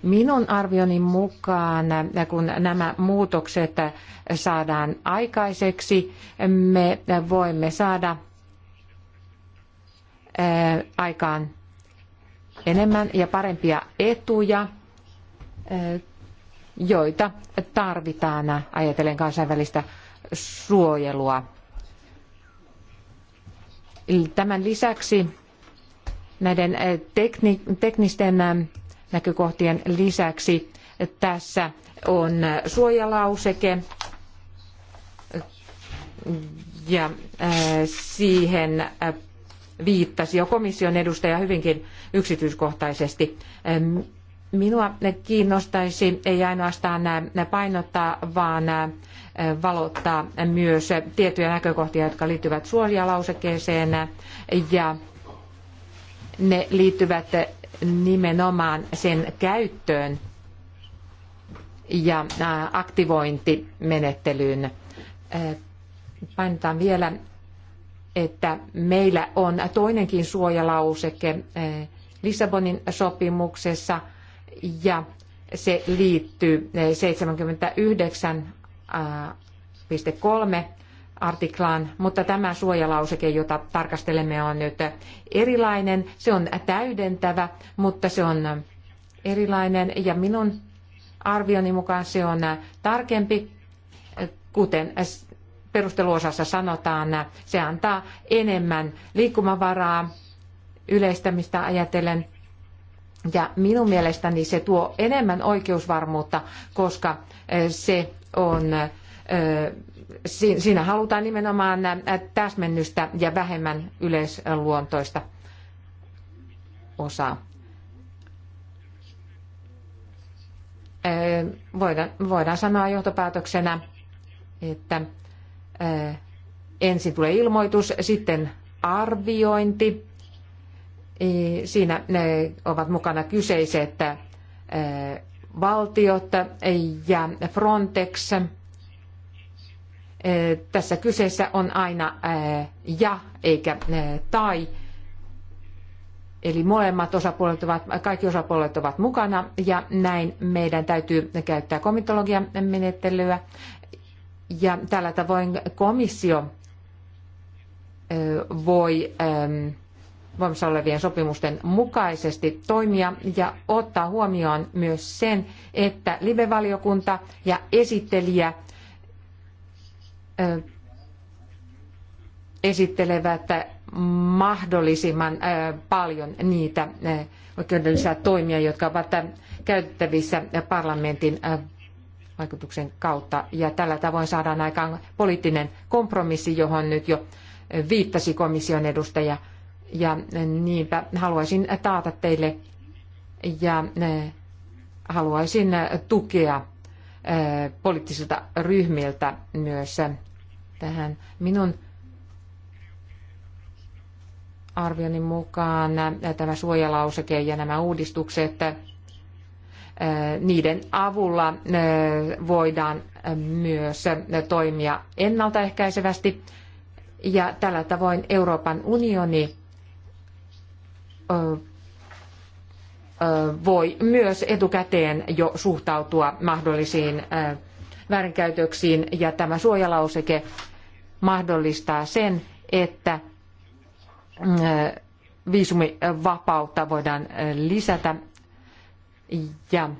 Minun arvioni mukaan, kun nämä muutokset saadaan aikaiseksi, me voimme saada eh, aikaan enemmän ja parempia etuja eh, joita tarvitaan ajatellen kansainvälistä suojelua. Tämän lisäksi näiden eh, teknisten eh, näkökohtien lisäksi tässä on eh, suojalauseke ja siihen viittasi jo komission edustaja hyvinkin yksityiskohtaisesti. Minua kiinnostaisi ei ainoastaan painottaa, vaan valottaa myös tiettyjä näkökohtia, jotka liittyvät suojalausekkeeseen ja ne liittyvät nimenomaan sen käyttöön ja aktivointimenettelyyn. Painotan vielä, että meillä on toinenkin suojalauseke Lissabonin sopimuksessa – ja se liittyy 79.3 äh, artiklaan, mutta tämä suojalauseke, jota tarkastelemme, on nyt erilainen. Se on täydentävä, mutta se on erilainen ja minun arvioni mukaan se on tarkempi, kuten perusteluosassa sanotaan, se antaa enemmän liikkumavaraa yleistämistä ajatellen ja minun mielestäni se tuo enemmän oikeusvarmuutta, koska eh, se on, eh, siinä halutaan nimenomaan eh, täsmennystä ja vähemmän yleisluontoista osaa. Voidaan, voidaan sanoa johtopäätöksenä, että ensin tulee ilmoitus, sitten arviointi, Siinä ovat mukana kyseiset äh, valtiot ja Frontex. Äh, tässä kyseessä on aina äh, ja eikä tai. Eli molemmat osapuolet ovat, kaikki osapuolet ovat mukana ja näin meidän täytyy käyttää komitologian menettelyä. Ja tällä tavoin komissio voi ähm, voimassa olevien sopimusten mukaisesti toimia ja ottaa huomioon myös sen, että live-valiokunta ja esittelijä esittelevät mahdollisimman paljon niitä oikeudellisia toimia, jotka ovat käytettävissä parlamentin vaikutuksen kautta. Ja tällä tavoin saadaan aikaan poliittinen kompromissi, johon nyt jo viittasi komission edustaja ja niinpä haluaisin taata teille ja eh, haluaisin tukea eh, poliittisilta ryhmiltä myös eh, tähän minun arvioni mukaan tämä suojalauseke ja nämä uudistukset, niiden avulla voidaan myös toimia ennaltaehkäisevästi ja tällä tavoin Euroopan unioni voi myös etukäteen jo suhtautua mahdollisiin väärinkäytöksiin ja tämä suojalauseke mahdollistaa sen, että viisumivapautta voidaan lisätä ja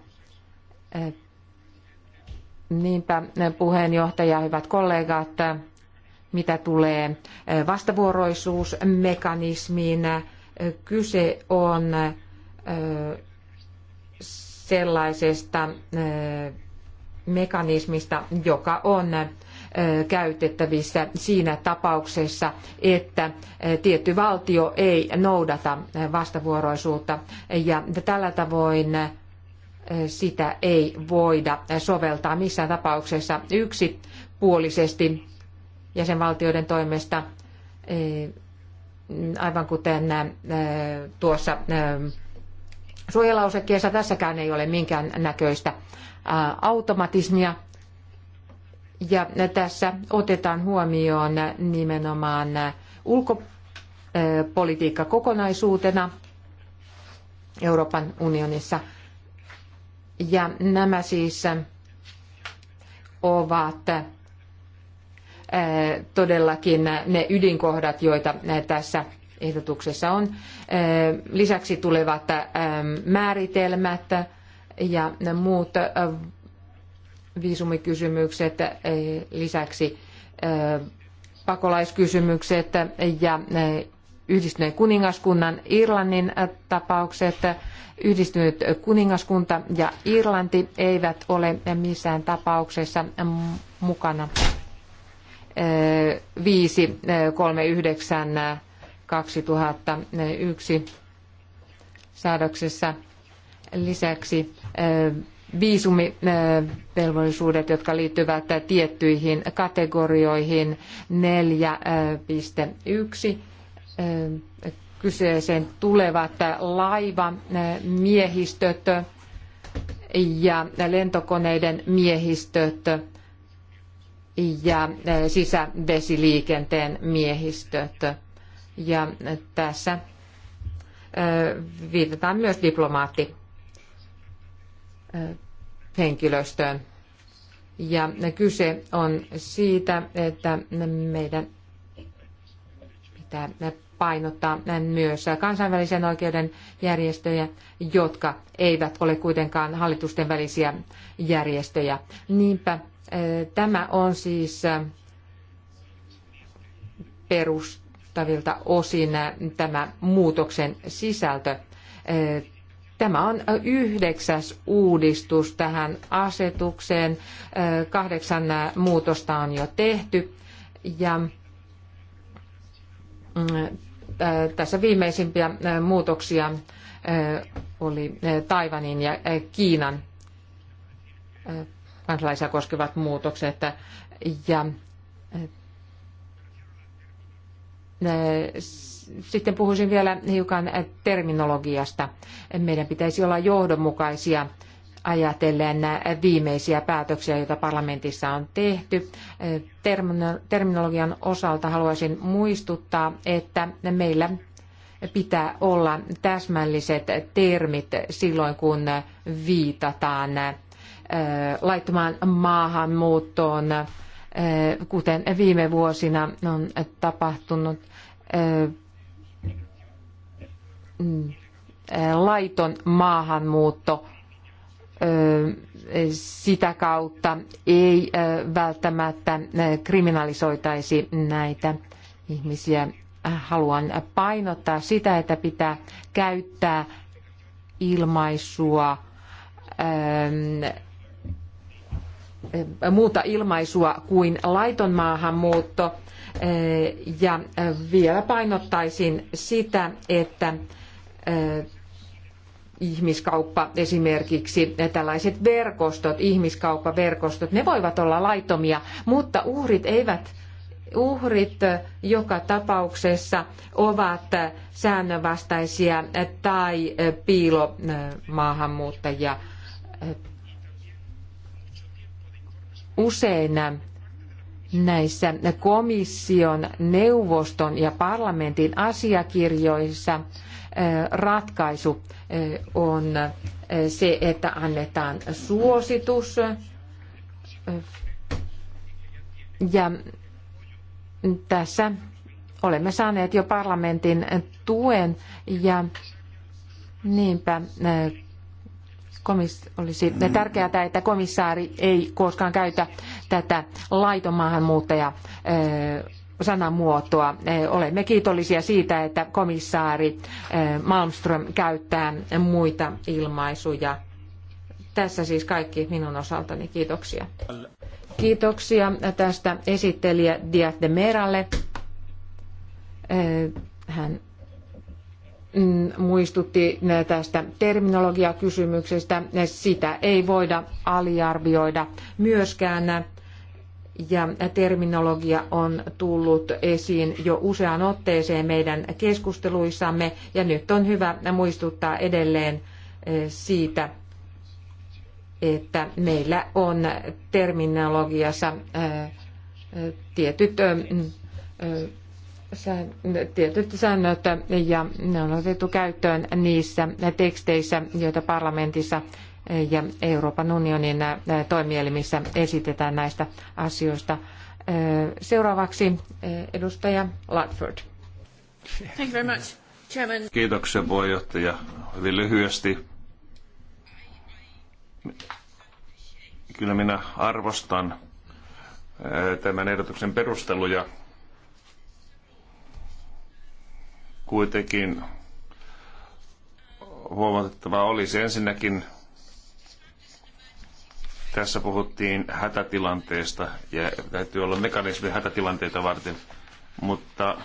niinpä puheenjohtaja, hyvät kollegat, mitä tulee vastavuoroisuusmekanismiin, Kyse on sellaisesta mekanismista, joka on käytettävissä siinä tapauksessa, että tietty valtio ei noudata vastavuoroisuutta ja tällä tavoin sitä ei voida soveltaa missään tapauksessa yksipuolisesti jäsenvaltioiden toimesta aivan kuten tuossa suojalausekkeessa tässäkään ei ole minkään näköistä automatismia. Ja tässä otetaan huomioon nimenomaan ulkopolitiikka kokonaisuutena Euroopan unionissa. Ja nämä siis ovat todellakin ne ydinkohdat, joita tässä ehdotuksessa on. Lisäksi tulevat määritelmät ja muut viisumikysymykset, lisäksi pakolaiskysymykset ja yhdistyneen kuningaskunnan Irlannin tapaukset. Yhdistynyt kuningaskunta ja Irlanti eivät ole missään tapauksessa mukana 539 2001 säädöksessä. Lisäksi eh, viisumivelvollisuudet, jotka liittyvät tiettyihin kategorioihin 4.1 eh, eh, kyseeseen tulevat laiva, miehistöt ja lentokoneiden miehistöt ja eh, sisävesiliikenteen miehistöt. Ja tässä eh, viitataan myös diplomaatti eh, henkilöstöön. Ja kyse on siitä, että meidän pitää painottaa myös kansainvälisen oikeuden järjestöjä, jotka eivät ole kuitenkaan hallitusten välisiä järjestöjä. Niinpä Tämä on siis perustavilta osin tämä muutoksen sisältö. Tämä on yhdeksäs uudistus tähän asetukseen. Kahdeksan muutosta on jo tehty ja mm, tässä viimeisimpiä muutoksia oli Taivanin ja Kiinan kansalaisia koskevat muutokset. Ja sitten puhuisin vielä hiukan terminologiasta. Meidän pitäisi olla johdonmukaisia ajatellen viimeisiä päätöksiä, joita parlamentissa on tehty. Terminologian osalta haluaisin muistuttaa, että meillä pitää olla täsmälliset termit silloin, kun viitataan laittomaan maahanmuuttoon, kuten viime vuosina on tapahtunut laiton maahanmuutto sitä kautta ei välttämättä kriminalisoitaisi näitä ihmisiä. Haluan painottaa sitä, että pitää käyttää ilmaisua Eh, muuta ilmaisua kuin laiton maahanmuutto. Eh, ja eh, vielä painottaisin sitä, että ihmiskauppa esimerkiksi, tällaiset verkostot, ihmiskauppaverkostot, ne voivat olla laitomia, mutta uhrit eivät uhrit joka tapauksessa ovat säännönvastaisia tai piilomaahanmuuttajia usein näissä komission, neuvoston ja parlamentin asiakirjoissa ratkaisu on se, että annetaan suositus ja tässä olemme saaneet jo parlamentin tuen ja niinpä komis- olisi tärkeää, että komissaari ei koskaan käytä tätä laiton maahanmuuttaja sanamuotoa. Olemme kiitollisia siitä, että komissaari Malmström käyttää muita ilmaisuja. Tässä siis kaikki minun osaltani. Kiitoksia. Kiitoksia tästä esittelijä Diaz de Meralle. Hän Mm, muistutti tästä terminologiakysymyksestä. Sitä ei voida aliarvioida myöskään. Ja terminologia on tullut esiin jo useaan otteeseen meidän keskusteluissamme. Ja nyt on hyvä muistuttaa edelleen eh, siitä, että meillä on terminologiassa eh, eh, tietyt mm, tietyt säännöt ja ne on otettu käyttöön niissä teksteissä, joita parlamentissa ja Euroopan unionin toimielimissä esitetään näistä asioista. Seuraavaksi edustaja Ludford. Thank you very much, Chairman. Kiitoksia puheenjohtaja. Hyvin lyhyesti. Kyllä minä arvostan tämän ehdotuksen perusteluja kuitenkin oli olisi ensinnäkin tässä puhuttiin hätätilanteesta ja täytyy olla mekanismi hätätilanteita varten, mutta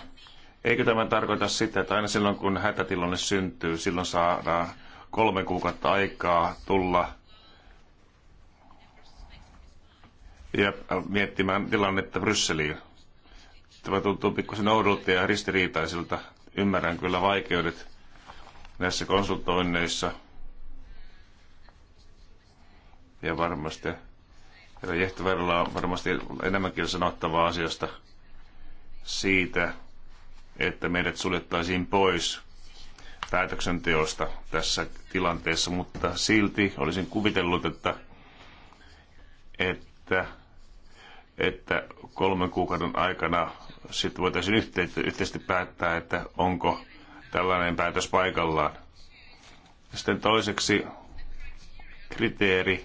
eikö tämä tarkoita sitä, että aina silloin kun hätätilanne syntyy, silloin saadaan kolme kuukautta aikaa tulla ja miettimään tilannetta Brysseliin. Tämä tuntuu pikkusen oudolta ja ristiriitaisilta Ymmärrän kyllä vaikeudet näissä konsultoinneissa. Ja varmasti Herra Jehtoverilla on varmasti enemmänkin sanottavaa asiasta siitä, että meidät suljettaisiin pois päätöksenteosta tässä tilanteessa, mutta silti olisin kuvitellut, että, että, että kolmen kuukauden aikana sitten voitaisiin yhteisesti päättää, että onko tällainen päätös paikallaan. Sitten toiseksi kriteeri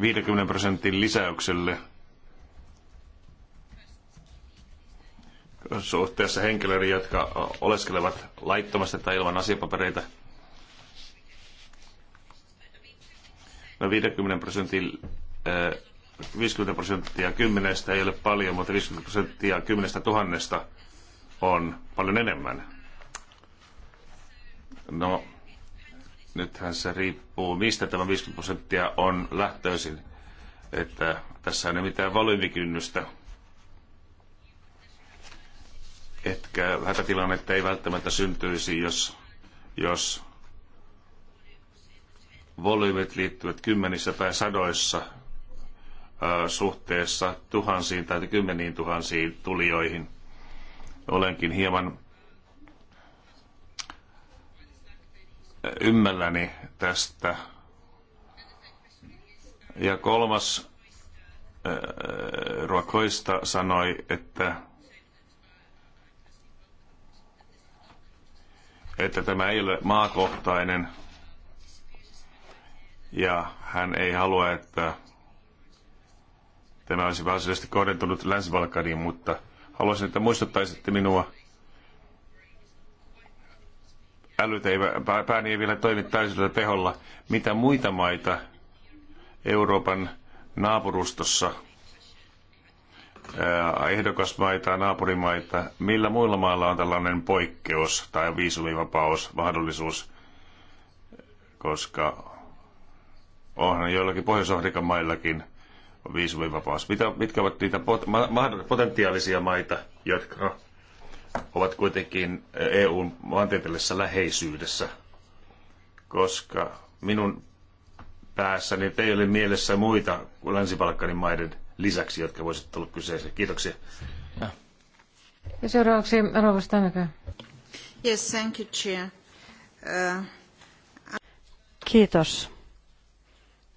50 prosentin lisäykselle suhteessa henkilöihin, jotka oleskelevat laittomasti tai ilman asiapapereita. No 50 prosentin 50 prosenttia kymmenestä ei ole paljon, mutta 50 prosenttia kymmenestä tuhannesta on paljon enemmän. No, nythän se riippuu, mistä tämä 50 prosenttia on lähtöisin. Että tässä ei ole mitään volyymikynnystä. Etkä hätätilannetta ei välttämättä syntyisi, jos, jos volyymit liittyvät kymmenissä tai sadoissa suhteessa tuhansiin tai kymmeniin tuhansiin tulijoihin. Olenkin hieman ymmälläni tästä. Ja kolmas ruokoista sanoi, että, että tämä ei ole maakohtainen ja hän ei halua, että Tämä olisi varsinaisesti kohdentunut Länsi-Balkaniin, mutta haluaisin, että muistuttaisitte minua. Älyt ei, pääni ei vielä toimi täysillä teholla. Mitä muita maita Euroopan naapurustossa, ehdokasmaita, naapurimaita, millä muilla mailla on tällainen poikkeus tai viisumivapaus, mahdollisuus, koska onhan joillakin Pohjois-Afrikan maillakin – viisumivapaus. Mitä, mitkä ovat niitä pot, potentiaalisia maita, jotka ovat kuitenkin EUn eh, e maantieteellisessä läheisyydessä, koska minun päässäni ei ole mielessä muita kuin länsi maiden lisäksi, jotka voisivat tulla kyseessä. Kiitoksia. Ja seuraavaksi Yes, thank you, Chair. Uh, Kiitos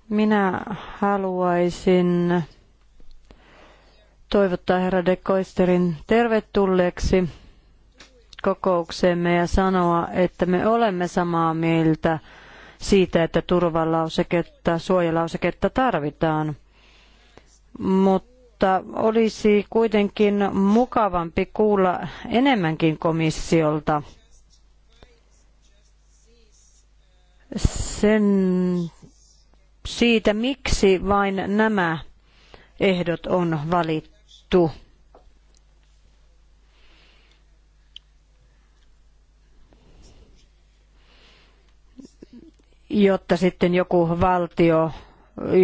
minä haluaisin toivottaa herra de Koisterin tervetulleeksi kokoukseemme ja sanoa, että me olemme samaa mieltä siitä, että turvalauseketta, suojalauseketta tarvitaan. Mutta olisi kuitenkin mukavampi kuulla enemmänkin komissiolta sen siitä, miksi vain nämä ehdot on valittu. jotta sitten joku valtio,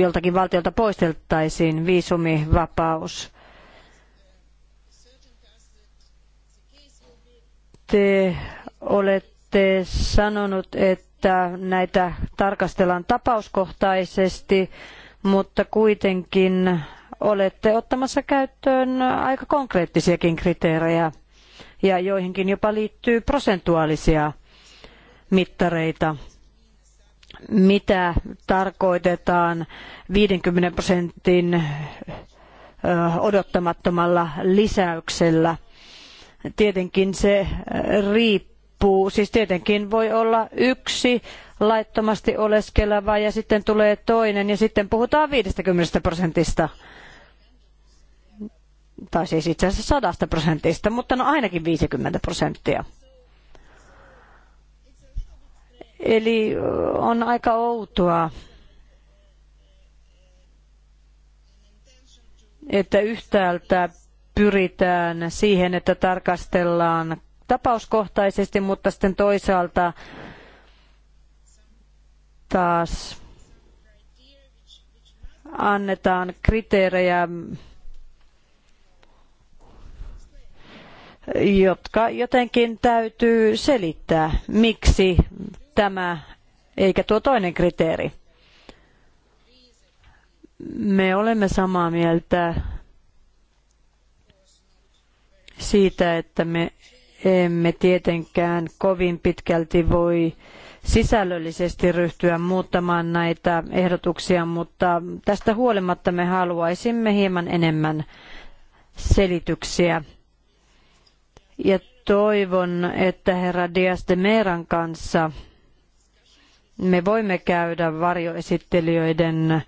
joltakin valtiolta poisteltaisiin viisumivapaus. Te olette sanonut, että että näitä tarkastellaan tapauskohtaisesti, mutta kuitenkin olette ottamassa käyttöön aika konkreettisiakin kriteerejä ja joihinkin jopa liittyy prosentuaalisia mittareita. Mitä tarkoitetaan 50 prosentin odottamattomalla lisäyksellä? Tietenkin se riippuu loppuu. Siis tietenkin voi olla yksi laittomasti oleskeleva ja sitten tulee toinen ja sitten puhutaan 50 prosentista. Tai siis itse asiassa 100 prosentista, mutta no ainakin 50 prosenttia. Eli on aika outoa, että yhtäältä pyritään siihen, että tarkastellaan tapauskohtaisesti, mutta sitten toisaalta taas annetaan kriteerejä, jotka jotenkin täytyy selittää, miksi tämä eikä tuo toinen kriteeri. Me olemme samaa mieltä siitä, että me emme tietenkään kovin pitkälti voi sisällöllisesti ryhtyä muuttamaan näitä ehdotuksia, mutta tästä huolimatta me haluaisimme hieman enemmän selityksiä. Ja toivon, että herra Dias de Meran kanssa me voimme käydä varjoesittelijöiden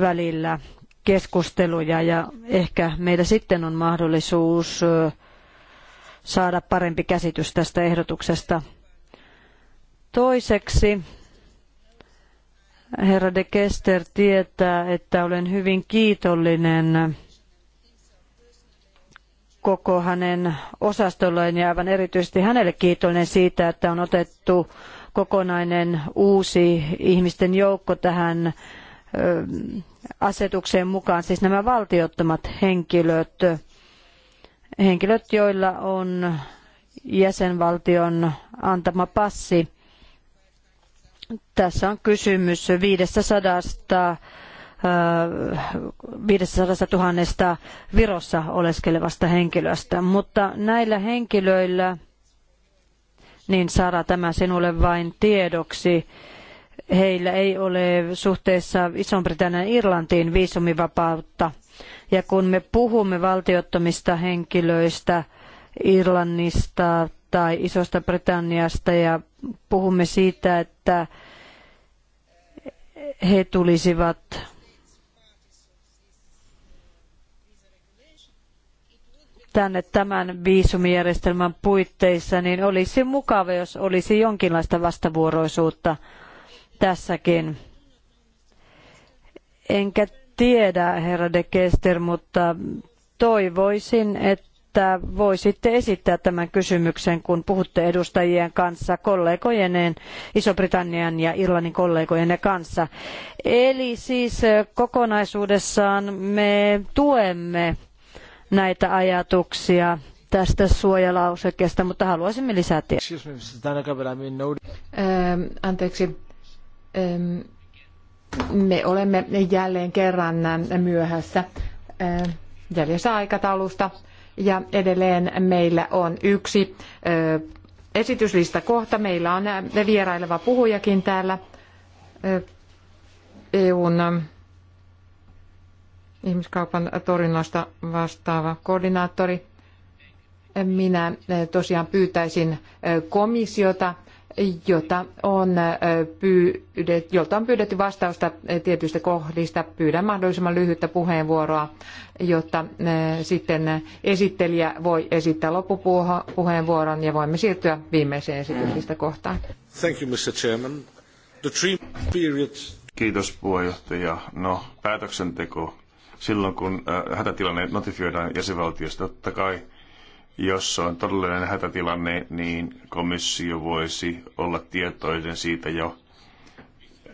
välillä keskusteluja ja ehkä meillä sitten on mahdollisuus saada parempi käsitys tästä ehdotuksesta. Toiseksi herra de Kester tietää, että olen hyvin kiitollinen koko hänen osastolleen ja aivan erityisesti hänelle kiitollinen siitä, että on otettu kokonainen uusi ihmisten joukko tähän asetukseen mukaan, siis nämä valtiottomat henkilöt henkilöt, joilla on jäsenvaltion antama passi. Tässä on kysymys 500 500 000 Virossa oleskelevasta henkilöstä, mutta näillä henkilöillä, niin Sara tämä sinulle vain tiedoksi, heillä ei ole suhteessa Ison-Britannian Irlantiin viisumivapautta – ja kun me puhumme valtiottomista henkilöistä Irlannista tai Isosta Britanniasta ja puhumme siitä, että he tulisivat tänne tämän viisumijärjestelmän puitteissa, niin olisi mukava, jos olisi jonkinlaista vastavuoroisuutta tässäkin. Enkä tiedä, herra de Kester, mutta toivoisin, että voisitte esittää tämän kysymyksen, kun puhutte edustajien kanssa, kollegojeneen, Iso-Britannian ja Irlannin kollegojenne kanssa. Eli siis kokonaisuudessaan me tuemme näitä ajatuksia tästä suojalausekkeesta, mutta haluaisimme lisää tietoa. No anteeksi me olemme jälleen kerran myöhässä äh, jäljessä aikataulusta ja edelleen meillä on yksi äh, esityslista kohta. Meillä on äh, vieraileva puhujakin täällä EUn ihmiskaupan torjunnasta vastaava koordinaattori. Minä tosiaan pyytäisin komissiota jota on pyydet, jolta on pyydetty vastausta tietyistä kohdista. Pyydän mahdollisimman lyhyttä puheenvuoroa, jotta sitten esittelijä voi esittää loppupuheenvuoron ja voimme siirtyä viimeiseen esityksistä kohtaan. Thank you, Mr. Chairman. The three periods. Kiitos puheenjohtaja. No, päätöksenteko silloin kun hätätilanne notifioidaan jäsenvaltiosta, totta kai jos on todellinen hätätilanne, niin komissio voisi olla tietoinen siitä jo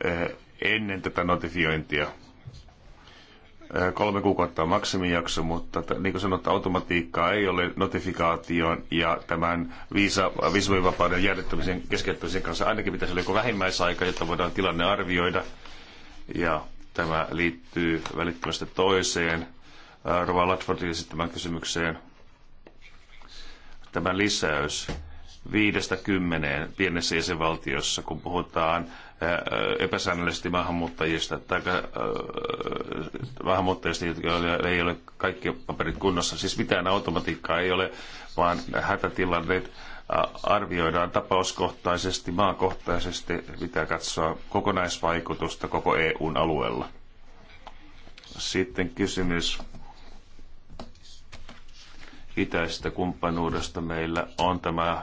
eh, ennen tätä notifiointia. Eh, kolme kuukautta on maksimijakso, mutta niin kuin sanottu, automatiikkaa ei ole notifikaation ja tämän viisumivapauden jäädettämisen keskeyttämisen kanssa ainakin pitäisi olla joku vähimmäisaika, jotta voidaan tilanne arvioida. Ja tämä liittyy välittömästi toiseen eh, Rova Latfordin esittämään kysymykseen – tämä lisäys viidestä kymmeneen pienessä jäsenvaltiossa, kun puhutaan epäsäännöllisesti maahanmuuttajista tai maahanmuuttajista, joilla ei ole kaikki paperit kunnossa. Siis mitään automatiikkaa ei ole, vaan hätätilanteet arvioidaan tapauskohtaisesti, maakohtaisesti, pitää katsoa kokonaisvaikutusta koko EUn alueella. Sitten kysymys itäisestä kumppanuudesta. Meillä on tämä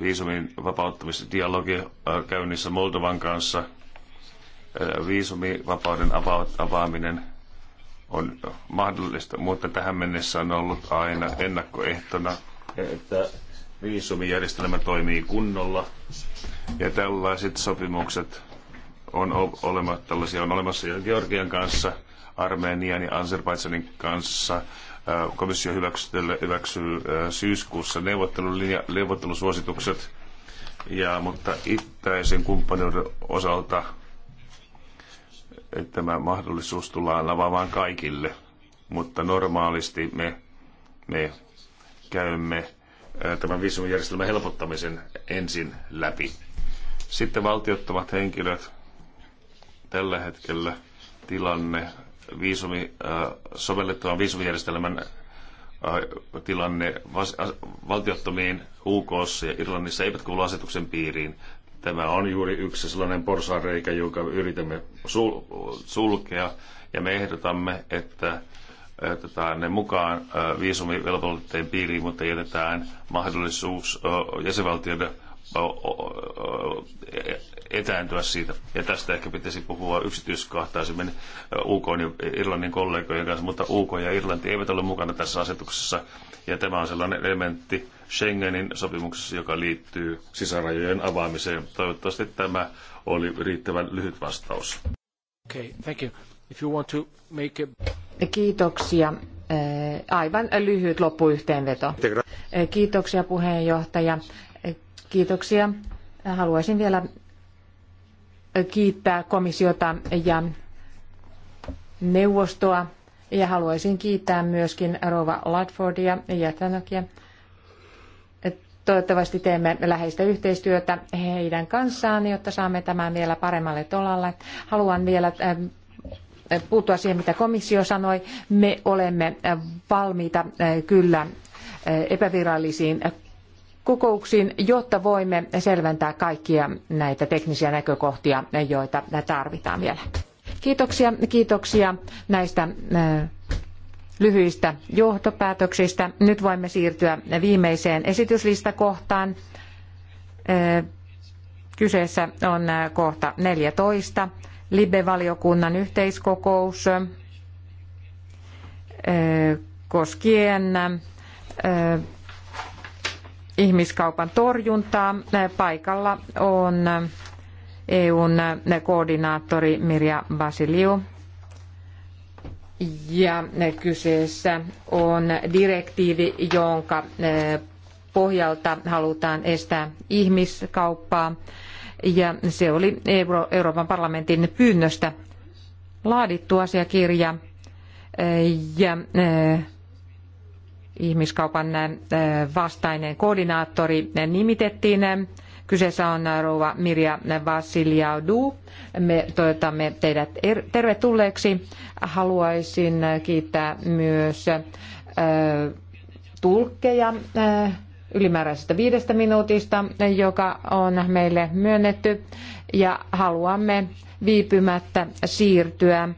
viisumin vapauttamisdialogi äh, käynnissä Moldovan kanssa. Äh, viisumivapauden avaaminen on mahdollista, mutta tähän mennessä on ollut aina ennakkoehtona, että viisumijärjestelmä toimii kunnolla. Ja tällaiset sopimukset on, olemassa, tällaisia on olemassa Georgian kanssa, Armenian ja Azerbaidsanin kanssa, Äh, komissio hyväksyy äh, syyskuussa neuvottelulinja, neuvottelusuositukset, ja, mutta itäisen kumppanuuden osalta että tämä mahdollisuus tullaan avaamaan kaikille, mutta normaalisti me, me käymme äh, tämän viisumijärjestelmän helpottamisen ensin läpi. Sitten valtiottomat henkilöt. Tällä hetkellä tilanne viisumi, sovellettavan viisumijärjestelmän tilanne valtiottomiin UK ja Irlannissa eivät kuulu asetuksen piiriin. Tämä on juuri yksi sellainen porsaanreikä, jonka yritämme sulkea, ja me ehdotamme, että otetaan ne mukaan viisumivelvoitteen piiriin, mutta jätetään mahdollisuus jäsenvaltioiden etääntyä siitä. Ja tästä ehkä pitäisi puhua yksityiskohtaisemmin UK ja Irlannin kollegojen kanssa, mutta UK ja Irlanti eivät ole mukana tässä asetuksessa. Ja tämä on sellainen elementti Schengenin sopimuksessa, joka liittyy sisärajojen avaamiseen. Toivottavasti tämä oli riittävän lyhyt vastaus. Okay, thank you. If you want to make a... Kiitoksia. Aivan lyhyt loppuyhteenveto. Kiitoksia puheenjohtaja. Kiitoksia. Haluaisin vielä kiittää komissiota ja neuvostoa ja haluaisin kiittää myöskin Rova Ladfordia ja Tanokia. Toivottavasti teemme läheistä yhteistyötä heidän kanssaan, jotta saamme tämän vielä paremmalle tolalle. Haluan vielä äh, puuttua siihen, mitä komissio sanoi. Me olemme valmiita äh, kyllä äh, epävirallisiin kokouksiin, jotta voimme selventää kaikkia näitä teknisiä näkökohtia, joita tarvitaan vielä. Kiitoksia, kiitoksia näistä äh, lyhyistä johtopäätöksistä. Nyt voimme siirtyä viimeiseen esityslistakohtaan. Äh, kyseessä on äh, kohta 14, Libe-valiokunnan yhteiskokous koskien ihmiskaupan torjuntaa. Paikalla on EUn koordinaattori Mirja Basiliu. Ja kyseessä on direktiivi, jonka eh, pohjalta halutaan estää ihmiskauppaa. Ja se oli Euroopan parlamentin pyynnöstä laadittu asiakirja. Eh, ja eh, ihmiskaupan vastainen koordinaattori nimitettiin. Kyseessä on rouva Mirja Vassiliadou. Me toivotamme teidät er-, tervetulleeksi. Haluaisin kiittää myös tulkkeja ylimääräisestä viidestä minuutista, joka on meille myönnetty. Ja haluamme viipymättä siirtyä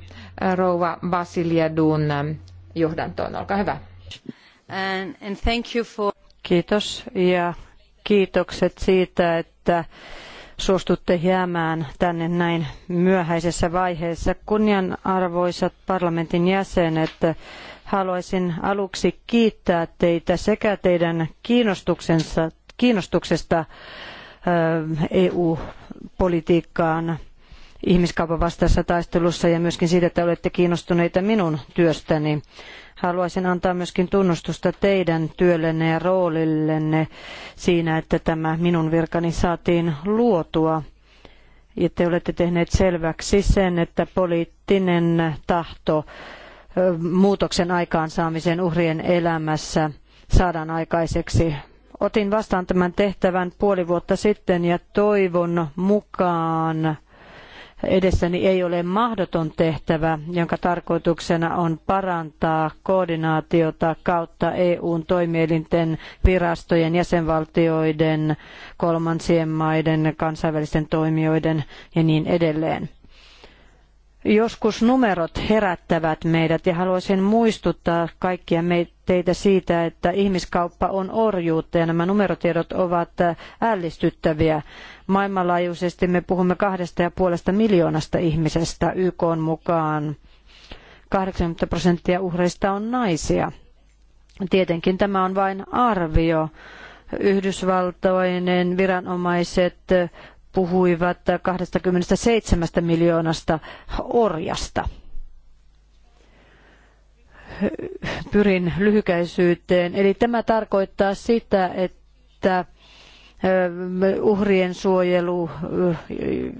rouva Vassiliadun johdantoon. Olkaa hyvä. Kiitos ja kiitokset siitä, että suostutte jäämään tänne näin myöhäisessä vaiheessa. Kunnianarvoisat parlamentin jäsenet, haluaisin aluksi kiittää teitä sekä teidän kiinnostuksensa, kiinnostuksesta EU-politiikkaan ihmiskaupan vastaisessa taistelussa ja myöskin siitä, että olette kiinnostuneita minun työstäni. Haluaisin antaa myöskin tunnustusta teidän työllenne ja roolillenne siinä, että tämä minun virkani saatiin luotua. Ja te olette tehneet selväksi sen, että poliittinen tahto muutoksen aikaansaamisen uhrien elämässä saadaan aikaiseksi otin vastaan tämän tehtävän puoli vuotta sitten ja toivon mukaan edessäni ei ole mahdoton tehtävä, jonka tarkoituksena on parantaa koordinaatiota kautta EUn toimielinten, virastojen, jäsenvaltioiden, kolmansien maiden, kansainvälisten toimijoiden ja niin edelleen. Joskus numerot herättävät meidät ja haluaisin muistuttaa kaikkia teitä siitä, että ihmiskauppa on orjuutta ja nämä numerotiedot ovat äh, ällistyttäviä. Maailmanlaajuisesti me puhumme kahdesta ja puolesta miljoonasta ihmisestä YK mukaan. 80 prosenttia uhreista on naisia. Tietenkin tämä on vain arvio. Yhdysvaltoinen viranomaiset puhuivat 27 miljoonasta orjasta. Pyrin lyhykäisyyteen. Eli tämä tarkoittaa sitä, että uhrien suojelu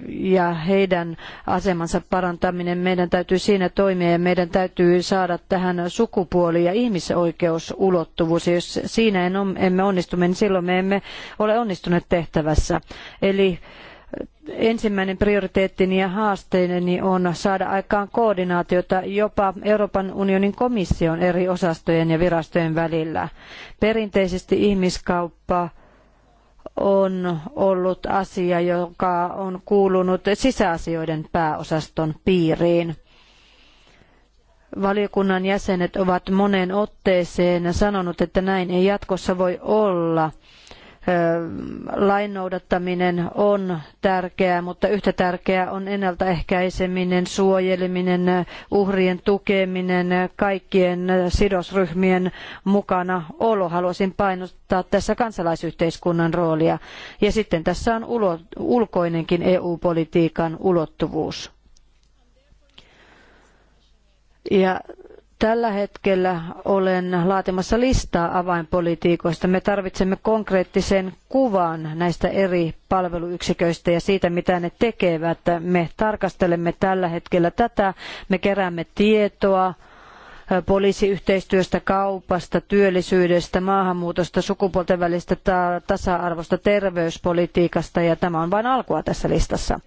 ja heidän asemansa parantaminen. Meidän täytyy siinä toimia ja meidän täytyy saada tähän sukupuoli- ja ihmisoikeusulottuvuus. Ja jos siinä emme onnistu, niin silloin me emme ole onnistuneet tehtävässä. Eli ensimmäinen prioriteettini ja haasteeni on saada aikaan koordinaatiota jopa Euroopan unionin komission eri osastojen ja virastojen välillä. Perinteisesti ihmiskauppa on ollut asia, joka on kuulunut sisäasioiden pääosaston piiriin. Valiokunnan jäsenet ovat moneen otteeseen sanonut, että näin ei jatkossa voi olla – lain noudattaminen on tärkeää, mutta yhtä tärkeää on ennaltaehkäiseminen, suojeleminen, uhrien tukeminen, kaikkien sidosryhmien mukana olo. Haluaisin painottaa tässä kansalaisyhteiskunnan roolia. Ja sitten tässä on ulkoinenkin EU-politiikan ulottuvuus. Ja Tällä hetkellä olen laatimassa listaa avainpolitiikoista. Me tarvitsemme konkreettisen kuvan näistä eri palveluyksiköistä ja siitä, mitä ne tekevät. Me tarkastelemme tällä hetkellä tätä, me keräämme tietoa poliisiyhteistyöstä, kaupasta, työllisyydestä, maahanmuutosta, sukupuolten välistä tasa-arvosta, terveyspolitiikasta ja tämä on vain alkua tässä listassa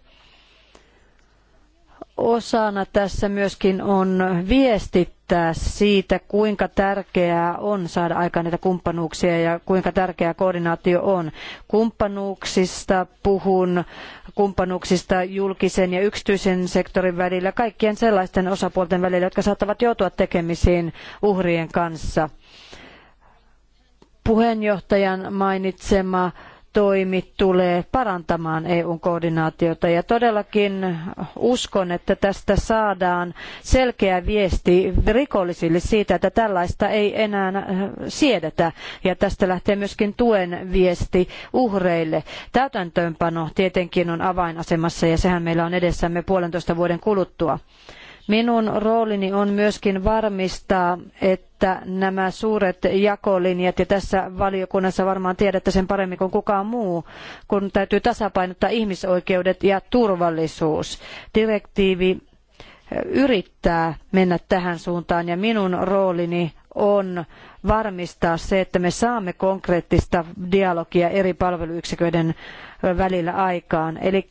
osana tässä myöskin on viestittää siitä, kuinka tärkeää on saada aikaan näitä kumppanuuksia ja kuinka tärkeää koordinaatio on. Kumppanuuksista puhun, kumppanuuksista julkisen ja yksityisen sektorin välillä, kaikkien sellaisten osapuolten välillä, jotka saattavat joutua tekemisiin uhrien kanssa. Puheenjohtajan mainitsema toimi tulee parantamaan EUn koordinaatiota ja todellakin uskon, että tästä saadaan selkeä viesti rikollisille siitä, että tällaista ei enää äh, siedetä ja tästä lähtee myöskin tuen viesti uhreille. Täytäntöönpano tietenkin on avainasemassa ja sehän meillä on edessämme puolentoista vuoden kuluttua. Minun roolini on myöskin varmistaa, että nämä suuret jakolinjat, ja tässä valiokunnassa varmaan tiedätte sen paremmin kuin kukaan muu, kun täytyy tasapainottaa ihmisoikeudet ja turvallisuus. Direktiivi eh, yrittää mennä tähän suuntaan ja minun roolini on varmistaa se, että me saamme konkreettista dialogia eri palveluyksiköiden välillä aikaan. Eli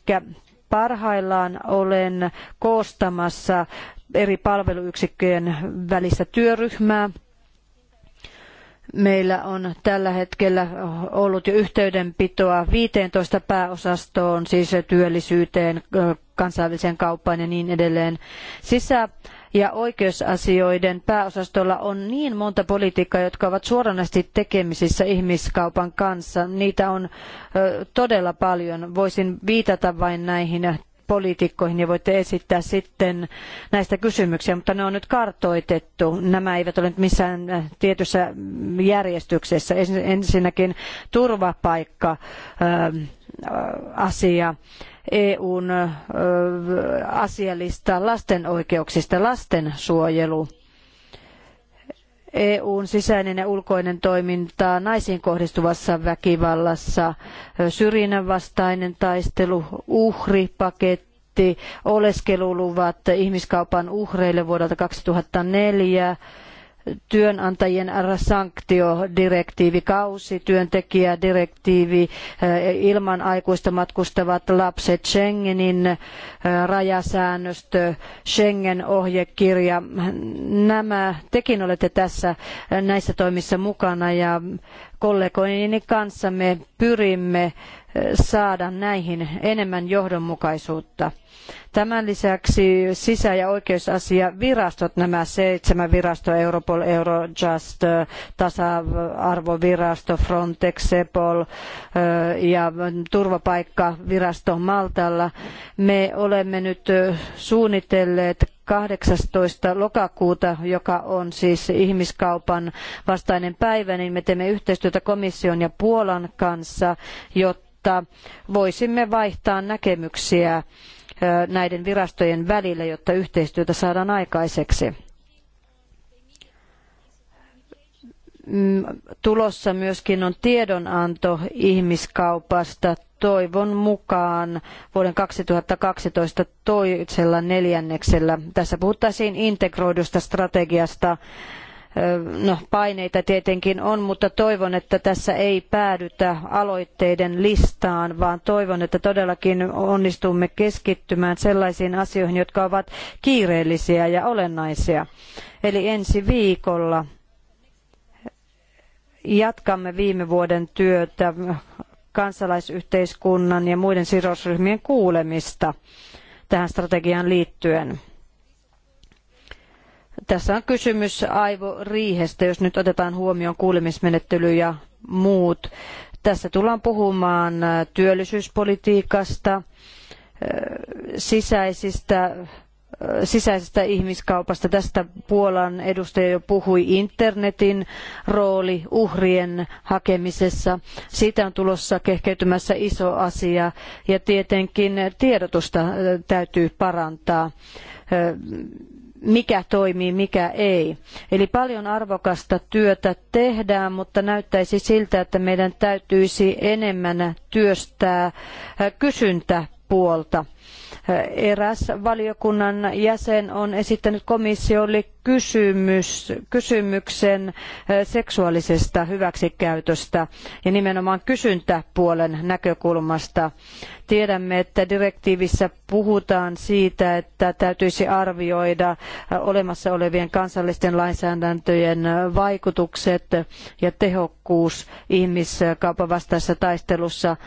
Parhaillaan olen koostamassa eri palveluyksikköjen välistä työryhmää. Meillä on tällä hetkellä ollut jo yhteydenpitoa 15 pääosastoon, siis työllisyyteen, kansainväliseen kauppaan ja niin edelleen. Sisä ja oikeusasioiden pääosastolla on niin monta politiikkaa, jotka ovat suoranaisesti tekemisissä ihmiskaupan kanssa. Niitä on todella paljon. Voisin viitata vain näihin poliitikkoihin ja voitte esittää sitten näistä kysymyksiä, mutta ne on nyt kartoitettu. Nämä eivät ole nyt missään tietyssä järjestyksessä. Ensinnäkin turvapaikka-asia. EUn asialista lasten oikeuksista, lastensuojelu. EUn sisäinen ja ulkoinen toiminta naisiin kohdistuvassa väkivallassa, syrjinnän vastainen taistelu, uhripaketti, oleskeluluvat ihmiskaupan uhreille vuodelta 2004, työnantajien sanktiodirektiivi, kausityöntekijädirektiivi, eh, ilman aikuista matkustavat lapset, Schengenin eh, rajasäännöstö, Schengen-ohjekirja. Nämä, tekin olette tässä eh, näissä toimissa mukana ja kollegoini kanssa me pyrimme saada näihin enemmän johdonmukaisuutta. Tämän lisäksi sisä- ja oikeusasiavirastot, nämä seitsemän virastoa, Europol, Eurojust, tasa-arvovirasto, Frontex, Sepol ja turvapaikkavirasto Maltalla, me olemme nyt suunnitelleet 18. lokakuuta, joka on siis ihmiskaupan vastainen päivä, niin me teemme yhteistyötä komission ja Puolan kanssa, jotta jotta voisimme vaihtaa näkemyksiä näiden virastojen välillä, jotta yhteistyötä saadaan aikaiseksi. Mm, tulossa myöskin on tiedonanto ihmiskaupasta. Toivon mukaan vuoden 2012 toisella neljänneksellä. Tässä puhuttaisiin integroidusta strategiasta No, paineita tietenkin on, mutta toivon, että tässä ei päädytä aloitteiden listaan, vaan toivon, että todellakin onnistumme keskittymään sellaisiin asioihin, jotka ovat kiireellisiä ja olennaisia. Eli ensi viikolla jatkamme viime vuoden työtä kansalaisyhteiskunnan ja muiden sidosryhmien kuulemista tähän strategiaan liittyen. Tässä on kysymys aivoriihestä, jos nyt otetaan huomioon kuulemismenettely ja muut. Tässä tullaan puhumaan äh, työllisyyspolitiikasta, äh, sisäisistä äh, sisäisestä ihmiskaupasta. Tästä Puolan edustaja jo puhui internetin rooli uhrien hakemisessa. Siitä on tulossa kehkeytymässä iso asia ja tietenkin tiedotusta täytyy parantaa mikä toimii, mikä ei. Eli paljon arvokasta työtä tehdään, mutta näyttäisi siltä, että meidän täytyisi enemmän työstää kysyntäpuolta Eräs valiokunnan jäsen on esittänyt komissiolle kysymys, kysymyksen eh, seksuaalisesta hyväksikäytöstä ja nimenomaan kysyntäpuolen näkökulmasta. Tiedämme, että direktiivissä puhutaan siitä, että täytyisi arvioida eh, olemassa olevien kansallisten lainsäädäntöjen eh, vaikutukset ja tehokkuus ihmiskaupan vastaisessa taistelussa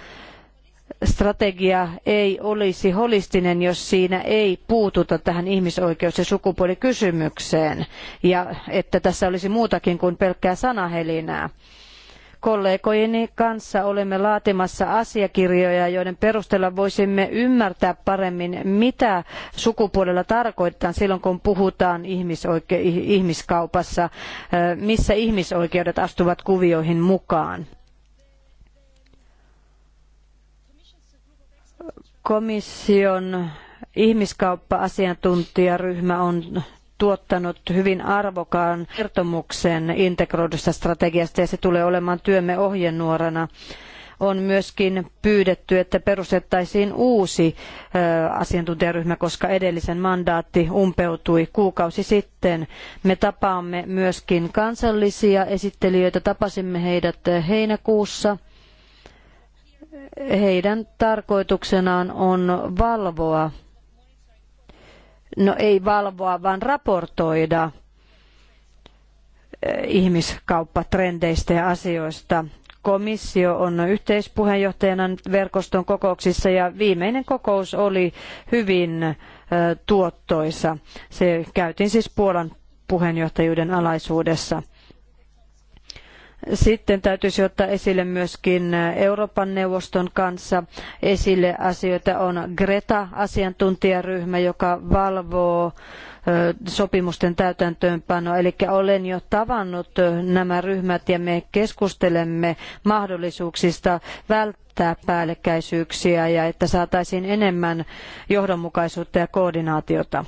strategia ei olisi holistinen, jos siinä ei puututa tähän ihmisoikeus- ja sukupuolikysymykseen ja että tässä olisi muutakin kuin pelkkää sanahelinää. Kollegojeni kanssa olemme laatimassa asiakirjoja, joiden perusteella voisimme ymmärtää paremmin, mitä sukupuolella tarkoitetaan silloin, kun puhutaan ihmisoike- ihmiskaupassa, missä ihmisoikeudet astuvat kuvioihin mukaan. Komission ihmiskauppa-asiantuntijaryhmä on tuottanut hyvin arvokaan kertomuksen integroidusta strategiasta ja se tulee olemaan työmme ohjenuorana. On myöskin pyydetty, että perustettaisiin uusi asiantuntijaryhmä, koska edellisen mandaatti umpeutui kuukausi sitten. Me tapaamme myöskin kansallisia esittelijöitä, tapasimme heidät heinäkuussa – heidän tarkoituksenaan on valvoa, no ei valvoa, vaan raportoida eh, ihmiskauppatrendeistä ja asioista. Komissio on yhteispuheenjohtajana verkoston kokouksissa ja viimeinen kokous oli hyvin eh, tuottoisa. Se käytiin siis Puolan puheenjohtajuuden alaisuudessa. Sitten täytyisi ottaa esille myöskin Euroopan neuvoston kanssa esille asioita. On Greta-asiantuntijaryhmä, joka valvoo sopimusten täytäntöönpanoa. Eli olen jo tavannut nämä ryhmät ja me keskustelemme mahdollisuuksista välttää päällekkäisyyksiä ja että saataisiin enemmän johdonmukaisuutta ja koordinaatiota.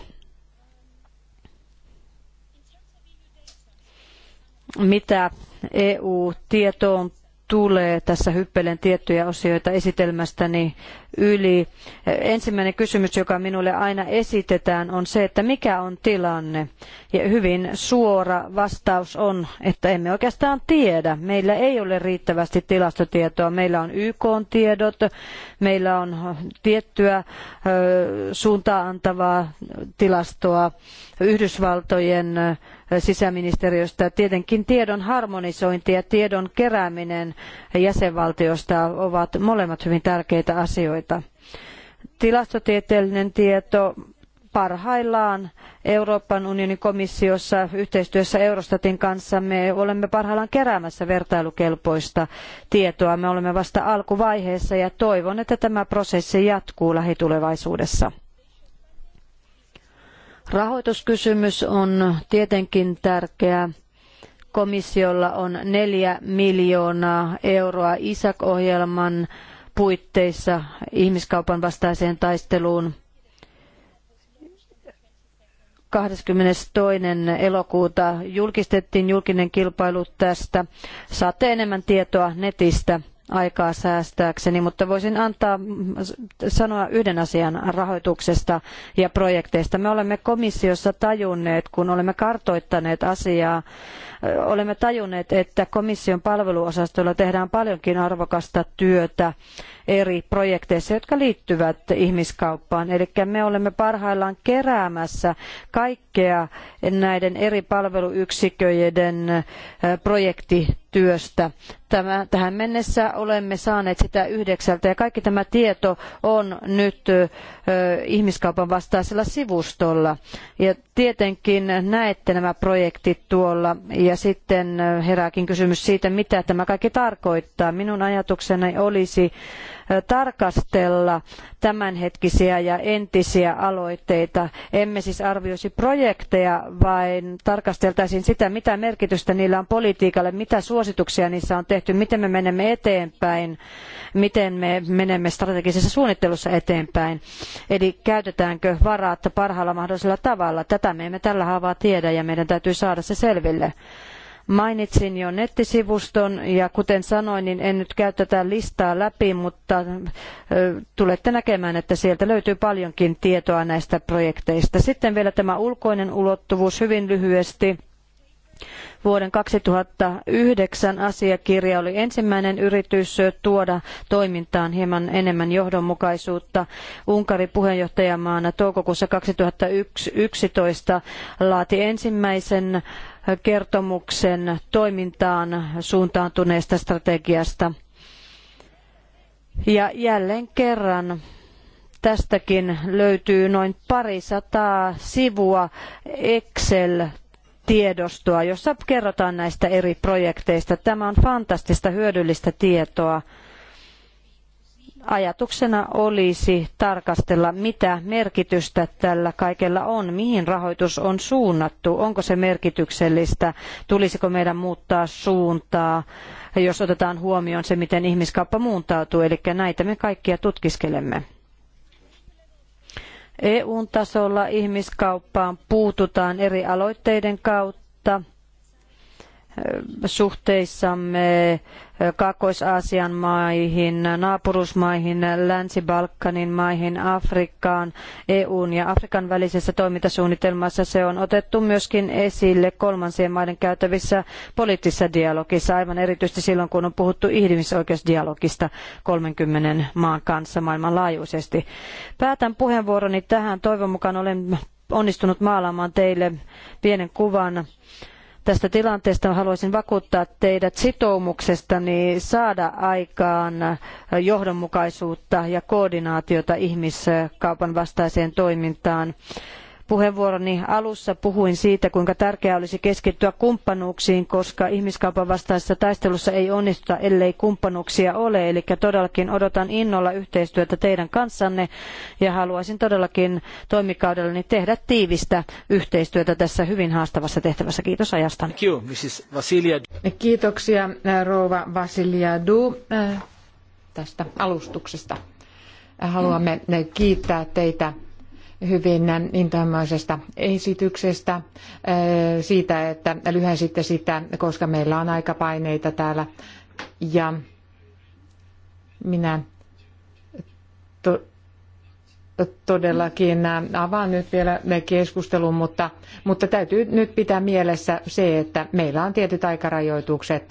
Mitä EU-tietoon tulee. Tässä hyppelen tiettyjä osioita esitelmästäni yli. Ensimmäinen kysymys, joka minulle aina esitetään, on se, että mikä on tilanne. Ja hyvin suora vastaus on, että emme oikeastaan tiedä. Meillä ei ole riittävästi tilastotietoa. Meillä on YK-tiedot, meillä on tiettyä suuntaa antavaa tilastoa Yhdysvaltojen sisäministeriöstä. Tietenkin tiedon harmonisointi ja tiedon kerääminen jäsenvaltiosta ovat molemmat hyvin tärkeitä asioita. Tilastotieteellinen tieto parhaillaan Euroopan unionin komissiossa yhteistyössä Eurostatin kanssa me olemme parhaillaan keräämässä vertailukelpoista tietoa. Me olemme vasta alkuvaiheessa ja toivon, että tämä prosessi jatkuu lähitulevaisuudessa. Rahoituskysymys on tietenkin tärkeä. Komissiolla on neljä miljoonaa euroa ISAK-ohjelman puitteissa ihmiskaupan vastaiseen taisteluun. 22. elokuuta julkistettiin julkinen kilpailu tästä. Saatte enemmän tietoa netistä aikaa säästääkseni, mutta voisin antaa sanoa yhden asian rahoituksesta ja projekteista. Me olemme komissiossa tajunneet, kun olemme kartoittaneet asiaa, olemme tajunneet, että komission palveluosastoilla tehdään paljonkin arvokasta työtä eri projekteissa, jotka liittyvät ihmiskauppaan. Eli me olemme parhaillaan keräämässä kaikkea näiden eri palveluyksiköiden projektityöstä. Tämä, tähän mennessä olemme saaneet sitä yhdeksältä ja kaikki tämä tieto on nyt ö, ihmiskaupan vastaisella sivustolla. Ja tietenkin näette nämä projektit tuolla ja ja sitten herääkin kysymys siitä, mitä tämä kaikki tarkoittaa. Minun ajatukseni olisi tarkastella tämänhetkisiä ja entisiä aloitteita. Emme siis arvioisi projekteja, vaan tarkasteltaisiin sitä, mitä merkitystä niillä on politiikalle, mitä suosituksia niissä on tehty, miten me menemme eteenpäin, miten me menemme strategisessa suunnittelussa eteenpäin. Eli käytetäänkö varat parhaalla mahdollisella tavalla. Tätä me emme tällä haavaa tiedä ja meidän täytyy saada se selville. Mainitsin jo nettisivuston ja kuten sanoin, niin en nyt käy tätä listaa läpi, mutta tulette näkemään, että sieltä löytyy paljonkin tietoa näistä projekteista. Sitten vielä tämä ulkoinen ulottuvuus hyvin lyhyesti. Vuoden 2009 asiakirja oli ensimmäinen yritys tuoda toimintaan hieman enemmän johdonmukaisuutta. Unkari puheenjohtajamaana toukokuussa 2011 laati ensimmäisen kertomuksen toimintaan suuntaantuneesta strategiasta. Ja jälleen kerran tästäkin löytyy noin parisataa sivua Excel tiedostoa, jossa kerrotaan näistä eri projekteista. Tämä on fantastista hyödyllistä tietoa ajatuksena olisi tarkastella, mitä merkitystä tällä kaikella on, mihin rahoitus on suunnattu, onko se merkityksellistä, tulisiko meidän muuttaa suuntaa, jos otetaan huomioon se, miten ihmiskauppa muuntautuu, eli näitä me kaikkia tutkiskelemme. eu tasolla ihmiskauppaan puututaan eri aloitteiden kautta suhteissamme Kaakkois-Aasian maihin, naapurusmaihin, Länsi-Balkanin maihin, Afrikkaan, EUn ja Afrikan välisessä toimintasuunnitelmassa. Se on otettu myöskin esille kolmansien maiden käytävissä poliittisessa dialogissa, aivan erityisesti silloin, kun on puhuttu ihmisoikeusdialogista 30 maan kanssa maailmanlaajuisesti. Päätän puheenvuoroni tähän. Toivon mukaan olen onnistunut maalaamaan teille pienen kuvan tästä tilanteesta. Haluaisin vakuuttaa teidät sitoumuksestani saada aikaan johdonmukaisuutta ja koordinaatiota ihmiskaupan vastaiseen toimintaan. Puheenvuoroni alussa puhuin siitä, kuinka tärkeää olisi keskittyä kumppanuuksiin, koska ihmiskaupan vastaisessa taistelussa ei onnistuta, ellei kumppanuuksia ole. Eli todellakin odotan innolla yhteistyötä teidän kanssanne ja haluaisin todellakin toimikaudellani tehdä tiivistä yhteistyötä tässä hyvin haastavassa tehtävässä. Kiitos ajasta. Kiitoksia rouva Du äh, tästä alustuksesta. Haluamme kiittää teitä hyvin intohimoisesta esityksestä, äh, siitä, että lyhensitte sitä, koska meillä on aikapaineita täällä. Ja minä to- todellakin avaan nyt vielä keskustelun, mutta, mutta täytyy nyt pitää mielessä se, että meillä on tietyt aikarajoitukset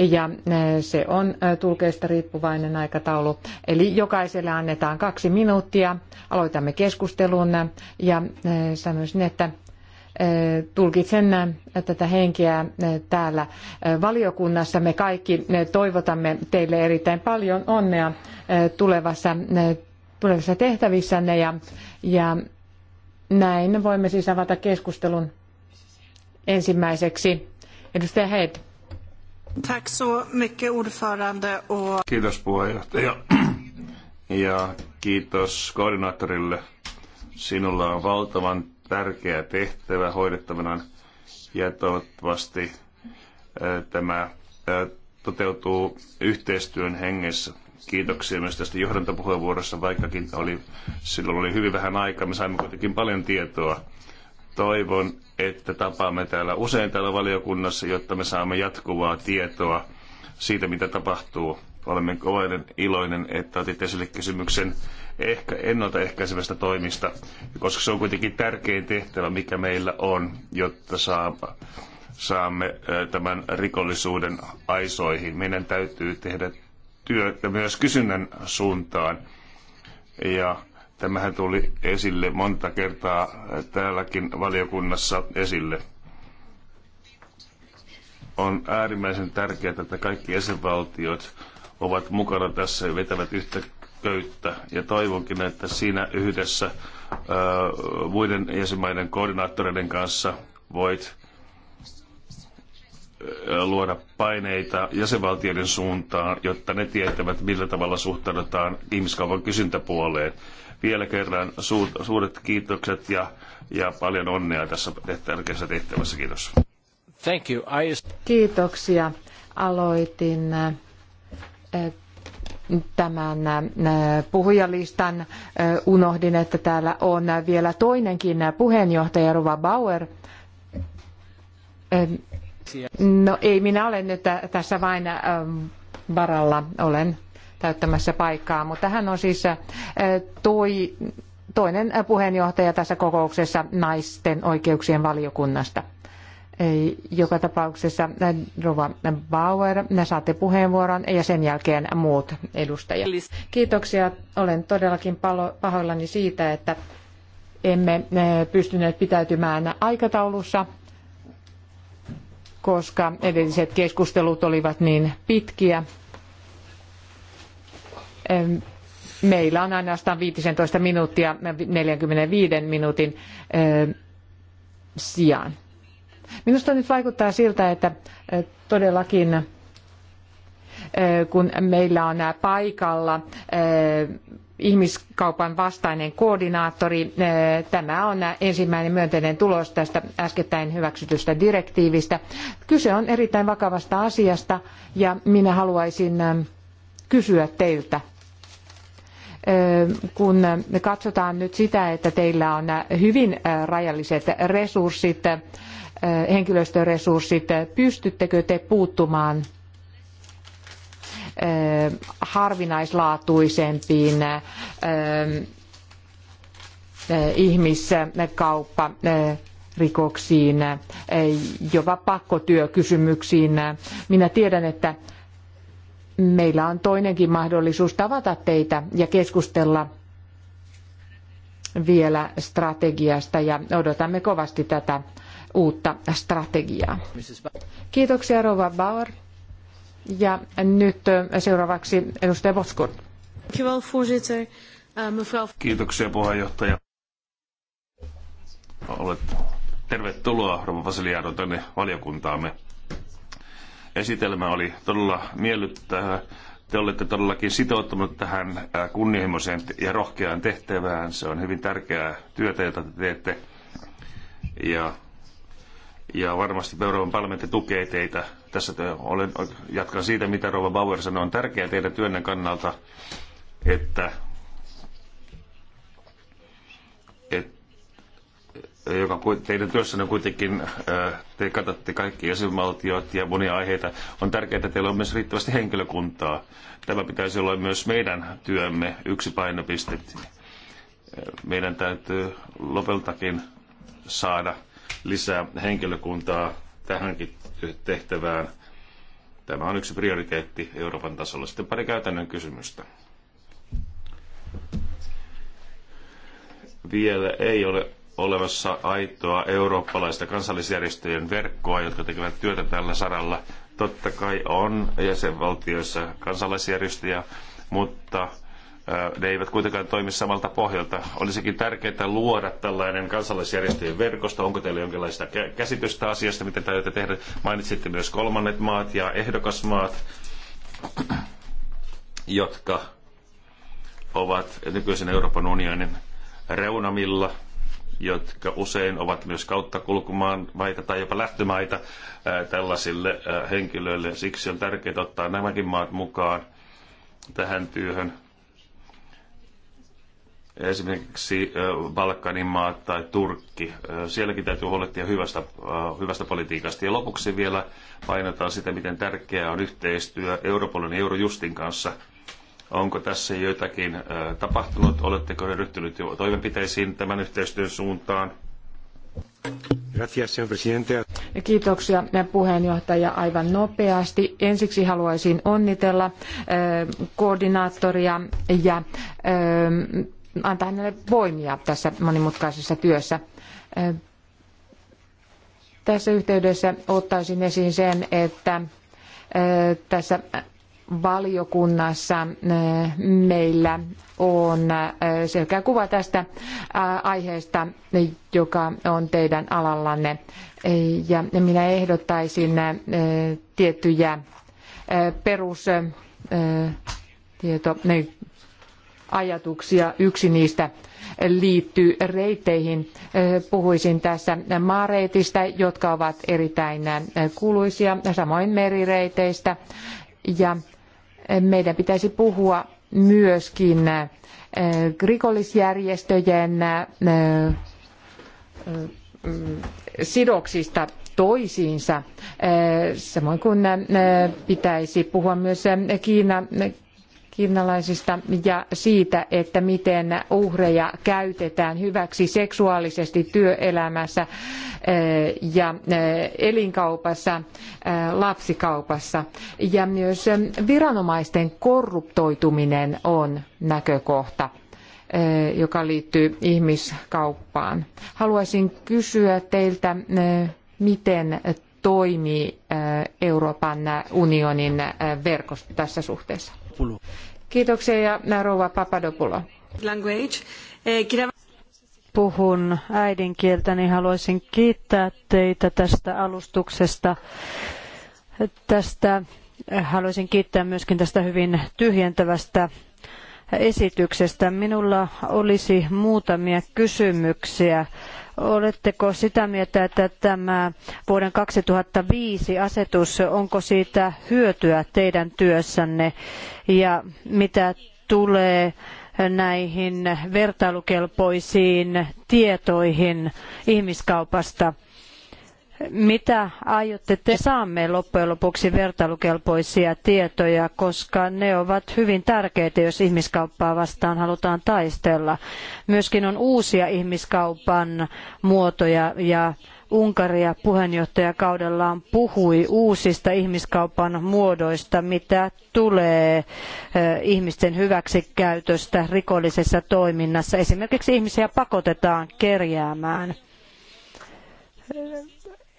ja eh, se on eh, tulkeista riippuvainen aikataulu. Eli jokaiselle annetaan kaksi minuuttia. Aloitamme keskustelun ja eh, sanoisin, että tulkitsen tätä henkeä täällä valiokunnassa. Me kaikki toivotamme teille erittäin paljon onnea tulevassa, tulevissa tehtävissänne ja, ja näin voimme siis avata keskustelun ensimmäiseksi. Edustaja Heid. Tack så mycket ordförande och... Kiitos puheenjohtaja. (clears throat) Ja kiitos koordinaattorille. Sinulla on valtavan tärkeä tehtävä hoidettavana ja toivottavasti äh, tämä äh, toteutuu yhteistyön hengessä. Kiitoksia myös tästä johdantopuheenvuorossa, vaikkakin oli, silloin oli hyvin vähän aikaa, me saimme kuitenkin paljon tietoa. Toivon, että tapaamme täällä usein täällä valiokunnassa, jotta me saamme jatkuvaa tietoa siitä, mitä tapahtuu. Olemme kovin iloinen, että otit esille kysymyksen ehkä ennaltaehkäisevästä toimista, koska se on kuitenkin tärkein tehtävä, mikä meillä on, jotta saamme tämän rikollisuuden aisoihin. Meidän täytyy tehdä työtä myös kysynnän suuntaan ja Tämähän tuli esille monta kertaa täälläkin valiokunnassa esille. On äärimmäisen tärkeää, että kaikki jäsenvaltiot ovat mukana tässä ja vetävät yhtä köyttä. Ja toivonkin, että siinä yhdessä ää, muiden jäsenmaiden koordinaattoreiden kanssa voit luoda paineita jäsenvaltioiden suuntaan, jotta ne tietävät, millä tavalla suhtaudutaan ihmiskaupan kysyntäpuoleen. Vielä kerran suuret kiitokset ja, ja paljon onnea tässä tärkeässä tehtävässä. Kiitos. Thank you. I... Kiitoksia. Aloitin eh, tämän eh, puhujalistan. Eh, unohdin, että täällä on vielä toinenkin puheenjohtaja Ruva Bauer. No ei, minä olen nyt tässä vain varalla. Olen täyttämässä paikkaa, mutta hän on siis toi, toinen puheenjohtaja tässä kokouksessa naisten oikeuksien valiokunnasta. Joka tapauksessa Rova Bauer, saatte puheenvuoron ja sen jälkeen muut edustajat. Kiitoksia. Olen todellakin pahoillani siitä, että emme pystyneet pitäytymään aikataulussa, koska edelliset keskustelut olivat niin pitkiä Meillä on ainoastaan 15 minuuttia 45 minuutin sijaan. Minusta nyt vaikuttaa siltä, että e, todellakin e, kun meillä on paikalla e, ihmiskaupan vastainen koordinaattori. Tämä on ensimmäinen myönteinen tulos tästä äskettäin hyväksytystä direktiivistä. Kyse on erittäin vakavasta asiasta ja minä haluaisin kysyä teiltä, kun katsotaan nyt sitä, että teillä on hyvin rajalliset resurssit, henkilöstöresurssit, pystyttekö te puuttumaan harvinaislaatuisempiin ihmiskauppa rikoksiin, jopa pakkotyökysymyksiin. Minä tiedän, että meillä on toinenkin mahdollisuus tavata teitä ja keskustella vielä strategiasta ja odotamme kovasti tätä uutta strategiaa. Kiitoksia Rova Bauer. Ja nyt seuraavaksi edustaja Boskurt. Kiitoksia puheenjohtaja. Olet tervetuloa Rova Vasiliano tänne valiokuntaamme. Esitelmä oli todella miellyttävä. Te olette todellakin sitoutunut tähän kunnianhimoiseen ja rohkeaan tehtävään. Se on hyvin tärkeää työtä, jota te teette. Ja, ja varmasti Euroopan parlamentti tukee teitä. Tässä te olen, jatkan siitä, mitä Rova Bauer sanoi. On tärkeää teidän työnne kannalta, että joka teidän työssänne kuitenkin te katsotte kaikki jäsenvaltiot ja monia aiheita. On tärkeää, että teillä on myös riittävästi henkilökuntaa. Tämä pitäisi olla myös meidän työmme yksi painopiste. Meidän täytyy lopeltakin saada lisää henkilökuntaa tähänkin tehtävään. Tämä on yksi prioriteetti Euroopan tasolla. Sitten pari käytännön kysymystä. Vielä ei ole olevassa aitoa eurooppalaista kansallisjärjestöjen verkkoa, jotka tekevät työtä tällä saralla. Totta kai on jäsenvaltioissa kansalaisjärjestöjä, mutta äh, ne eivät kuitenkaan toimi samalta pohjalta. Olisikin tärkeää luoda tällainen kansalaisjärjestöjen verkosto. Onko teillä jonkinlaista käsitystä asiasta, mitä täytyy tehdä? Mainitsitte myös kolmannet maat ja ehdokasmaat, jotka ovat nykyisen Euroopan unionin reunamilla – jotka usein ovat myös kauttakulkumaan maita tai jopa lähtömaita tällaisille henkilöille. Siksi on tärkeää ottaa nämäkin maat mukaan tähän työhön. Esimerkiksi Balkanin maat tai Turkki. Sielläkin täytyy huolehtia hyvästä, hyvästä politiikasta. Ja lopuksi vielä painetaan sitä, miten tärkeää on yhteistyö Europolin ja Eurojustin kanssa – Onko tässä joitakin tapahtunut? Oletteko ryhtynyt jo toimenpiteisiin tämän yhteistyön suuntaan? Kiitoksia eh, puheenjohtaja aivan nopeasti. Ensiksi haluaisin onnitella koordinaattoria ja antaa hänelle voimia tässä monimutkaisessa työssä. Tässä yhteydessä ottaisin esiin sen, että tässä valiokunnassa eh, meillä on eh, selkeä kuva tästä eh, aiheesta, joka on teidän alallanne. Ja minä ehdottaisin tiettyjä perus tieto, ajatuksia. Yksi niistä liittyy reitteihin. Puhuisin tässä maareitistä, jotka ovat erittäin kuuluisia, samoin merireiteistä. Ja meidän pitäisi puhua myöskin äh, rikollisjärjestöjen äh, äh, sidoksista toisiinsa, samoin kuin pitäisi puhua myös Kiina, kiinalaisista ja siitä, että miten uhreja käytetään hyväksi seksuaalisesti työelämässä eh, ja eh, elinkaupassa, eh, lapsikaupassa. Ja myös viranomaisten korruptoituminen on näkökohta joka liittyy ihmiskauppaan. Haluaisin kysyä teiltä, miten toimii Euroopan unionin verkosto tässä suhteessa? Kiitoksia Papadopulo. Eh, Puhun äidinkieltäni. haluaisin kiittää teitä tästä alustuksesta. Tästä eh, haluaisin kiittää myöskin tästä hyvin tyhjentävästä esityksestä. Minulla olisi muutamia kysymyksiä Oletteko sitä mieltä, että tämä vuoden 2005 asetus, onko siitä hyötyä teidän työssänne ja mitä tulee näihin vertailukelpoisiin tietoihin ihmiskaupasta? mitä aiotte te saamme loppujen lopuksi vertailukelpoisia tietoja, koska ne ovat hyvin tärkeitä, jos ihmiskauppaa vastaan halutaan taistella. Myöskin on uusia ihmiskaupan muotoja ja Unkaria puheenjohtajakaudellaan puhui uusista ihmiskaupan muodoista, mitä tulee ihmisten hyväksikäytöstä rikollisessa toiminnassa. Esimerkiksi ihmisiä pakotetaan kerjäämään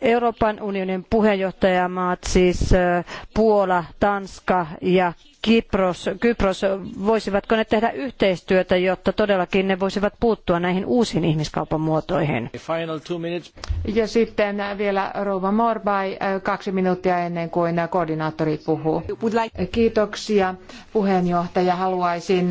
Euroopan unionin puheenjohtajamaat, siis Puola, Tanska ja Kypros, Kypros, voisivatko ne tehdä yhteistyötä, jotta todellakin ne voisivat puuttua näihin uusiin ihmiskaupan muotoihin? Ja sitten vielä Rouva Morbai, kaksi minuuttia ennen kuin koordinaattori puhuu. Kiitoksia puheenjohtaja. Haluaisin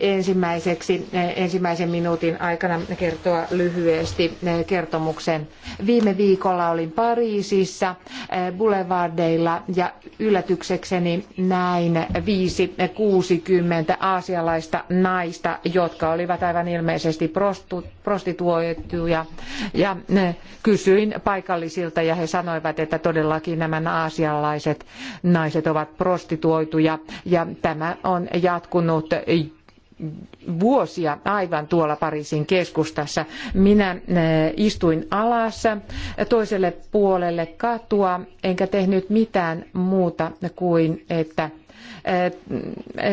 ensimmäiseksi eh, ensimmäisen minuutin aikana kertoa lyhyesti eh, kertomuksen. Viime viikolla olin Pariisissa eh, boulevardeilla ja yllätyksekseni näin viisi 60 aasialaista naista, jotka olivat aivan ilmeisesti prostituoituja ja kysyin paikallisilta ja he sanoivat, että todellakin nämä aasialaiset naiset ovat prostituoituja ja tämä on jatkunut vuosia aivan tuolla Pariisin keskustassa. Minä eh, istuin alas toiselle puolelle katua, enkä tehnyt mitään muuta kuin, että eh,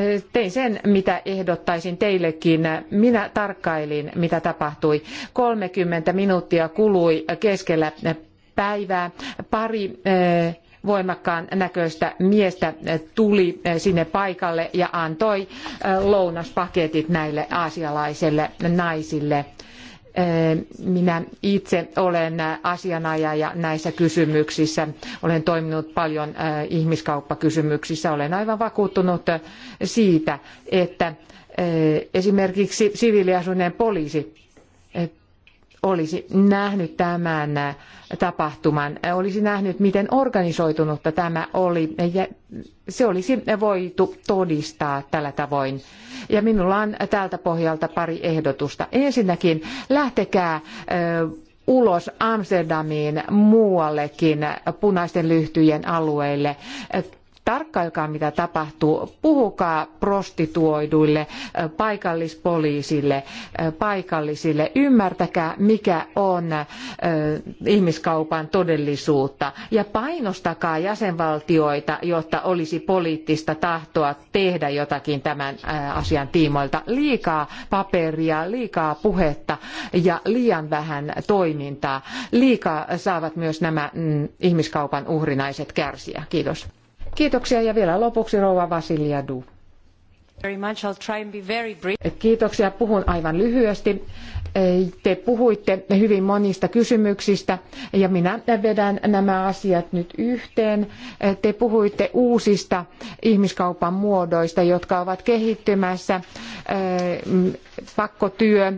eh, tein sen, mitä ehdottaisin teillekin. Minä tarkkailin, mitä tapahtui. 30 minuuttia kului keskellä päivää. Pari äh, voimakkaan näköistä miestä eh, tuli eh, sinne paikalle ja antoi eh, lounaspaketit näille aasialaisille naisille. Minä itse olen asianajaja näissä kysymyksissä. Olen toiminut paljon ihmiskauppakysymyksissä. Olen aivan vakuuttunut siitä, että esimerkiksi siviiliasuinen poliisi olisi nähnyt tämän tapahtuman, olisi nähnyt, miten organisoitunutta tämä oli, ja se olisi voitu todistaa tällä tavoin. Ja minulla on tältä pohjalta pari ehdotusta. Ensinnäkin lähtekää ulos Amsterdamiin muuallekin punaisten lyhtyjen alueille tarkkailkaa mitä tapahtuu, puhukaa prostituoiduille, paikallispoliisille, paikallisille, ymmärtäkää mikä on ihmiskaupan todellisuutta ja painostakaa jäsenvaltioita, jotta olisi poliittista tahtoa tehdä jotakin tämän asian tiimoilta. Liikaa paperia, liikaa puhetta ja liian vähän toimintaa. Liikaa saavat myös nämä mm, ihmiskaupan uhrinaiset kärsiä. Kiitos. Kiitoksia ja vielä lopuksi rouva Vasiliadu. Kiitoksia. Puhun aivan lyhyesti. Te puhuitte hyvin monista kysymyksistä ja minä vedän nämä asiat nyt yhteen. Te puhuitte uusista ihmiskaupan muodoista, jotka ovat kehittymässä. Pakkotyö,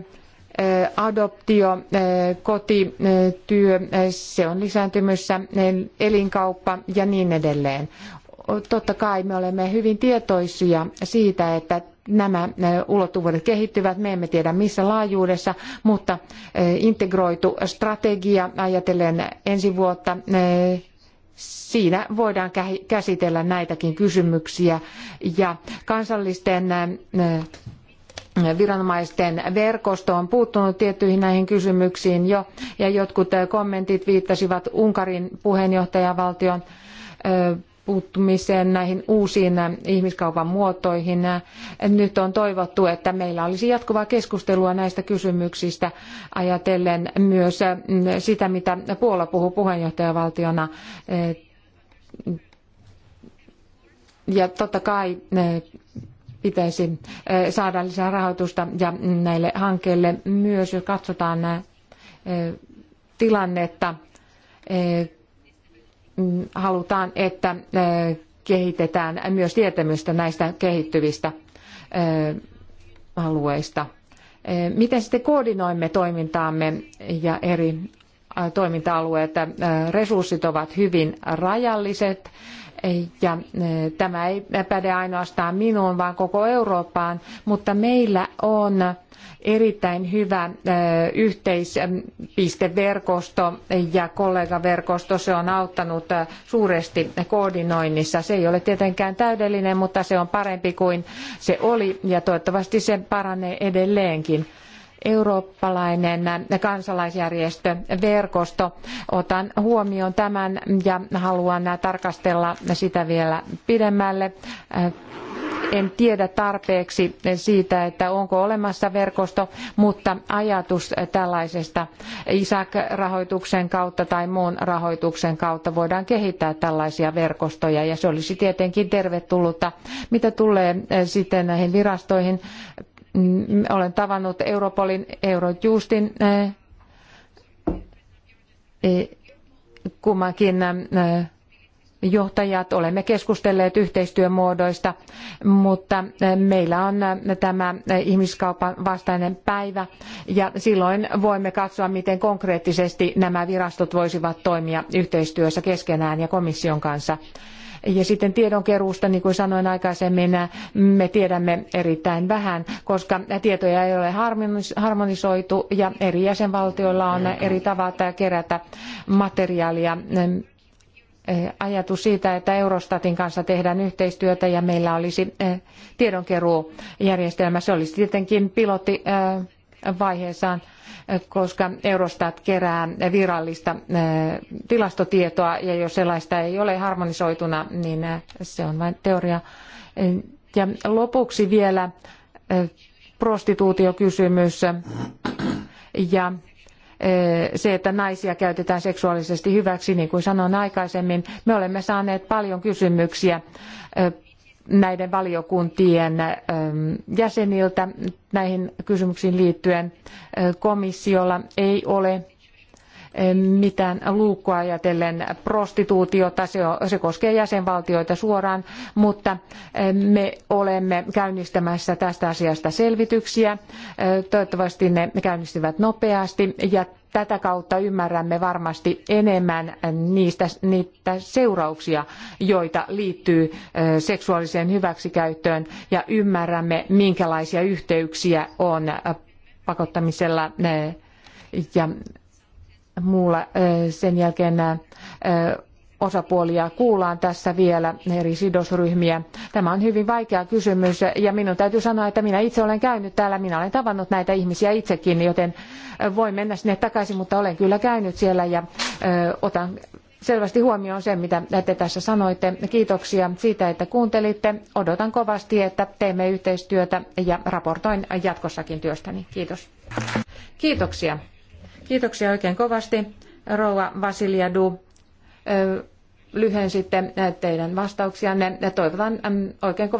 adoptio, kotityö, se on lisääntymässä, elinkauppa ja niin edelleen totta kai me olemme hyvin tietoisia siitä, että nämä ulottuvuudet kehittyvät, me emme tiedä missä laajuudessa, mutta integroitu strategia ajatellen ensi vuotta, siinä voidaan käsitellä näitäkin kysymyksiä ja kansallisten viranomaisten verkosto on puuttunut tiettyihin näihin kysymyksiin jo ja jotkut kommentit viittasivat Unkarin puheenjohtajavaltion puuttumiseen näihin uusiin ihmiskaupan muotoihin. Nyt on toivottu, että meillä olisi jatkuvaa keskustelua näistä kysymyksistä ajatellen myös sitä, mitä Puola puhuu puheenjohtajavaltiona. Ja totta kai eh, pitäisi eh, saada lisää rahoitusta ja näille hankkeille myös, jos katsotaan eh, tilannetta Mm, halutaan, että eh, kehitetään myös tietämystä näistä kehittyvistä eh, alueista. Eh, miten sitten koordinoimme toimintaamme ja eri toiminta-alueet? Resurssit ovat hyvin rajalliset ja e, tämä ei päde ainoastaan minuun, vaan koko Eurooppaan, mutta meillä on erittäin hyvä e, yhteispisteverkosto ja kollegaverkosto. Se on auttanut e, suuresti koordinoinnissa. Se ei ole tietenkään täydellinen, mutta se on parempi kuin se oli ja toivottavasti se paranee edelleenkin eurooppalainen kansalaisjärjestö verkosto. Otan huomioon tämän ja haluan tarkastella sitä vielä pidemmälle. En tiedä tarpeeksi siitä, että onko olemassa verkosto, mutta ajatus tällaisesta ISAC-rahoituksen kautta tai muun rahoituksen kautta voidaan kehittää tällaisia verkostoja ja se olisi tietenkin tervetullutta. Mitä tulee sitten näihin virastoihin, Mm, olen tavannut Europolin, Eurojustin eh, eh, kummankin eh, johtajat, olemme keskustelleet yhteistyömuodoista, mutta meillä on tämä ihmiskaupan vastainen päivä ja silloin voimme katsoa, miten konkreettisesti nämä virastot voisivat toimia yhteistyössä keskenään ja komission kanssa. Ja sitten tiedonkeruusta, niin kuin sanoin aikaisemmin, me tiedämme erittäin vähän, koska tietoja ei ole harmonisoitu ja eri jäsenvaltioilla on eri tavat kerätä materiaalia ajatus siitä, että Eurostatin kanssa tehdään yhteistyötä ja meillä olisi eh, tiedonkeruujärjestelmä. Se olisi tietenkin pilotti eh, vaiheessaan, koska Eurostat kerää virallista eh, tilastotietoa ja jos sellaista ei ole harmonisoituna, niin eh, se on vain teoria. Eh, ja lopuksi vielä prostituutiokysymys ja se, että naisia käytetään seksuaalisesti hyväksi, niin kuin sanoin aikaisemmin. Me olemme saaneet paljon kysymyksiä näiden valiokuntien ähm, jäseniltä näihin kysymyksiin liittyen. Äh, komissiolla ei ole ähm, mitään luukkua ajatellen prostituutiota, se, koskee jäsenvaltioita suoraan, mutta ähm, me olemme käynnistämässä tästä asiasta selvityksiä. Äh, toivottavasti ne käynnistyvät nopeasti ja tätä kautta ymmärrämme varmasti enemmän niistä, niitä seurauksia, joita liittyy seksuaaliseen hyväksikäyttöön ja ymmärrämme, minkälaisia yhteyksiä on pakottamisella ja muulla sen jälkeen osapuolia kuullaan tässä vielä, eri sidosryhmiä. Tämä on hyvin vaikea kysymys ja minun täytyy sanoa, että minä itse olen käynyt täällä, minä olen tavannut näitä ihmisiä itsekin, joten voin mennä sinne takaisin, mutta olen kyllä käynyt siellä ja otan selvästi huomioon sen, mitä te tässä sanoitte. Kiitoksia siitä, että kuuntelitte. Odotan kovasti, että teemme yhteistyötä ja raportoin jatkossakin työstäni. Kiitos. Kiitoksia. Kiitoksia oikein kovasti, Rouva Vasiliadu lyhensitte teidän vastauksianne. Toivotan oikein kovasti